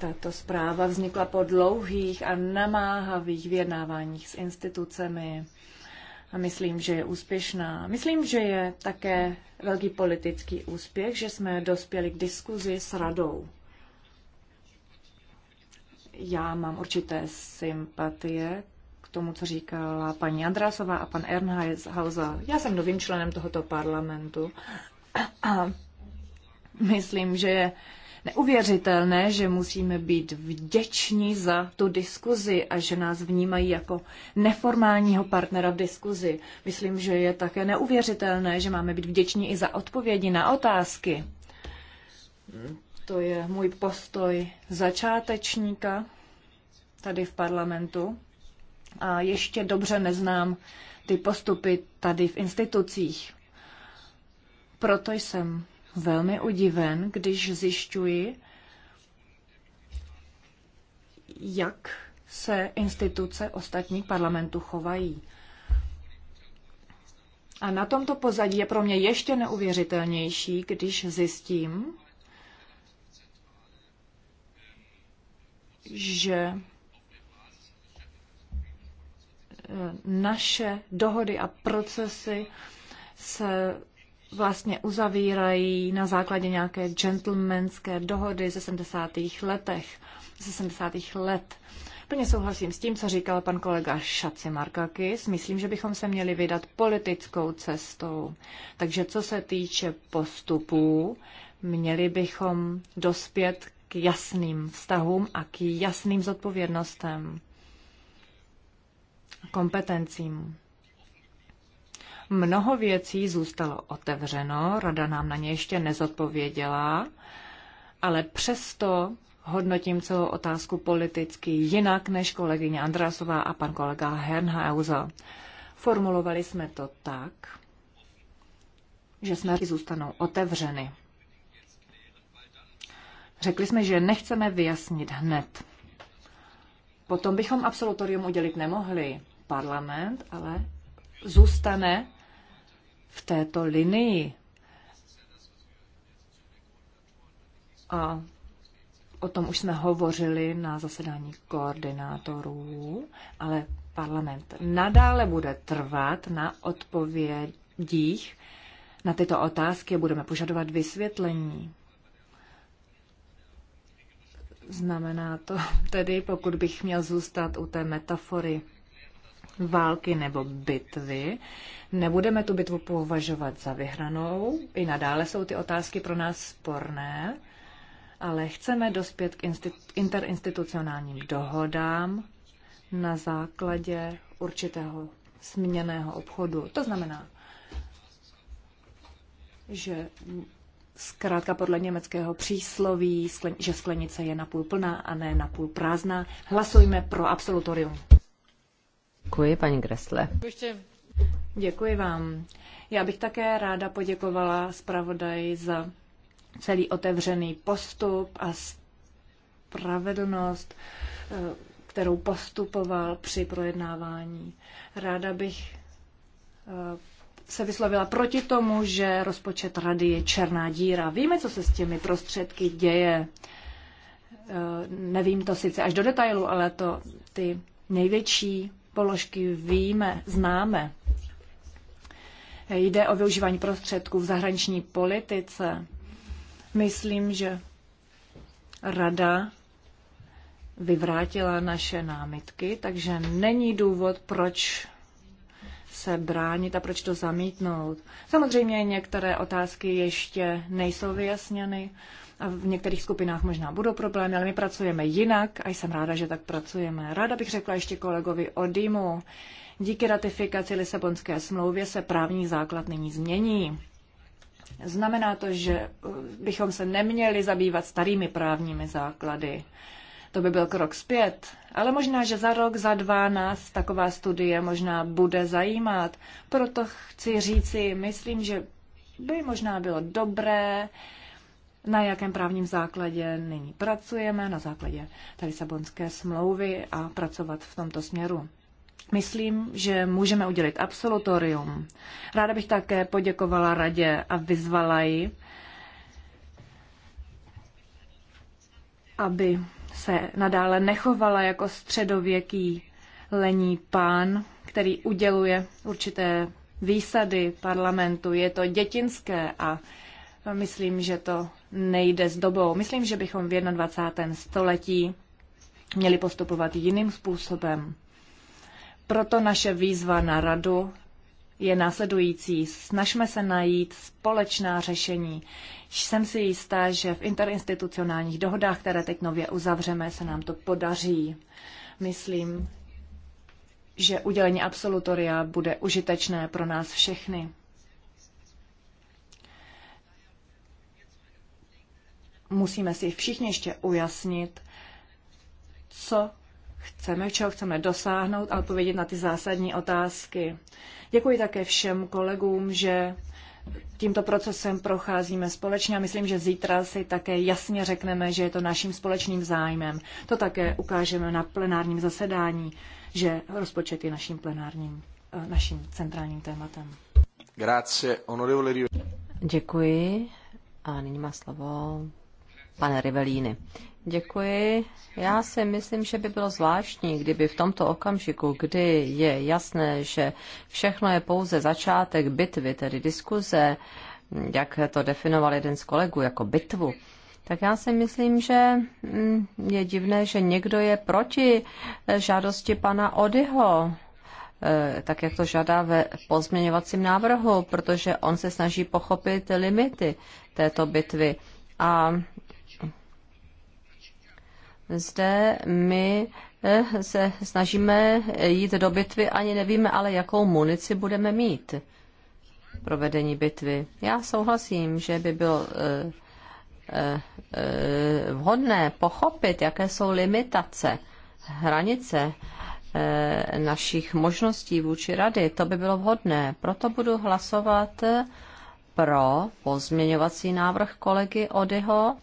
Tato zpráva vznikla po dlouhých a namáhavých vyjednáváních s institucemi a myslím, že je úspěšná. Myslím, že je také velký politický úspěch, že jsme dospěli k diskuzi s radou. Já mám určité sympatie tomu, co říkala paní Andrásová a pan Ernhauser. Já jsem novým členem tohoto parlamentu a myslím, že je neuvěřitelné, že musíme být vděční za tu diskuzi a že nás vnímají jako neformálního partnera v diskuzi. Myslím, že je také neuvěřitelné, že máme být vděční i za odpovědi na otázky. To je můj postoj začátečníka tady v parlamentu a ještě dobře neznám ty postupy tady v institucích. Proto jsem velmi udiven, když zjišťuji, jak se instituce ostatních parlamentů chovají. A na tomto pozadí je pro mě ještě neuvěřitelnější, když zjistím, že naše dohody a procesy se vlastně uzavírají na základě nějaké gentlemanské dohody ze 70. letech, ze 70. let. Plně souhlasím s tím, co říkal pan kolega Šaci Markakis. Myslím, že bychom se měli vydat politickou cestou. Takže co se týče postupů, měli bychom dospět k jasným vztahům a k jasným zodpovědnostem kompetencím. Mnoho věcí zůstalo otevřeno, rada nám na ně ještě nezodpověděla, ale přesto hodnotím celou otázku politicky jinak než kolegyně Andrasová a pan kolega Hernhauser. Formulovali jsme to tak, že jsme zůstanou otevřeny. Řekli jsme, že nechceme vyjasnit hned. Potom bychom absolutorium udělit nemohli. Parlament ale zůstane v této linii. A o tom už jsme hovořili na zasedání koordinátorů, ale parlament nadále bude trvat na odpovědích na tyto otázky budeme požadovat vysvětlení. Znamená to tedy, pokud bych měl zůstat u té metafory války nebo bitvy, nebudeme tu bitvu považovat za vyhranou. I nadále jsou ty otázky pro nás sporné, ale chceme dospět k interinstitucionálním dohodám na základě určitého směněného obchodu. To znamená, že zkrátka podle německého přísloví, že sklenice je napůl plná a ne napůl prázdná. Hlasujme pro absolutorium. Děkuji, paní Gresle. Děkuji vám. Já bych také ráda poděkovala zpravodaji za celý otevřený postup a spravedlnost, eh, kterou postupoval při projednávání. Ráda bych eh, se vyslovila proti tomu, že rozpočet rady je černá díra. Víme, co se s těmi prostředky děje. E, nevím to sice až do detailu, ale to ty největší položky víme, známe. Jde o využívání prostředků v zahraniční politice. Myslím, že rada vyvrátila naše námitky, takže není důvod, proč se bránit a proč to zamítnout. Samozřejmě některé otázky ještě nejsou vyjasněny a v některých skupinách možná budou problémy, ale my pracujeme jinak a jsem ráda, že tak pracujeme. Ráda bych řekla ještě kolegovi Odimu, díky ratifikaci Lisabonské smlouvě se právní základ nyní změní. Znamená to, že eh, bychom se neměli zabývat starými právními základy. To by byl krok zpět. Ale možná, že za rok, za dva nás taková studie možná bude zajímat. Proto chci říci, myslím, že by možná bylo dobré, na jakém právním základě nyní pracujeme, na základě tady Sabonské smlouvy a pracovat v tomto směru. Myslím, že můžeme udělit absolutorium. Ráda bych také poděkovala radě a vyzvala ji, aby se nadále nechovala jako středověký lení pán, který uděluje určité výsady parlamentu. Je to dětinské a myslím, že to nejde s dobou. Myslím, že bychom v 21. století měli postupovat jiným způsobem. Proto naše výzva na radu je následující. Snažme se najít společná řešení. Jsem si jistá, že v interinstitucionálních dohodách, které teď nově uzavřeme, se nám to podaří. Myslím, že udělení absolutoria bude užitečné pro nás všechny. Musíme si všichni ještě ujasnit, co chceme, čeho chceme dosáhnout a odpovědět na ty zásadní otázky. Děkuji také všem kolegům, že tímto procesem procházíme společně a myslím, že zítra si také jasně řekneme, že je to naším společným zájmem. To také ukážeme na plenárním zasedání, že rozpočet je naším plenárním, eh, naším centrálním tématem. Grazie, onorevole Děkuji. A nyní má slovo pane Rivelíny. Děkuji. Já si myslím, že by bylo zvláštní, kdyby v tomto okamžiku, kdy je jasné, že všechno je pouze začátek bitvy, tedy diskuze, jak to definoval jeden z kolegů jako bitvu, tak já si myslím, že mm, je divné, že někdo je proti eh, žádosti pana Odyho, eh, tak jak to žádá ve pozměňovacím návrhu, protože on se snaží pochopit limity této bitvy. A zde my eh, se snažíme jít do bitvy, ani nevíme ale, jakou munici budeme mít pro vedení bitvy. Já souhlasím, že by bylo eh, eh, vhodné pochopit, jaké jsou limitace, hranice našich možností vůči rady. To by bylo vhodné. Proto budu hlasovat pro pozměňovací návrh kolegy Odyho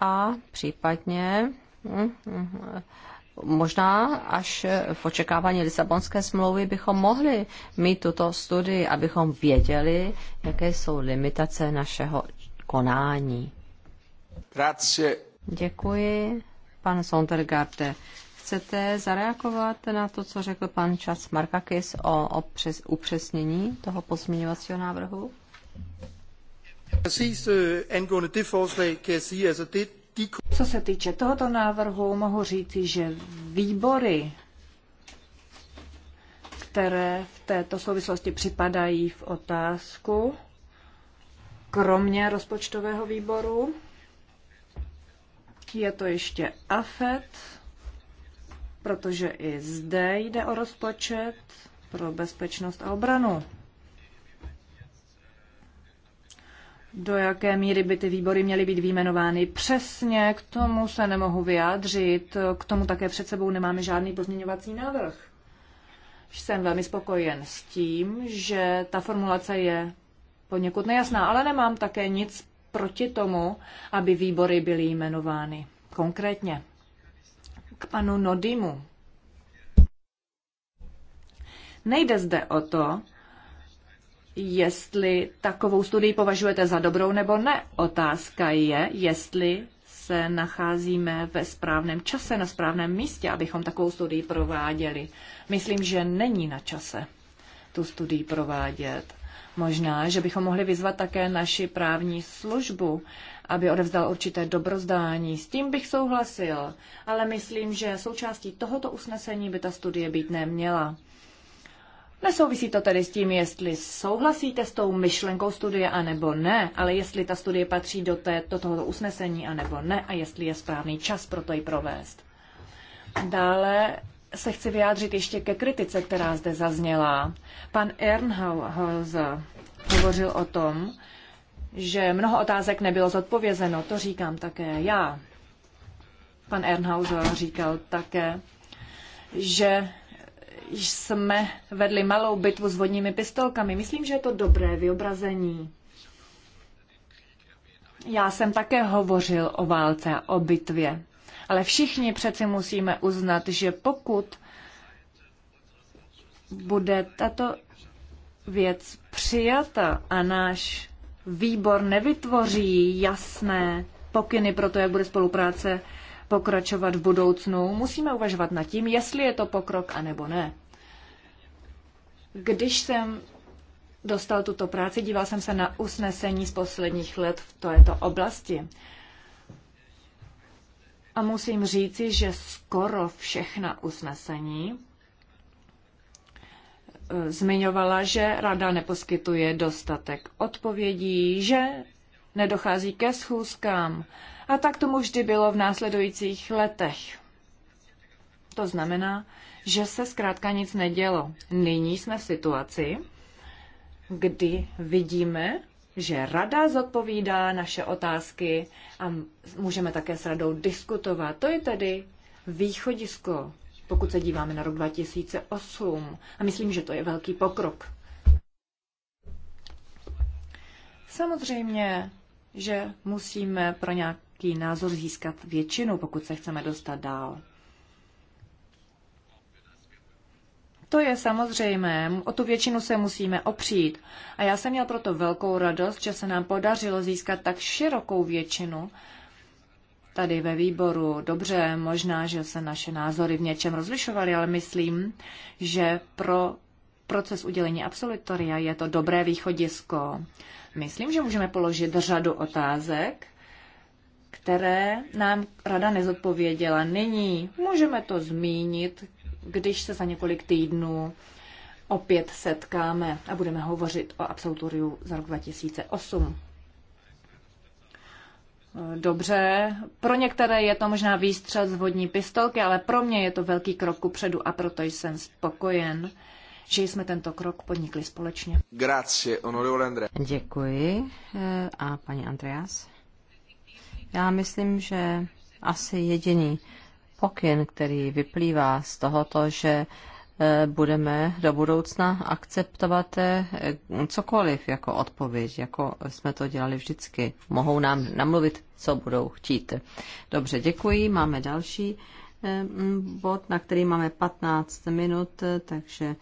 a případně Možná až v očekávání Lisabonské smlouvy bychom mohli mít tuto studii, abychom věděli, jaké jsou limitace našeho konání. Grazie. Děkuji. Pan Sondergarde, chcete zareagovat na to, co řekl pan Čas Markakis o, o přes, upřesnění toho pozměňovacího návrhu? uh, angående det forslag kan jeg sige, altså det, co se týče tohoto návrhu, mohu říci, že výbory, které v této souvislosti připadají v otázku, kromě rozpočtového výboru, je to ještě AFET, protože i zde jde o rozpočet pro bezpečnost a obranu. do jaké míry by ty výbory měly být výjmenovány. Přesně k tomu se nemohu vyjádřit, k tomu také před sebou nemáme žádný pozměňovací návrh. Jsem velmi spokojen s tím, že ta formulace je poněkud nejasná, ale nemám také nic proti tomu, aby výbory byly jmenovány. Konkrétně k panu Nodimu. Nejde zde o to, jestli takovou studii považujete za dobrou nebo ne. Otázka je, jestli se nacházíme ve správném čase, na správném místě, abychom takovou studii prováděli. Myslím, že není na čase tu studii provádět. Možná, že bychom mohli vyzvat také naši právní službu, aby odevzdal určité dobrozdání. S tím bych souhlasil, ale myslím, že součástí tohoto usnesení by ta studie být neměla. Nesouvisí to tedy s tím, jestli souhlasíte s tou myšlenkou studie a nebo ne, ale jestli ta studie patří do, té, do tohoto usnesení a nebo ne a jestli je správný čas pro to ji provést. Dále se chci vyjádřit ještě ke kritice, která zde zazněla. Pan Ernhauser hovořil o tom, že mnoho otázek nebylo zodpovězeno. To říkám také já. Pan Ernhauser říkal také, že jsme vedli malou bitvu s vodními pistolkami. Myslím, že je to dobré vyobrazení. Já jsem také hovořil o válce, o bitvě. Ale všichni přeci musíme uznat, že pokud bude tato věc přijata a náš výbor nevytvoří jasné pokyny pro to, jak bude spolupráce pokračovat v budoucnu, musíme uvažovat nad tím, jestli je to pokrok a nebo ne. Když jsem dostal tuto práci, díval jsem se na usnesení z posledních let v této oblasti. A musím říci, že skoro všechna usnesení eh, zmiňovala, že rada neposkytuje dostatek odpovědí, že nedochází ke schůzkám, a tak tomu vždy bylo v následujících letech. To znamená, že se zkrátka nic nedělo. Nyní jsme v situaci, kdy vidíme, že rada zodpovídá naše otázky a můžeme také s radou diskutovat. To je tedy východisko, pokud se díváme na rok 2008. A myslím, že to je velký pokrok. Samozřejmě, že musíme pro nějak nějaký názor získat většinu, pokud se chceme dostat dál. To je samozřejmé, o tu většinu se musíme opřít. A já jsem měl proto velkou radost, že se nám podařilo získat tak širokou většinu tady ve výboru. Dobře, možná, že se naše názory v něčem rozlišovaly, ale myslím, že pro proces udělení absolutoria je to dobré východisko. Myslím, že můžeme položit řadu otázek které nám rada nezodpověděla. Nyní můžeme to zmínit, když se za několik týdnů opět setkáme a budeme hovořit o absolutoriu za rok 2008. Dobře, pro některé je to možná výstřel z vodní pistolky, ale pro mě je to velký krok ku předu a proto jsem spokojen, že jsme tento krok podnikli společně. Grazie, onorevole Andrea. Děkuji. Eh, a paní Andreas? Já myslím, že asi jediný pokyn, který vyplývá z tohoto, že e, budeme do budoucna akceptovat e, cokoliv jako odpověď, jako jsme to dělali vždycky. Mohou nám namluvit, co budou chtít. Dobře, děkuji. Máme další e, bod, na který máme 15 minut, takže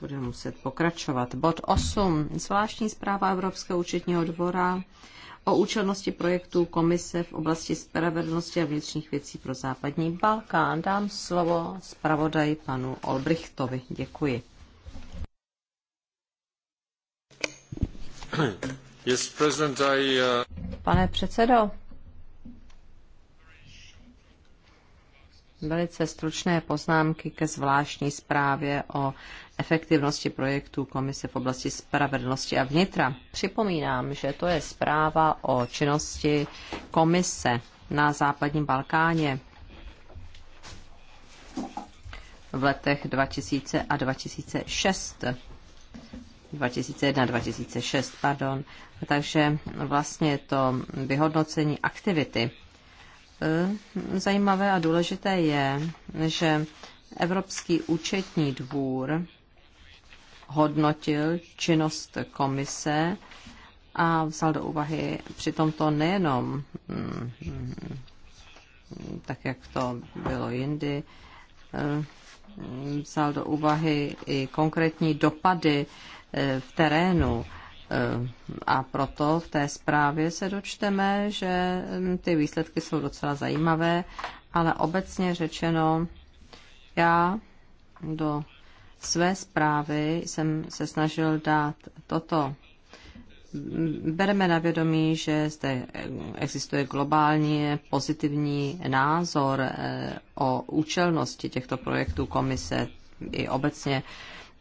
budeme muset pokračovat. Bod 8. Zvláštní zpráva Evropského účetního dvora o účelnosti projektu Komise v oblasti spravedlnosti a vnitřních věcí pro západní Balkán. Dám slovo zpravodaji panu Olbrichtovi. Děkuji. Yes, president, I, uh... Pane předsedo, velice stručné poznámky ke zvláštní zprávě o efektivnosti projektů Komise v oblasti spravedlnosti a vnitra. Připomínám, že to je zpráva o činnosti Komise na západním Balkáně v letech 2000 a 2006. 2001 2006, pardon. Takže vlastně to vyhodnocení aktivity. E, zajímavé a důležité je, že Evropský účetní dvůr hodnotil činnost komise a vzal do úvahy při to nejenom mm, tak, jak to bylo jindy, eh, vzal do úvahy i konkrétní dopady eh, v terénu. Eh, a proto v té zprávě se dočteme, že mm, ty výsledky jsou docela zajímavé, ale obecně řečeno, já do své zprávy jsem se snažil dát toto. Bereme na vědomí, že zde existuje globální pozitivní názor eh, o účelnosti těchto projektů komise i obecně.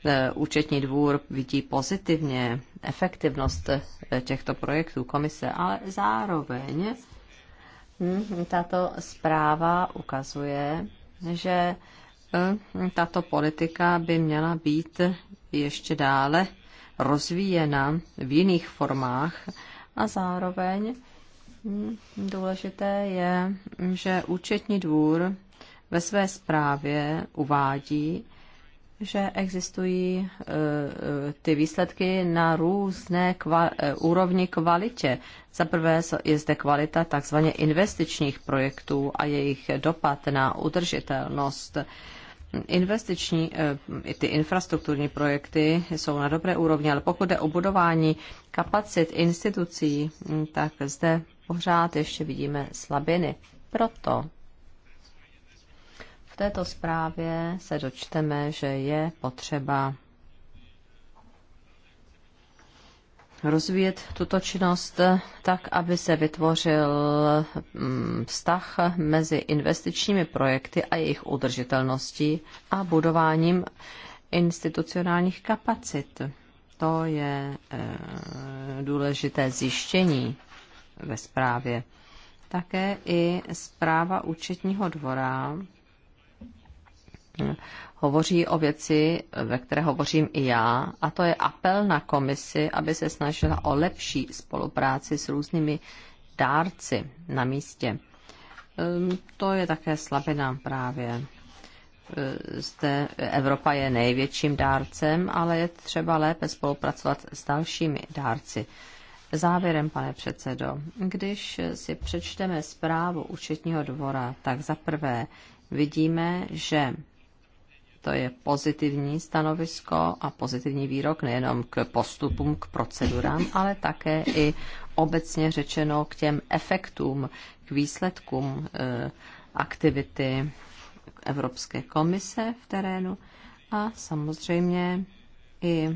Eh, účetní dvůr vidí pozitivně efektivnost eh, těchto projektů komise, ale zároveň hm, tato zpráva ukazuje, že tato politika by měla být ještě dále rozvíjena v jiných formách a zároveň hm, důležité je, že účetní dvůr ve své zprávě uvádí, že existují e, e, ty výsledky na různé kva- e, úrovni kvalitě. Za prvé je zde kvalita takzvaně investičních projektů a jejich dopad na udržitelnost investiční, eh, ty infrastrukturní projekty jsou na dobré úrovni, ale pokud jde o budování kapacit institucí, hm, tak zde pořád ještě vidíme slabiny. Proto v této zprávě se dočteme, že je potřeba rozvíjet tuto činnost eh, tak, aby se vytvořil mm, vztah mezi investičními projekty a jejich udržitelností a budováním institucionálních kapacit. To je eh, důležité zjištění ve zprávě. Také i zpráva účetního dvora hovoří o věci, ve které hovořím i já, a to je apel na komisi, aby se snažila o lepší spolupráci s různými dárci na místě. Ehm, to je také slabina právě. Ehm, zde Evropa je největším dárcem, ale je třeba lépe spolupracovat s dalšími dárci. Závěrem, pane předsedo, když si přečteme zprávu účetního dvora, tak za prvé vidíme, že to je pozitivní stanovisko a pozitivní výrok nejenom k postupům, k procedurám, ale také i obecně řečeno k těm efektům, k výsledkům eh, aktivity Evropské komise v terénu a samozřejmě i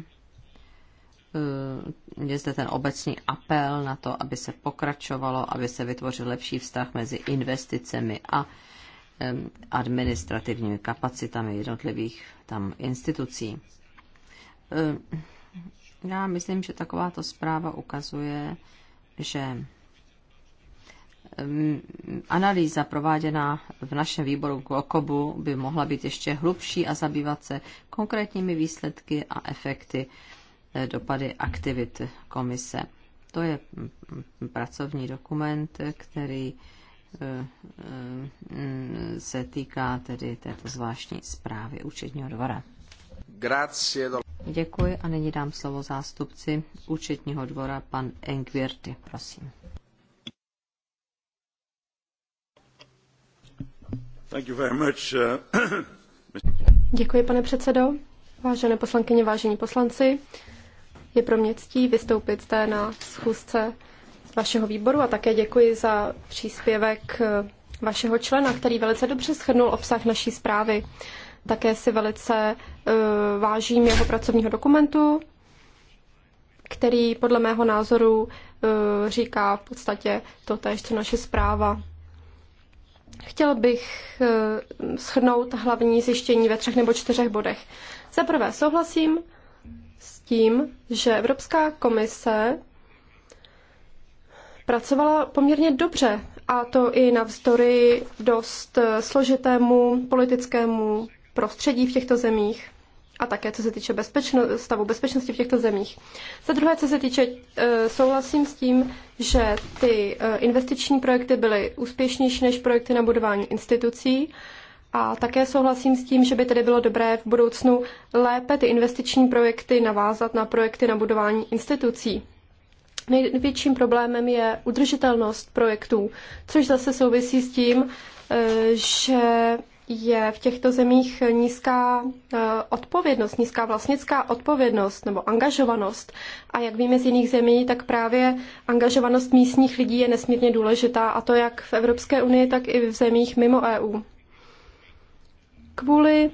eh, je zde ten obecný apel na to, aby se pokračovalo, aby se vytvořil lepší vztah mezi investicemi a administrativními kapacitami jednotlivých tam institucí. Já myslím, že takováto zpráva ukazuje, že analýza prováděná v našem výboru GLOKOBu by mohla být ještě hlubší a zabývat se konkrétními výsledky a efekty eh, dopady aktivit komise. To je pracovní dokument, který se týká tedy této zvláštní zprávy účetního dvora. Děkuji a nyní dám slovo zástupci účetního dvora, pan Engvirty, prosím. Uh, Děkuji, pane předsedo. Vážené poslankyně, vážení poslanci, je pro mě ctí vystoupit zde na schůzce vašeho výboru a také děkuji za příspěvek eh, vašeho člena, který velice dobře shrnul obsah naší zprávy. Také si velice uh, vážím jeho pracovního dokumentu, který podle mého názoru uh, říká v podstatě to též, co naše zpráva. Chtěl bych uh, shrnout hlavní zjištění ve třech nebo čtyřech bodech. Za prvé souhlasím s tím, že Evropská komise pracovala poměrně dobře a to i navzdory dost eh, složitému politickému prostředí v těchto zemích a také co se týče bezpečno, stavu bezpečnosti v těchto zemích. Za druhé, co se týče, eh, souhlasím s tím, že ty eh, investiční projekty byly úspěšnější než projekty na budování institucí. A také souhlasím s tím, že by tedy bylo dobré v budoucnu lépe ty investiční projekty navázat na projekty na budování institucí. Největším problémem je udržitelnost projektů, což zase souvisí s tím, eh, že je v těchto zemích nízká eh, odpovědnost, nízká vlastnická odpovědnost nebo angažovanost. A jak víme z jiných zemí, tak právě angažovanost místních lidí je nesmírně důležitá, a to jak v Evropské unii, tak i v zemích mimo EU. Kvůli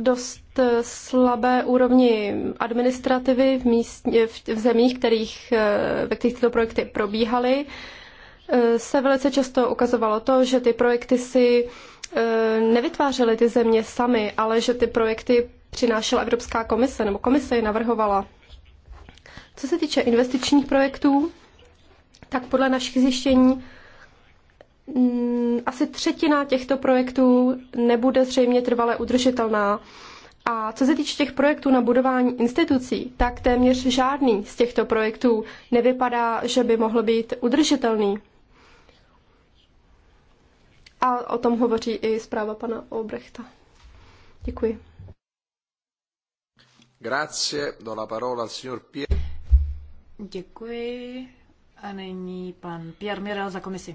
dost eh, slabé úrovni administrativy v, míst, v, v zemích, kterých, eh, ve kterých tyto projekty probíhaly, eh, se velice často ukazovalo to, že ty projekty si nevytvářely ty země sami, ale že ty projekty přinášela Evropská komise, nebo komise je navrhovala. Co se týče investičních projektů, tak podle našich zjištění Mm, asi třetina těchto projektů nebude zřejmě trvale udržitelná. A co se týče těch projektů na budování institucí, tak téměř žádný z těchto projektů nevypadá, že by mohl být udržitelný. A o tom hovoří i zpráva pana Obrechta. Děkuji. Grazie, do la parola al signor Pier. Děkuji. A nyní pan Pierre Mirel za komisi.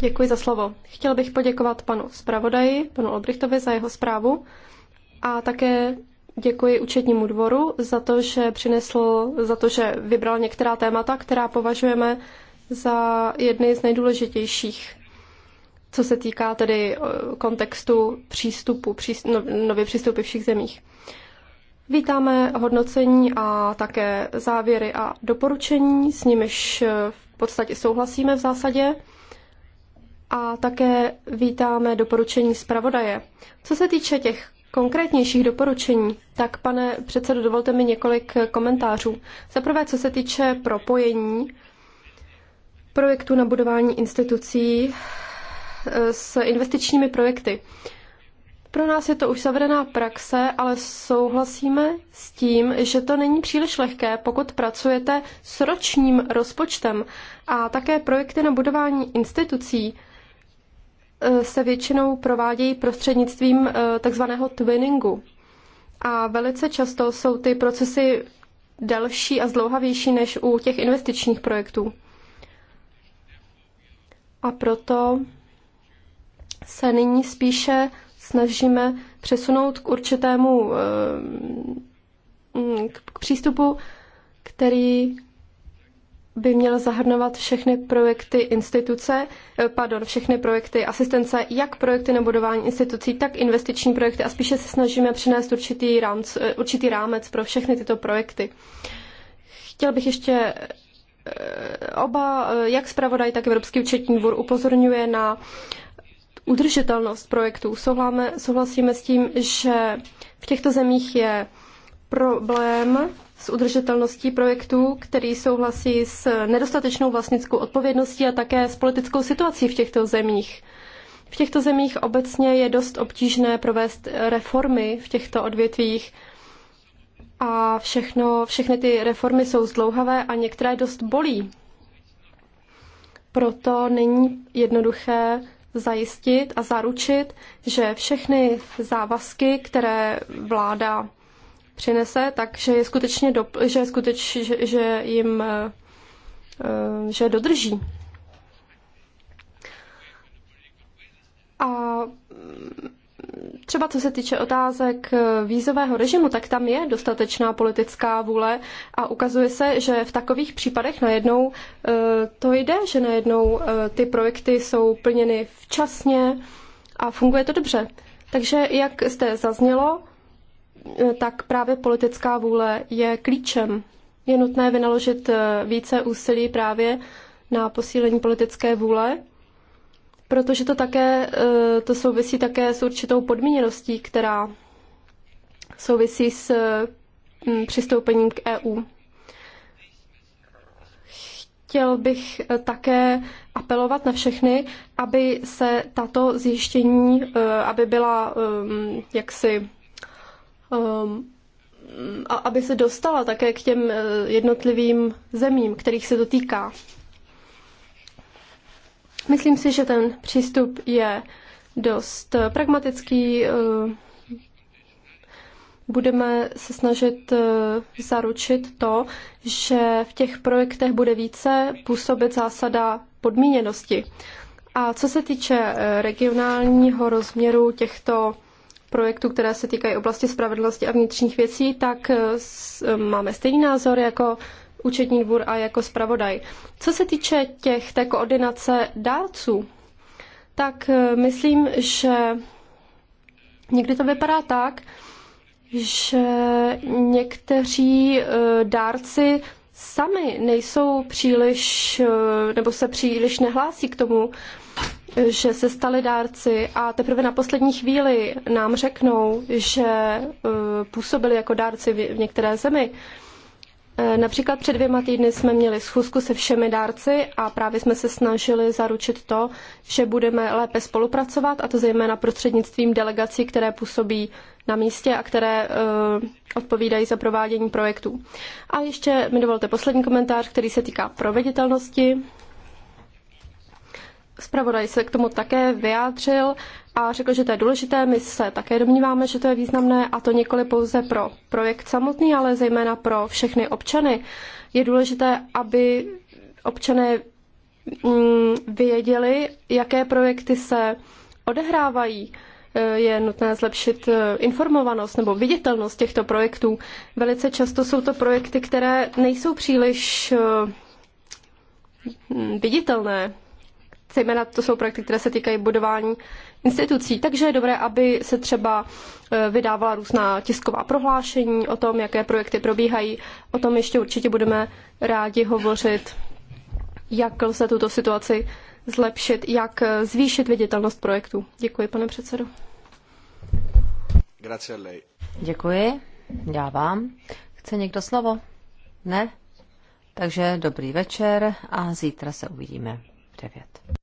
Děkuji za slovo. Chtěl bych poděkovat panu zpravodaji, panu Olbrichtovi za jeho zprávu a také děkuji účetnímu dvoru za to, že přinesl, za to, že vybral některá témata, která považujeme za jedny z nejdůležitějších, co se týká tedy eh, kontextu přístupu, přístup, no, nově přístupy všech zemích. Vítáme hodnocení a také závěry a doporučení, s nimiž eh, v podstatě souhlasíme v zásadě a také vítáme doporučení zpravodaje. Co se týče těch konkrétnějších doporučení, tak pane předsedo, dovolte mi několik komentářů. Za prvé, co se týče propojení projektu na budování institucí eh, s investičními projekty. Pro nás je to už zavedená praxe, ale souhlasíme s tím, že to není příliš lehké, pokud pracujete s ročním rozpočtem. A také projekty na budování institucí Eh, se většinou provádějí prostřednictvím eh, takzvaného twinningu. A velice často jsou ty procesy delší a zdlouhavější než u těch investičních projektů. A proto se nyní spíše snažíme přesunout k určitému eh, mm, k přístupu, který by měl zahrnovat všechny projekty instituce, eh, pardon, všechny projekty asistence, jak projekty na budování institucí, tak investiční projekty a spíše se snažíme přinést určitý, rámc, eh, určitý rámec pro všechny tyto projekty. Chtěl bych ještě eh, oba, jak zpravodaj, tak Evropský účetní dvůr upozorňuje na udržitelnost projektů. Souhláme, souhlasíme s tím, že v těchto zemích je problém s udržitelností projektů, který souhlasí s nedostatečnou vlastnickou odpovědností a také s politickou situací v těchto zemích. V těchto zemích obecně je dost obtížné provést reformy v těchto odvětvích a všechno, všechny ty reformy jsou zdlouhavé a některé dost bolí. Proto není jednoduché zajistit a zaručit, že všechny závazky, které vláda přinese, takže je skutečně, do, že, skuteč, že, že jim eh, eh, že dodrží. A mm, třeba co se týče otázek eh, vízového režimu, tak tam je dostatečná politická vůle a ukazuje se, že v takových případech najednou to jde, že najednou ty projekty jsou plněny včasně a funguje to dobře. Takže, jak jste zaznělo, tak právě politická vůle je klíčem. Je nutné vynaložit eh, více úsilí právě na posílení politické vůle, protože to také eh, to souvisí také s určitou podmíněností, která souvisí s eh, přistoupením k EU. Chtěl bych také apelovat na všechny, aby se tato zjištění, aby byla jaksi Um, a aby se dostala také k těm eh, jednotlivým zemím, kterých se dotýká. Myslím si, že ten přístup je dost eh, pragmatický. Eh, budeme se snažit zaručit to, že v těch projektech bude více působit zásada podmíněnosti. A co se týče regionálního rozměru těchto projektů, které se týkají oblasti spravedlnosti a vnitřních věcí, tak eh, eh, máme stejný názor jako účetní dvůr a jako zpravodaj. Co se týče těch té koordinace dárců, tak eh, myslím, že někdy to vypadá tak, že někteří dárci sami nejsou příliš, nebo se příliš nehlásí k tomu, že se stali dárci a teprve na poslední chvíli nám řeknou, že e, působili jako dárci v některé zemi. E, například před dvěma týdny jsme měli schůzku se všemi dárci a právě jsme se snažili zaručit to, že budeme lépe spolupracovat, a to zejména prostřednictvím delegací, které působí na místě a které e, odpovídají za provádění projektů. A ještě mi dovolte poslední komentář, který se týká proveditelnosti. Spravodaj se k tomu také vyjádřil a řekl, že to je důležité. My se také domníváme, že to je významné a to nikoli pouze pro projekt samotný, ale zejména pro všechny občany. Je důležité, aby občané mm, věděli, jaké projekty se odehrávají. Je nutné zlepšit eh, informovanost nebo viditelnost těchto projektů. Velice často jsou to projekty, které nejsou příliš eh, viditelné zejména to jsou projekty, které se týkají budování institucí, takže je dobré, aby se třeba eh, vydávala různá tisková prohlášení o tom, jaké projekty probíhají. O tom ještě určitě budeme rádi hovořit, jak lze tuto situaci zlepšit, jak eh, zvýšit viditelnost projektu. Děkuji, pane předsedo. Děkuji. Já vám. Chce někdo slovo? Ne? Takže dobrý večer a zítra se uvidíme v 9.